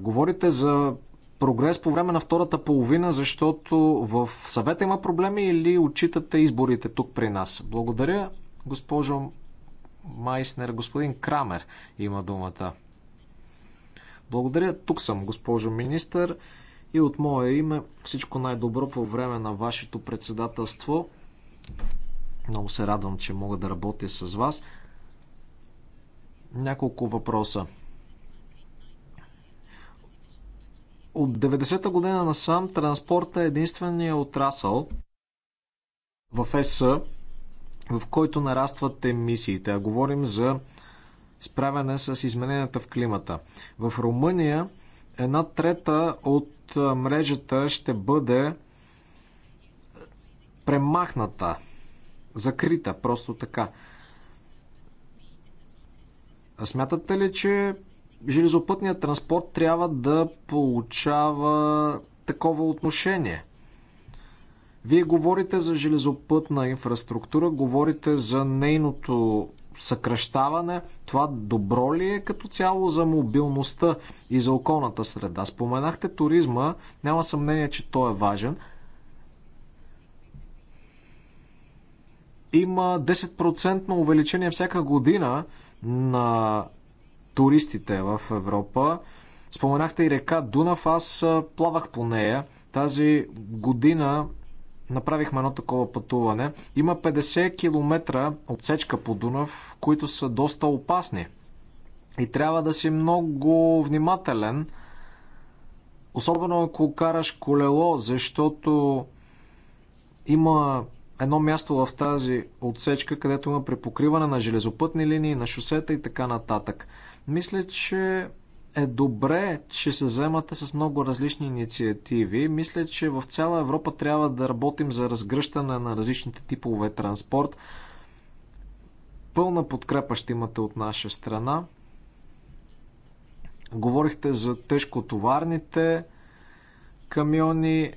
Говорите за прогрес по време на втората половина, защото в съвета има проблеми или отчитате изборите тук при нас? Благодаря, госпожо Майснер. Господин Крамер има думата. Благодаря, тук съм, госпожо министър. И от мое име всичко най-добро по време на вашето председателство. Много се радвам, че мога да работя с вас. Няколко въпроса. От 90-та година насам транспорта е единствения отрасъл в ЕС, в който нарастват емисиите. А говорим за справяне с измененията в климата. В Румъния една трета от мрежата ще бъде премахната, закрита, просто така. Смятате ли, че железопътният транспорт трябва да получава такова отношение. Вие говорите за железопътна инфраструктура, говорите за нейното съкръщаване. Това добро ли е като цяло за мобилността и за околната среда? Споменахте туризма, няма съмнение, че той е важен. Има 10% увеличение всяка година на туристите в Европа. Споменахте и река Дунав, аз плавах по нея. Тази година направихме едно такова пътуване. Има 50 км отсечка по Дунав, които са доста опасни. И трябва да си много внимателен, особено ако караш колело, защото има едно място в тази отсечка, където има препокриване на железопътни линии, на шосета и така нататък. Мисля, че е добре, че се вземате с много различни инициативи. Мисля, че в цяла Европа трябва да работим за разгръщане на различните типове транспорт. Пълна подкрепа ще имате от наша страна. Говорихте за тежкотоварните камиони.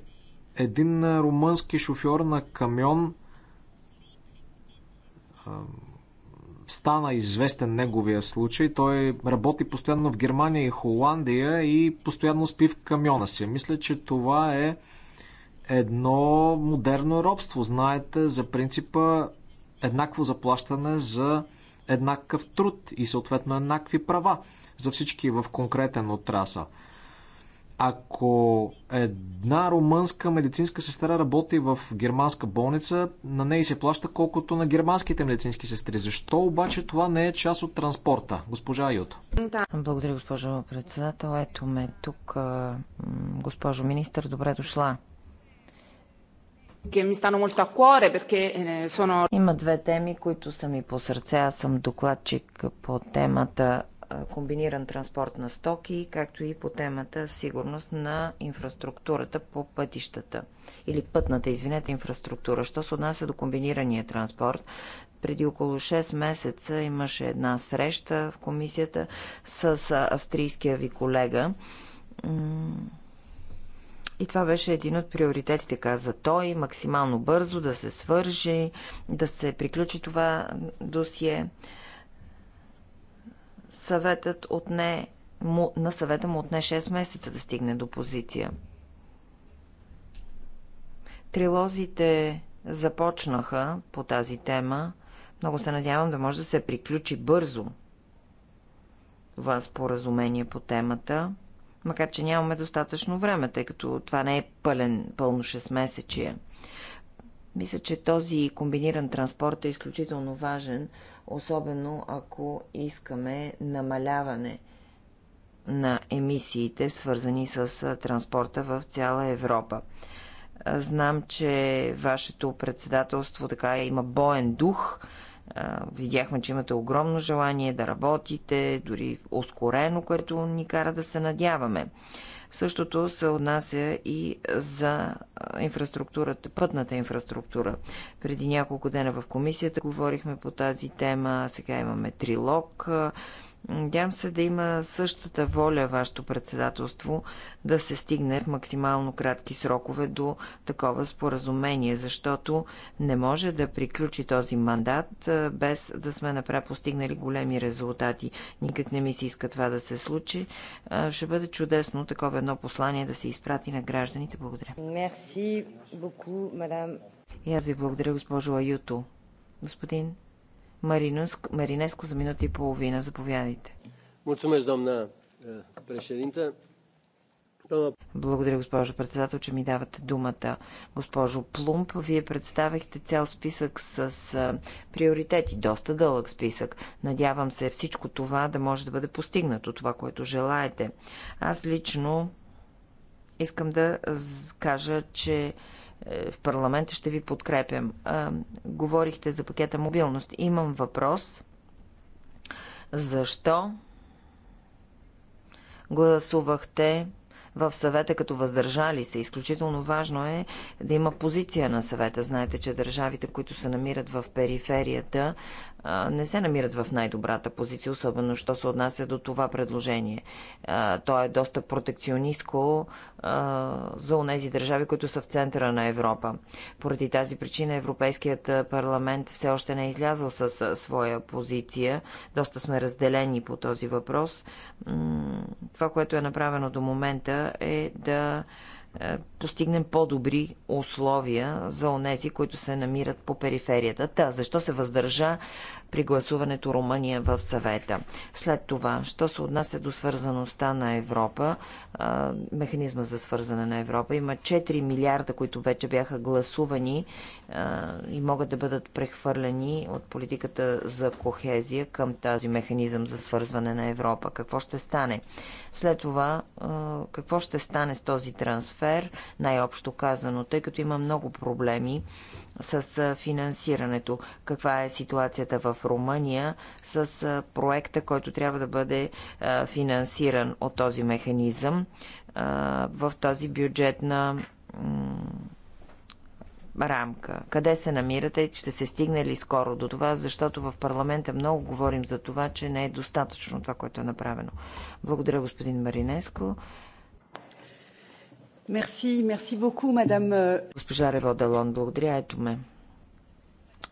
Един румънски шофьор на камион стана известен неговия случай. Той работи постоянно в Германия и Холандия и постоянно спи в камиона си. Мисля, че това е едно модерно робство. Знаете за принципа еднакво заплащане за еднакъв труд и съответно еднакви права за всички в конкретен отрасъл. Ако една румънска медицинска сестра работи в германска болница, на нея се плаща колкото на германските медицински сестри. Защо обаче това не е част от транспорта? Госпожа Айот. Да. Благодаря, госпожо председател. Ето ме тук. Госпожо министър, добре дошла. Eh, Има две теми, които са ми по сърце. Аз съм докладчик по темата комбиниран транспорт на стоки, както и по темата сигурност на инфраструктурата по пътищата или пътната, извинете, инфраструктура. Що се отнася до комбинирания транспорт, преди около 6 месеца имаше една среща в комисията с австрийския ви колега. И това беше един от приоритетите, каза той, максимално бързо да се свържи, да се приключи това досие съветът отне, му, на съвета му отне 6 месеца да стигне до позиция. Трилозите започнаха по тази тема. Много се надявам да може да се приключи бързо това споразумение по темата, макар че нямаме достатъчно време, тъй като това не е пълен, пълно 6 месечие. Мисля, че този комбиниран транспорт е изключително важен особено ако искаме намаляване на емисиите, свързани с транспорта в цяла Европа. Знам, че вашето председателство така има боен дух. Видяхме, че имате огромно желание да работите, дори ускорено, което ни кара да се надяваме. Същото се отнася и за инфраструктурата, пътната инфраструктура. Преди няколко дена в комисията говорихме по тази тема, сега имаме трилог Надявам се да има същата воля вашето председателство да се стигне в максимално кратки срокове до такова споразумение, защото не може да приключи този мандат без да сме направо постигнали големи резултати. Никак не ми се иска това да се случи. Ще бъде чудесно такова едно послание да се изпрати на гражданите. Благодаря. Мерси боку, мадам. И аз ви благодаря, госпожо Аюто. Господин Маринуск, Маринеско за минута и половина. Заповядайте. Е, Благодаря, госпожо председател, че ми давате думата. Госпожо Плумп, вие представихте цял списък с е, приоритети, доста дълъг списък. Надявам се всичко това да може да бъде постигнато, това, което желаете. Аз лично искам да кажа, че е, в парламента ще ви подкрепям. Говорихте за пакета мобилност. Имам въпрос. Защо гласувахте в съвета като въздържали се. Изключително важно е да има позиция на съвета. Знаете, че държавите, които се намират в периферията, не се намират в най-добрата позиция, особено що се отнася до това предложение. То е доста протекционистко за онези държави, които са в центъра на Европа. Поради тази причина Европейският парламент все още не е излязъл с своя позиция. Доста сме разделени по този въпрос. Това, което е направено до момента е да постигнем по-добри условия за онези, които се намират по периферията. Та, защо се въздържа при гласуването Румъния в съвета? След това, що се отнася до свързаността на Европа, механизма за свързане на Европа, има 4 милиарда, които вече бяха гласувани и могат да бъдат прехвърлени от политиката за кохезия към тази механизъм за свързване на Европа. Какво ще стане? След това, какво ще стане с този трансфер? най-общо казано, тъй като има много проблеми с финансирането. Каква е ситуацията в Румъния с проекта, който трябва да бъде финансиран от този механизъм в този бюджетна рамка. Къде се намирате? Ще се стигне ли скоро до това? Защото в парламента много говорим за това, че не е достатъчно това, което е направено. Благодаря, господин Маринеско. Мерси, мерси боку, мадам. Госпожа Рево благодаря, ето ме.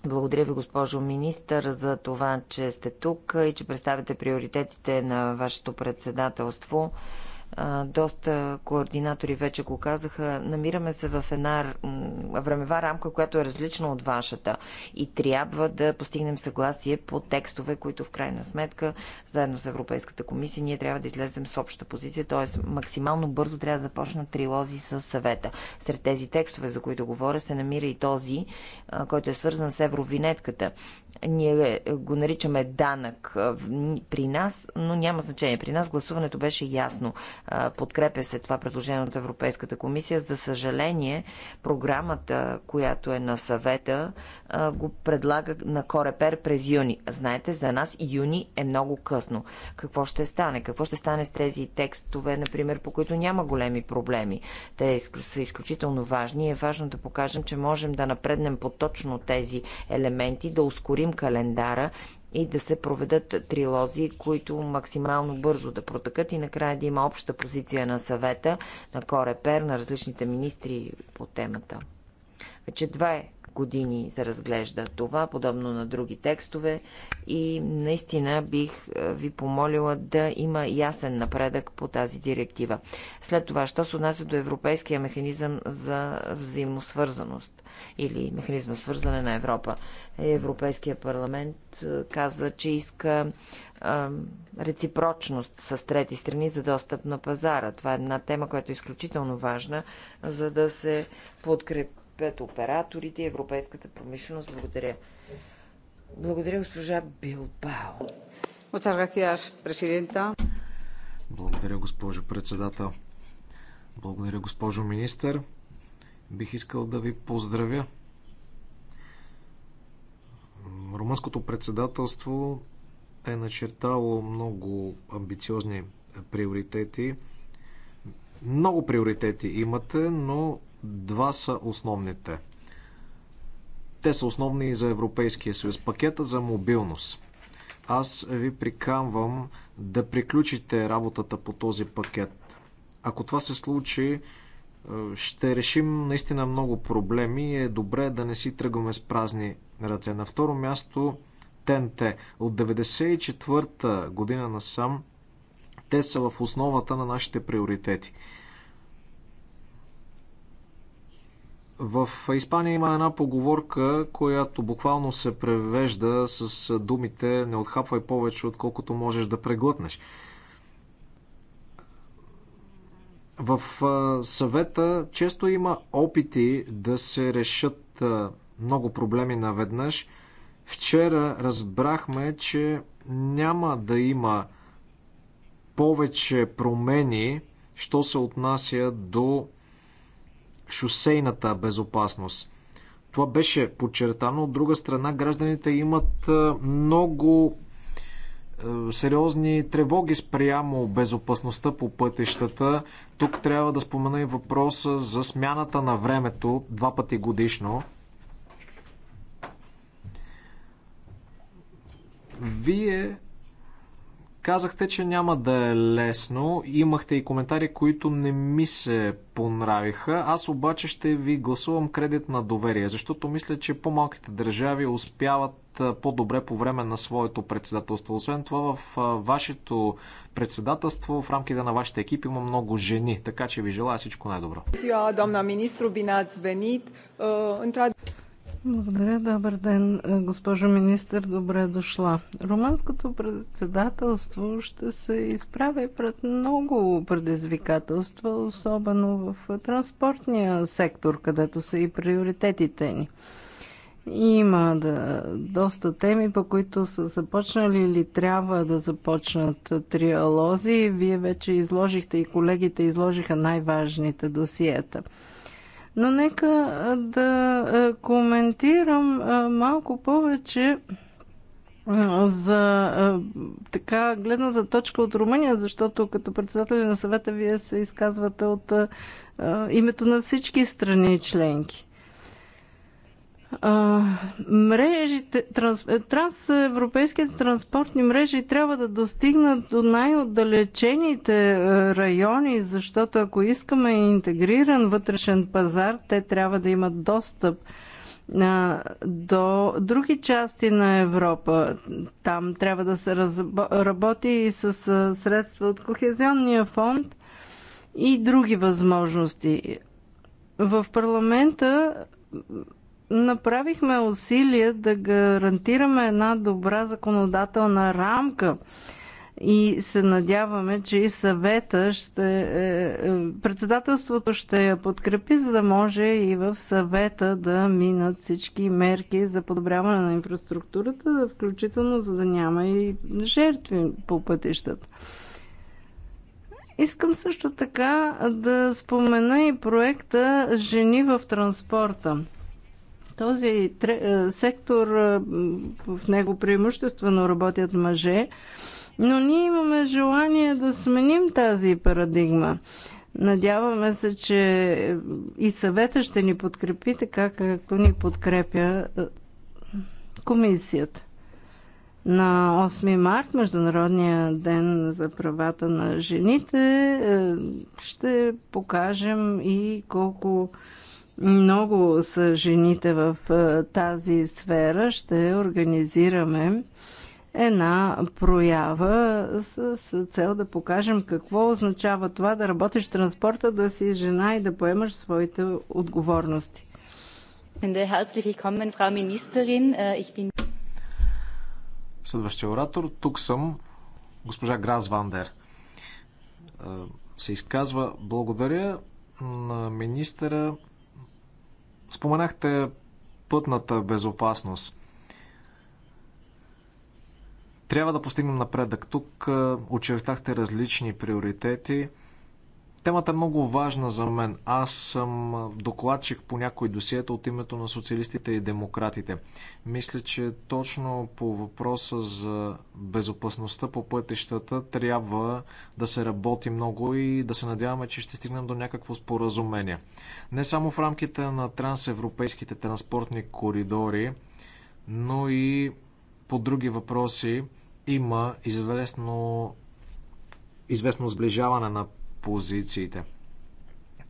Благодаря ви, госпожо министър, за това, че сте тук и че представяте приоритетите на вашето председателство доста координатори вече го казаха, намираме се в една времева рамка, която е различна от вашата и трябва да постигнем съгласие по текстове, които в крайна сметка, заедно с Европейската комисия, ние трябва да излезем с обща позиция, т.е. максимално бързо трябва да започнат трилози с съвета. Сред тези текстове, за които говоря, се намира и този, който е свързан с евровинетката. Ние е, го наричаме данък при нас, но няма значение. При нас гласуването беше ясно Подкрепя се това предложение от Европейската комисия. За съжаление, програмата, която е на съвета, го предлага на Корепер през юни. Знаете, за нас юни е много късно. Какво ще стане? Какво ще стане с тези текстове, например, по които няма големи проблеми? Те са изключително важни и е важно да покажем, че можем да напреднем по точно тези елементи, да ускорим календара и да се проведат трилози, които максимално бързо да протекат и накрая да има обща позиция на съвета, на Корепер, на различните министри по темата. Вече две години се разглежда това, подобно на други текстове и наистина бих е, ви помолила да има ясен напредък по тази директива. След това, що се отнася до Европейския механизъм за взаимосвързаност или механизма свързане на Европа. Е, европейския парламент е, каза, че иска реципрочност с трети страни за достъп на пазара. Това е една тема, която е изключително важна, за да се подкрепи подкрепят операторите и европейската промишленост. Благодаря. Благодаря, госпожа Билбао. Благодаря, госпожо председател. Благодаря, госпожо министър. Бих искал да ви поздравя. Румънското председателство е начертало много амбициозни приоритети. Много приоритети имате, но Два са основните. Те са основни и за Европейския съюз. Пакета за мобилност. Аз ви приканвам да приключите работата по този пакет. Ако това се случи, е, ще решим наистина много проблеми и е добре да не си тръгваме с празни ръце. На второ място ТНТ. От 1994 година насам те са в основата на нашите приоритети. В Испания има една поговорка, която буквално се превежда с думите не отхапвай повече, отколкото можеш да преглътнеш. В съвета често има опити да се решат много проблеми наведнъж. Вчера разбрахме, че няма да има повече промени, що се отнася до шосейната безопасност. Това беше подчертано. От друга страна, гражданите имат е, много е, сериозни тревоги спрямо безопасността по пътищата. Тук трябва да спомена и въпроса за смяната на времето два пъти годишно. Вие Казахте, че няма да е лесно. Имахте и коментари, които не ми се понравиха. Аз обаче ще ви гласувам кредит на доверие, защото мисля, че по-малките държави успяват по-добре по време на своето председателство. Освен това, в вашето председателство, в рамките на вашите екип има много жени, така че ви желая всичко най-добро. Благодаря. Добър ден, е, госпожо министър. Добре дошла. Румънското председателство ще се изправи пред много предизвикателства, особено в транспортния сектор, където са и приоритетите ни. Има да, доста теми, по които са започнали или трябва да започнат триалози. Вие вече изложихте и колегите изложиха най-важните досиета – но нека да коментирам малко повече за така гледната точка от Румъния, защото като председатели на съвета вие се изказвате от името на всички страни членки мрежите, транс, трансевропейските транспортни мрежи трябва да достигнат до най-отдалечените е, райони, защото ако искаме интегриран вътрешен пазар, те трябва да имат достъп а, до други части на Европа. Там трябва да се работи и с а, е, средства от Кохезионния фонд и други възможности. В парламента направихме усилия да гарантираме една добра законодателна рамка и се надяваме, че и съвета ще, е, е, председателството ще я подкрепи, за да може и в съвета да минат всички мерки за подобряване на инфраструктурата, включително за да няма и жертви по пътищата. Искам също така да спомена и проекта Жени в транспорта. Този е, сектор, е, в него преимуществено работят мъже, но ние имаме желание да сменим тази парадигма. Надяваме се, че и съвета ще ни подкрепи така, както ни подкрепя е, комисията. На 8 март, Международния ден за правата на жените, ще покажем и колко много са жените в тази сфера, ще организираме една проява с, с цел да покажем какво означава това да работиш в транспорта, да си жена и да поемаш своите отговорности. Е, Следващия оратор, тук съм госпожа Грас Вандер. Е, се изказва благодаря на министъра Споменахте пътната безопасност. Трябва да постигнем напредък. Тук очертахте различни приоритети – Темата е много важна за мен. Аз съм докладчик по някои досиета от името на социалистите и демократите. Мисля, че точно по въпроса за безопасността по пътищата трябва да се работи много и да се надяваме, че ще стигнем до някакво споразумение. Не само в рамките на трансевропейските транспортни коридори, но и по други въпроси има известно известно сближаване на позициите.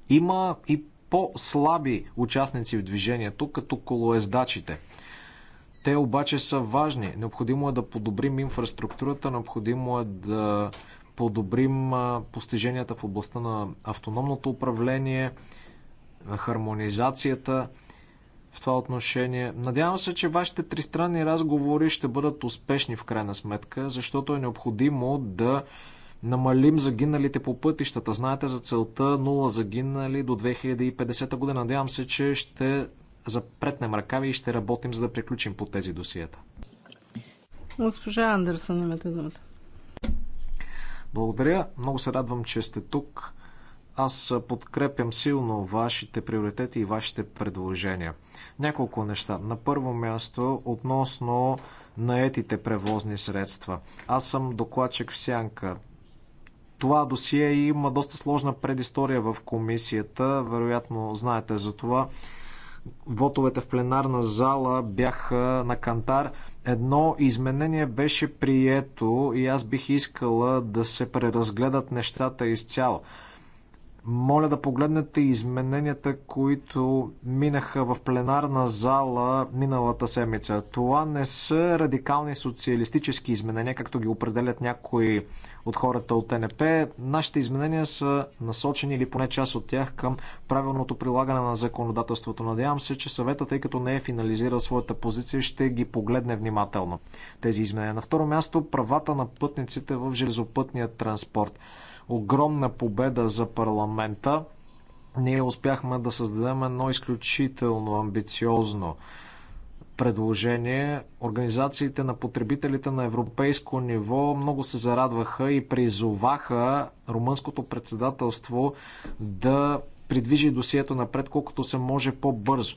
Има и по-слаби участници в движението, като колоездачите. Те обаче са важни. Необходимо е да подобрим инфраструктурата, необходимо е да подобрим постиженията в областта на автономното управление, хармонизацията в това отношение. Надявам се, че вашите тристранни разговори ще бъдат успешни в крайна сметка, защото е необходимо да намалим загиналите по пътищата. Знаете за целта 0 загинали до 2050 година. Надявам се, че ще запретнем ръкави и ще работим, за да приключим по тези досиета. Госпожа Андерсън, имате думата. Благодаря. Много се радвам, че сте тук. Аз подкрепям силно вашите приоритети и вашите предложения. Няколко неща. На първо място, относно наетите превозни средства. Аз съм докладчик в Сянка това досие има доста сложна предистория в комисията. Вероятно знаете за това. Вотовете в пленарна зала бяха на кантар. Едно изменение беше прието и аз бих искала да се преразгледат нещата изцяло. Моля да погледнете измененията, които минаха в пленарна зала миналата седмица. Това не са радикални социалистически изменения, както ги определят някои от хората от НП. Нашите изменения са насочени или поне част от тях към правилното прилагане на законодателството. Надявам се, че съвета, тъй като не е финализирал своята позиция, ще ги погледне внимателно тези изменения. На второ място, правата на пътниците в железопътния транспорт огромна победа за парламента. Ние успяхме да създадем едно изключително амбициозно предложение. Организациите на потребителите на европейско ниво много се зарадваха и призоваха румънското председателство да придвижи досието напред колкото се може по-бързо.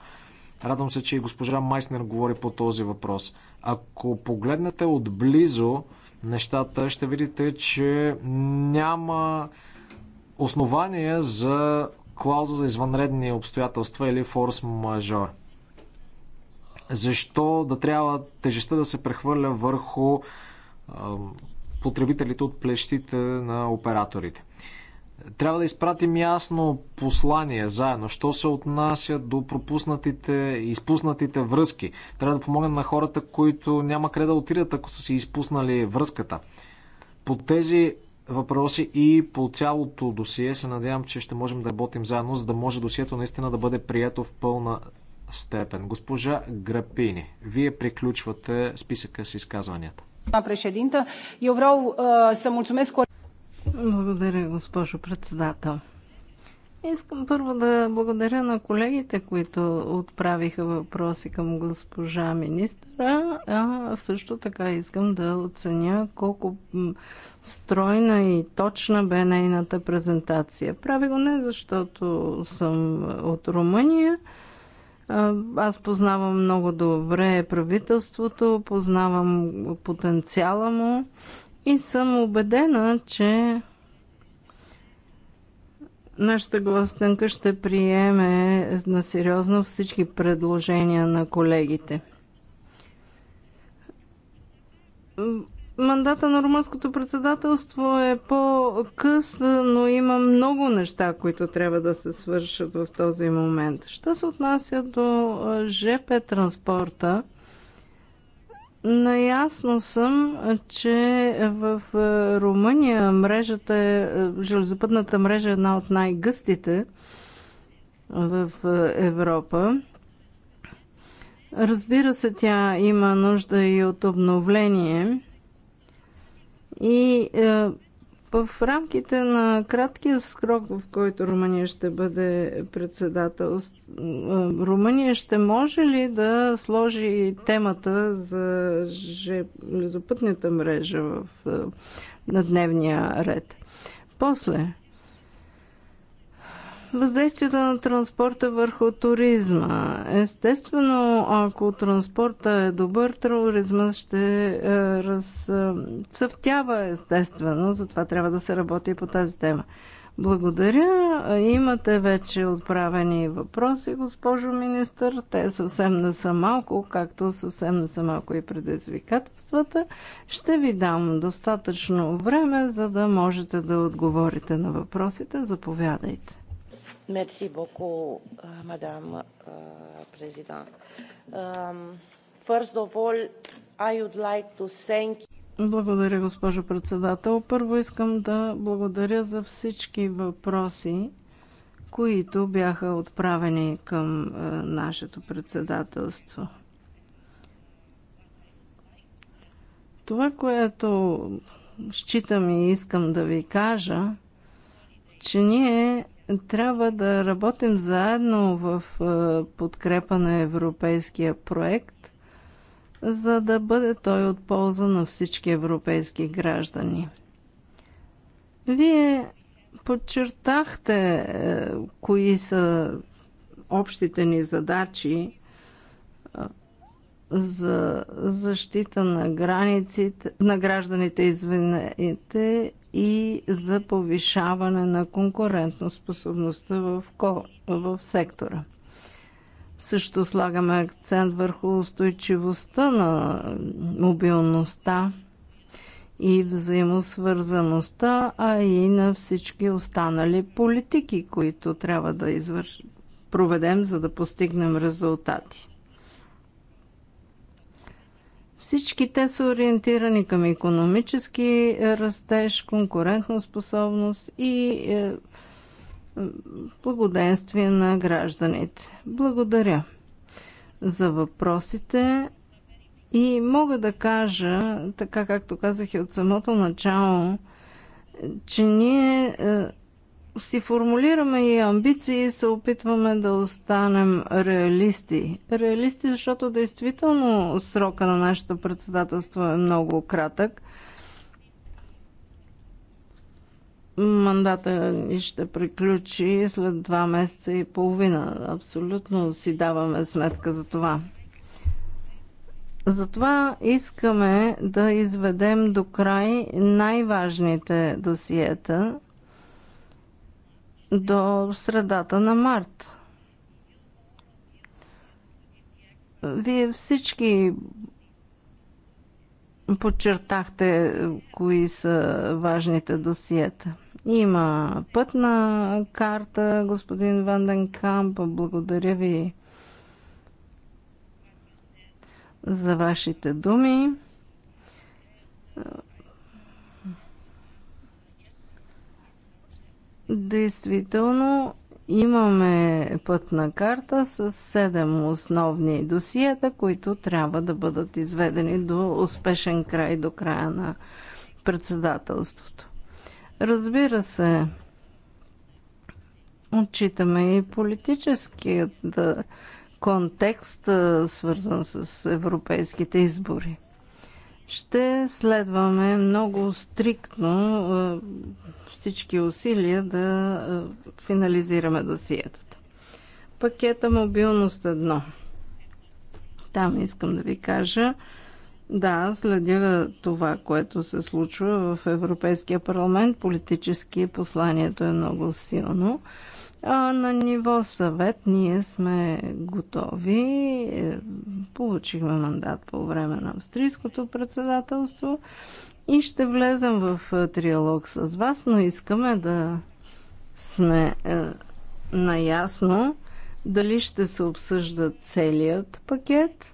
Радвам се, че и госпожа Майснер говори по този въпрос. Ако погледнете отблизо нещата, ще видите, че няма основания за клауза за извънредни обстоятелства или форс-мажор. Защо да трябва тежестта да се прехвърля върху потребителите от плещите на операторите? Трябва да изпратим ясно послание заедно, що се отнася до пропуснатите, изпуснатите връзки. Трябва да помогнем на хората, които няма къде да отидат, ако са си изпуснали връзката. По тези въпроси и по цялото досие се надявам, че ще можем да работим заедно, за да може досието наистина да бъде прието в пълна степен. Госпожа Грапини, вие приключвате списъка с изказванията. Președintă, и vreau uh, să mulțumesc благодаря, госпожо председател. Искам първо да благодаря на колегите, които отправиха въпроси към госпожа министра, а също така искам да оценя колко стройна и точна бе нейната презентация. Прави го не защото съм от Румъния, аз познавам много добре правителството, познавам потенциала му и съм убедена, че нашата гластънка ще приеме на сериозно всички предложения на колегите. Мандата на румънското председателство е по-къс, но има много неща, които трябва да се свършат в този момент. Що се отнася до ЖП транспорта, Наясно съм, че в е, Румъния мрежата, е, е, железопътната мрежа е една от най-гъстите в е, Европа. Разбира се, тя има нужда и от обновление. И в рамките на краткия срок, в който Румъния ще бъде председател, Румъния ще може ли да сложи темата за железопътната мрежа в, на дневния ред? После, въздействието на транспорта върху туризма. Естествено, ако транспорта е добър, туризма ще е, разцъфтява естествено, затова трябва да се работи по тази тема. Благодаря. Имате вече отправени въпроси, госпожо министър. Те съвсем не са малко, както съвсем не са малко и предизвикателствата. Ще ви дам достатъчно време, за да можете да отговорите на въпросите. Заповядайте. Merci beaucoup, Madam President. Um, first of all, I would like to thank благодаря, госпожо председател. Първо искам да благодаря за всички въпроси, които бяха отправени към нашето председателство. Това, което считам и искам да ви кажа, че ние трябва да работим заедно в е, подкрепа на европейския проект, за да бъде той от полза на всички европейски граждани. Вие подчертахте е, кои са общите ни задачи е, за защита на границите, на гражданите, извинете, и за повишаване на конкурентоспособността в, в сектора. Също слагаме акцент върху устойчивостта на мобилността и взаимосвързаността, а и на всички останали политики, които трябва да извърш... проведем, за да постигнем резултати. Всички те са ориентирани към економически е, растеж, конкурентна способност и е, е, благоденствие на гражданите. Благодаря за въпросите и мога да кажа, така както казах и от самото начало, че ние си формулираме и амбиции и се опитваме да останем реалисти. Реалисти, защото действително срока на нашето председателство е много кратък. Мандата ни ще приключи след два месеца и половина. Абсолютно си даваме сметка за това. Затова искаме да изведем до край най-важните досиета – до средата на март. Вие всички подчертахте кои са важните досиета. Има пътна карта, господин Ванденкамп. Благодаря ви за вашите думи. Действително имаме пътна карта с 7 основни досиета, които трябва да бъдат изведени до успешен край до края на председателството. Разбира се, отчитаме и политическият контекст, свързан с европейските избори. Ще следваме много стриктно всички усилия да финализираме досиетата. Пакета мобилност едно. Там искам да ви кажа, да, следя това, което се случва в Европейския парламент. Политически посланието е много силно. А на ниво съвет ние сме готови. Е, получихме мандат по време на австрийското председателство и ще влезем в е, триалог с вас, но искаме да сме е, наясно дали ще се обсъжда целият пакет.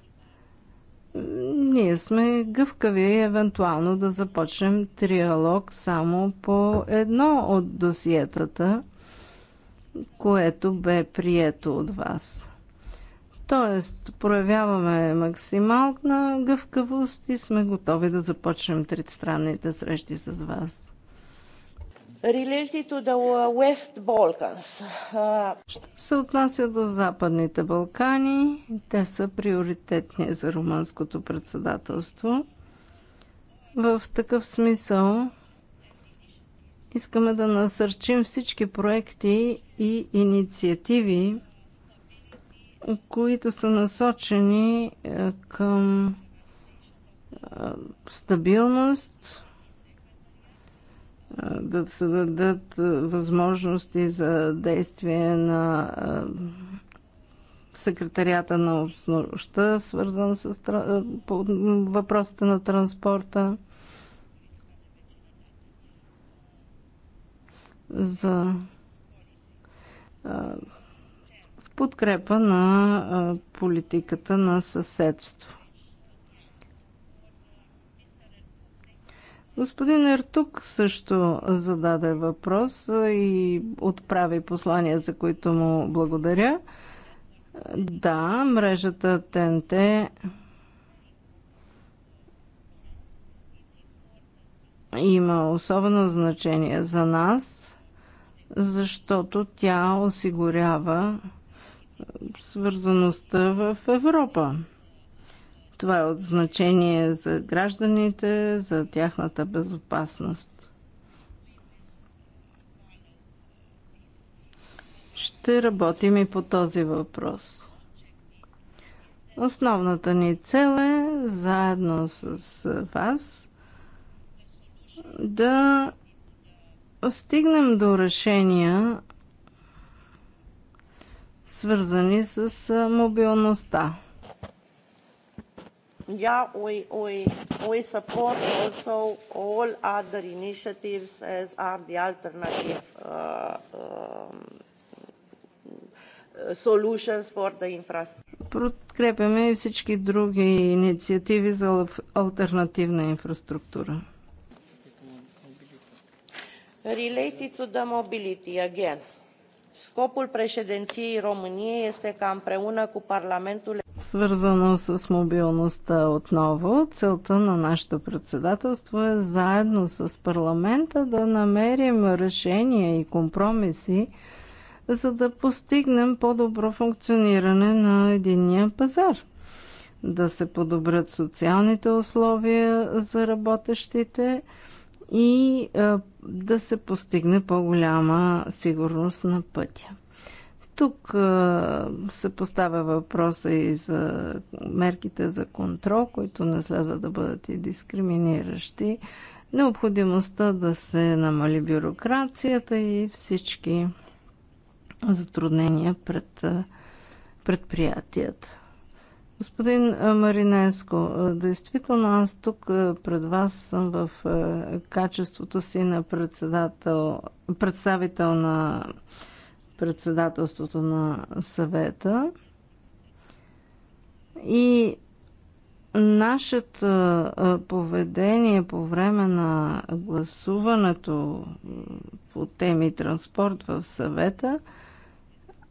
Ние сме гъвкави евентуално да започнем триалог само по едно от досиетата – което бе прието от вас. Тоест, проявяваме максимална гъвкавост и сме готови да започнем тристранните срещи с вас. Related to the West Що се отнася до Западните Балкани, те са приоритетни за румънското председателство. В такъв смисъл Искаме да насърчим всички проекти и инициативи, които са насочени е, към е, стабилност, е, да се дадат възможности за действие на секретарията на общността, свързан с въпросите на транспорта. за в подкрепа на политиката на съседство. Господин Ертук също зададе въпрос и отправи послания, за които му благодаря. Да, мрежата ТНТ има особено значение за нас – защото тя осигурява е, свързаността в Европа. Това е от значение за гражданите, за тяхната безопасност. Ще работим и по този въпрос. Основната ни цел е заедно с вас да стигнем до решения, свързани с мобилността. Yeah, we, we, we support also all other initiatives as are the alternative uh, um, solutions for the infrastructure. Подкрепяме и всички други инициативи за альтернативна инфраструктура related to the mobility again scopul președinției României este ca împreună cu Parlamentul Свързано с мобилността отново, целта на нашето председателство е заедно с парламента да намерим решения и компромиси, за да постигнем по-добро функциониране на единния пазар. Да се подобрят социалните условия за работещите, и да се постигне по-голяма сигурност на пътя. Тук се поставя въпроса и за мерките за контрол, които не следва да бъдат и дискриминиращи, необходимостта да се намали бюрокрацията и всички затруднения пред предприятията. Господин Маринеско, действително аз тук пред вас съм в качеството си на председател, представител на председателството на съвета. И нашето поведение по време на гласуването по теми транспорт в съвета –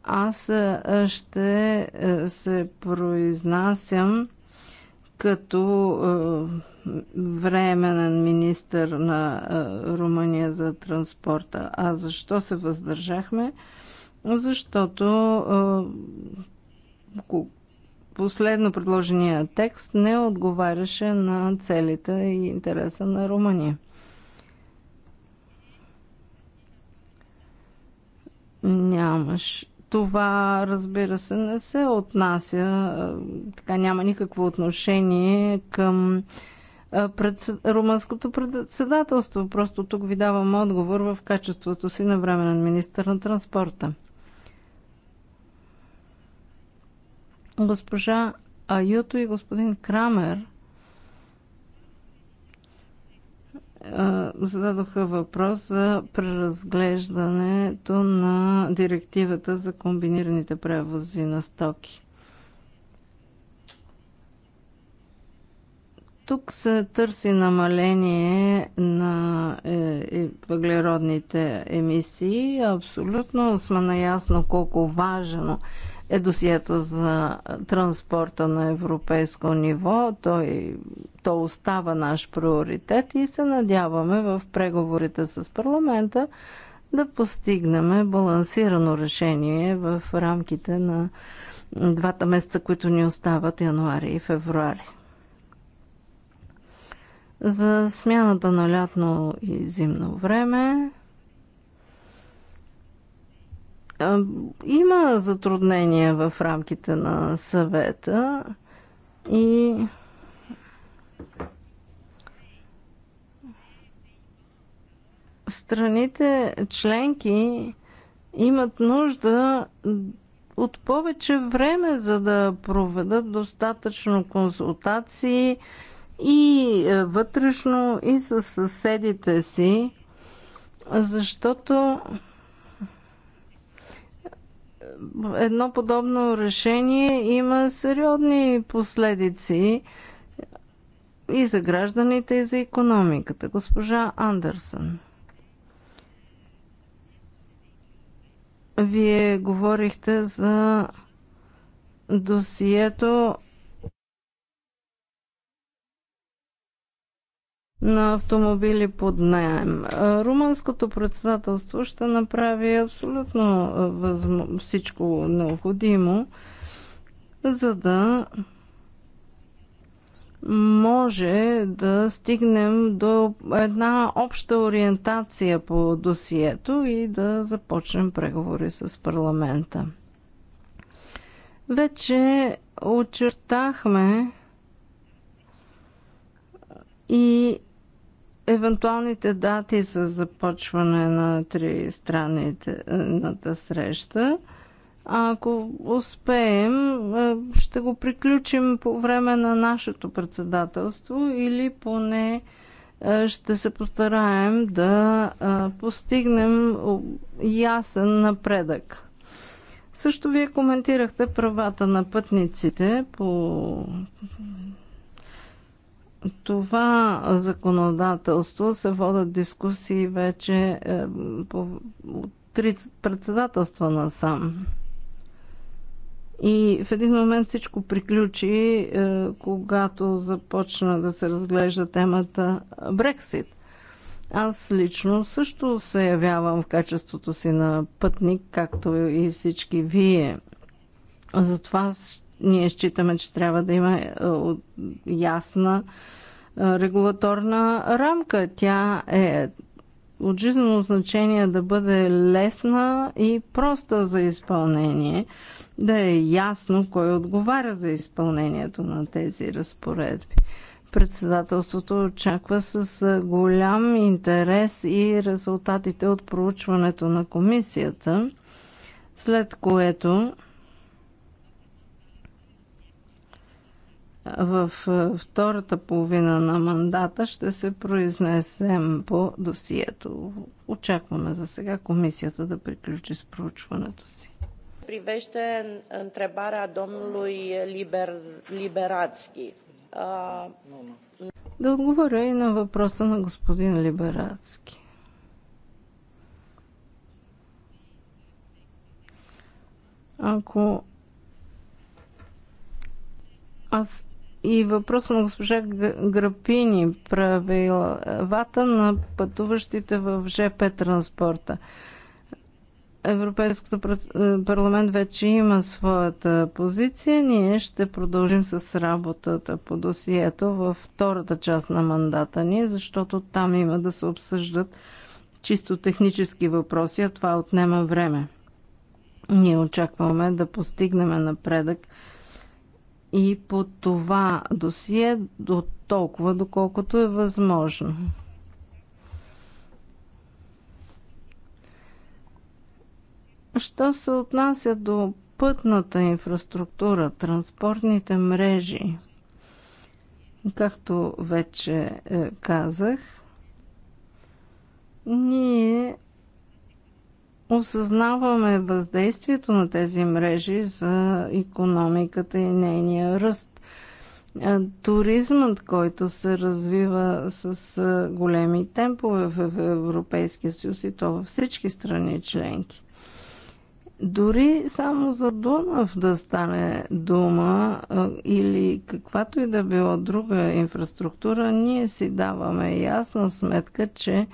аз е, е, ще е, се произнасям като временен министър на Румъния за транспорта. А защо се въздържахме? Защото последно предложения текст не отговаряше на целите и интереса на Румъния. Нямаш това, разбира се, не се отнася, така няма никакво отношение към пред, румънското председателство. Просто тук ви давам отговор в качеството си на временен министр на транспорта. Госпожа Аюто и господин Крамер – зададоха въпрос за преразглеждането на директивата за комбинираните превози на стоки. Тук се търси намаление на е, е, въглеродните емисии. Абсолютно сме наясно колко важно е е досието за транспорта на европейско ниво. Той, то остава наш приоритет и се надяваме в преговорите с парламента да постигнем балансирано решение в рамките на двата месеца, които ни остават януари и февруари. За смяната на лятно и зимно време има затруднения в рамките на съвета и страните членки имат нужда от повече време, за да проведат достатъчно консултации и е, вътрешно, и с със съседите си, защото едно подобно решение има сериозни последици и за гражданите, и за економиката. Госпожа Андерсън. Вие говорихте за досието на автомобили под найем. Румънското председателство ще направи абсолютно всичко необходимо, за да може да стигнем до една обща ориентация по досието и да започнем преговори с парламента. Вече очертахме и евентуалните дати за започване на тристранната среща. А ако успеем, е, ще го приключим по време на нашето председателство или поне е, ще се постараем да е, постигнем ясен напредък. Също вие коментирахте правата на пътниците по това законодателство се водят дискусии вече е, по три председателства насам. И в един момент всичко приключи, е, когато започна да се разглежда темата Брексит. Аз лично също се явявам в качеството си на пътник, както и всички вие. Затова ние считаме, че трябва да има е, ясна е, регулаторна рамка. Тя е от жизнено значение да бъде лесна и проста за изпълнение, да е ясно кой отговаря за изпълнението на тези разпоредби. Председателството очаква с е, голям интерес и резултатите от проучването на комисията, след което в втората половина на мандата ще се произнесем по досието. Очакваме за сега комисията да приключи с проучването си. Privește întrebarea domnului Liber, Liberatski. А... Да отговоря и на въпроса на господин Либерацки. Ако аз и въпрос на госпожа Грапини. Правилата на пътуващите в ЖП транспорта. Европейското парламент вече има своята позиция. Ние ще продължим с работата по досието във втората част на мандата ни, защото там има да се обсъждат чисто технически въпроси, а това отнема време. Ние очакваме да постигнем напредък и по това досие до толкова, доколкото е възможно. Що се отнася до пътната инфраструктура, транспортните мрежи, както вече е, казах, ние осъзнаваме въздействието на тези мрежи за економиката и нейния ръст. Туризмът, който се развива с големи темпове в Европейския съюз и то във всички страни членки. Дори само за Дунав да стане дума или каквато и да било друга инфраструктура, ние си даваме ясна сметка, че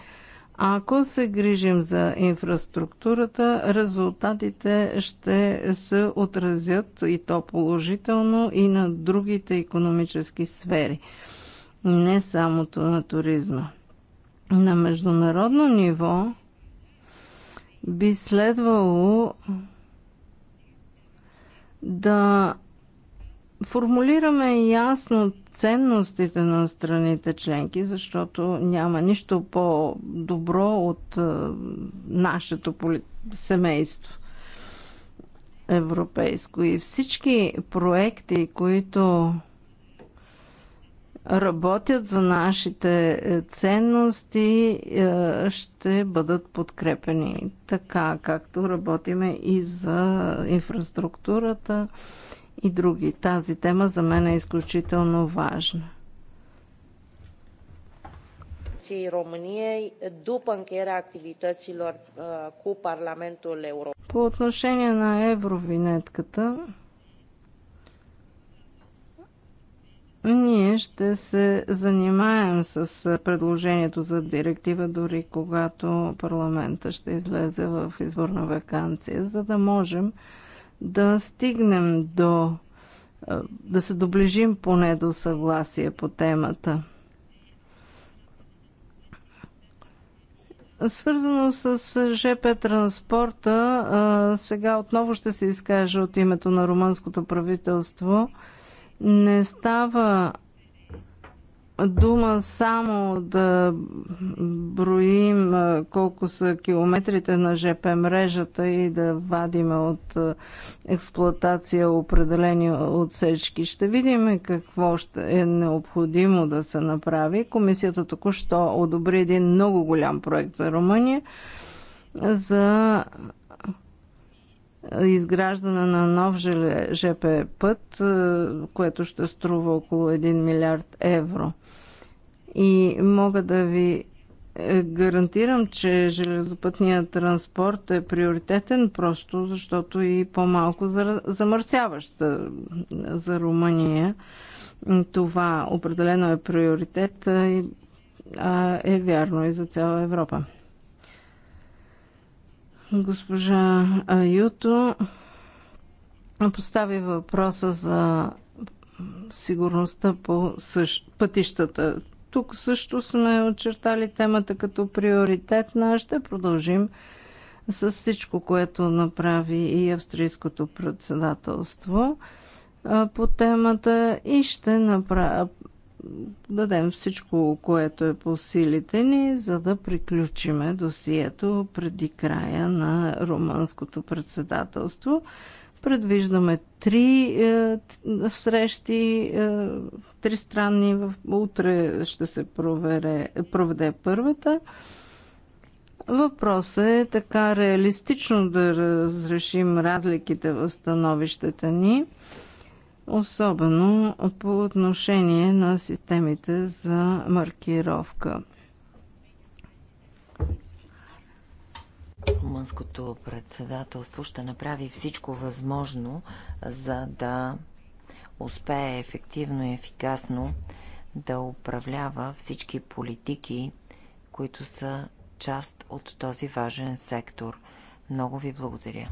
ако се грижим за инфраструктурата, резултатите ще се отразят и то положително и на другите економически сфери, не само на туризма. На международно ниво би следвало да формулираме ясно ценностите на страните членки, защото няма нищо по-добро от е, нашето семейство европейско. И всички проекти, които работят за нашите е, ценности, е, ще бъдат подкрепени така, както работиме и за инфраструктурата, и други. Тази тема за мен е изключително важна. По отношение на евровинетката, ние ще се занимаем с предложението за директива, дори когато парламента ще излезе в изборна вакансия, за да можем да стигнем до да се доближим поне до съгласие по темата. Свързано с ЖП транспорта, сега отново ще се изкажа от името на румънското правителство. Не става дума само да броим колко са километрите на ЖП мрежата и да вадиме от експлоатация определени отсечки. Ще видим какво ще е необходимо да се направи. Комисията току-що одобри един много голям проект за Румъния за изграждане на нов ЖП път, е, което ще струва около 1 милиард евро. И мога да ви е, гарантирам, че железопътният транспорт е приоритетен, просто защото и по-малко замърсяваща е, за Румъния. Това определено е приоритет, и е вярно и за цяла Европа. Госпожа Юто постави въпроса за сигурността по същ... пътищата. Тук също сме очертали темата като приоритетна. Ще продължим с всичко, което направи и австрийското председателство по темата и ще направим дадем всичко, което е по силите ни, за да приключиме досието преди края на румънското председателство. Предвиждаме три е, срещи, е, три странни. Утре ще се провере, проведе първата. Въпросът е така реалистично да разрешим разликите в становищата ни особено по отношение на системите за маркировка. Румънското председателство ще направи всичко възможно, за да успее ефективно и ефикасно да управлява всички политики, които са част от този важен сектор. Много ви благодаря.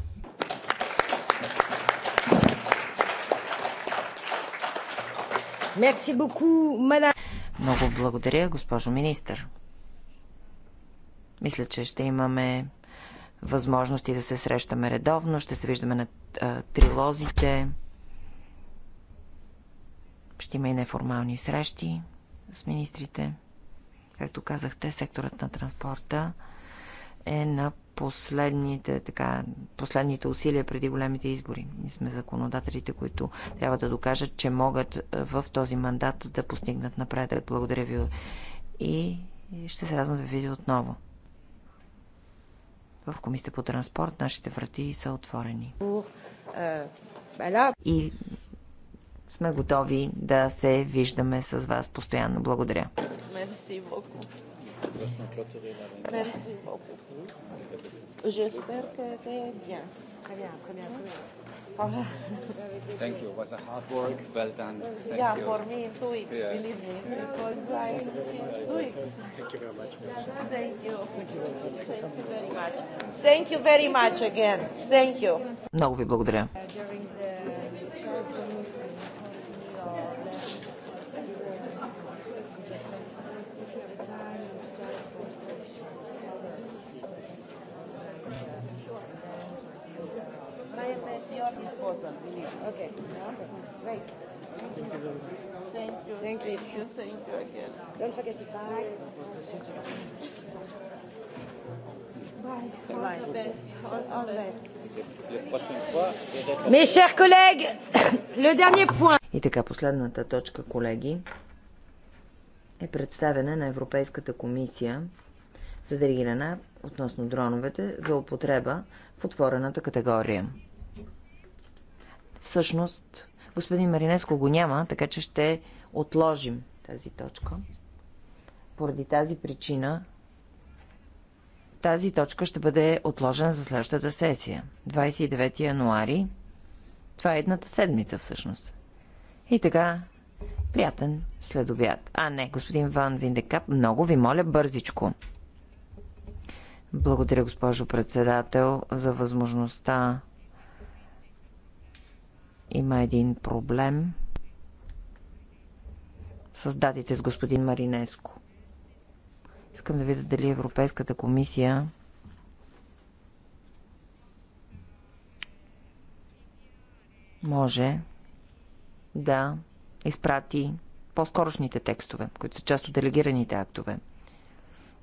Много благодаря, госпожо министър. Мисля, че ще имаме възможности да се срещаме редовно. Ще се виждаме на а, трилозите. Ще има и неформални срещи с министрите. Както казахте, секторът на транспорта е на последните, така, последните усилия преди големите избори. Ние сме законодателите, които трябва да докажат, че могат е, в този мандат да постигнат напредък. Благодаря ви и ще се радвам да ви видя отново. В Комисията по транспорт нашите врати са отворени. И сме готови да се виждаме с вас постоянно. Благодаря. Merci beaucoup. J'espère que tu es bien. Très bien, très bien, très bien. Thank you. It was a hard work. Well done. Thank yeah, you. for me in two weeks, yeah. believe me, because I in two weeks. Thank you very much. Thank you. Thank you very much. Thank you very much again. Thank you. Много ви благодаря. [COUGHS] И така последната точка, колеги, е представена на Европейската комисия за дригинена относно дроновете за употреба в отворената категория. Всъщност, господин Маринеско го няма, така че ще отложим тази точка. Поради тази причина тази точка ще бъде отложена за следващата сесия. 29 януари. Това е едната седмица всъщност. И така, приятен следобяд. А не, господин Ван Виндекап, много ви моля бързичко. Благодаря, госпожо председател, за възможността има един проблем с датите с господин Маринеско. Искам да видя дали Европейската комисия може да изпрати по-скорошните текстове, които са част от делегираните актове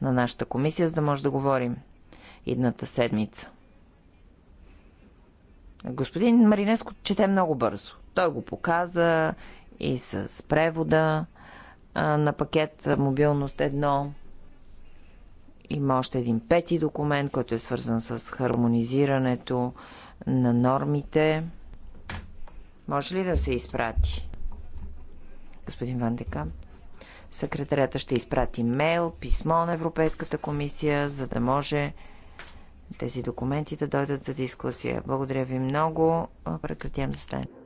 на нашата комисия, за да може да говорим идната седмица. Господин Маринеско чете много бързо. Той го показа и с превода на пакет Мобилност 1. Има още един пети документ, който е свързан с хармонизирането на нормите. Може ли да се изпрати? Господин Ван Декам, Секретарята ще изпрати мейл, писмо на Европейската комисия, за да може тези документи да дойдат за дискусия. Благодаря ви много. Прекратявам заседанието.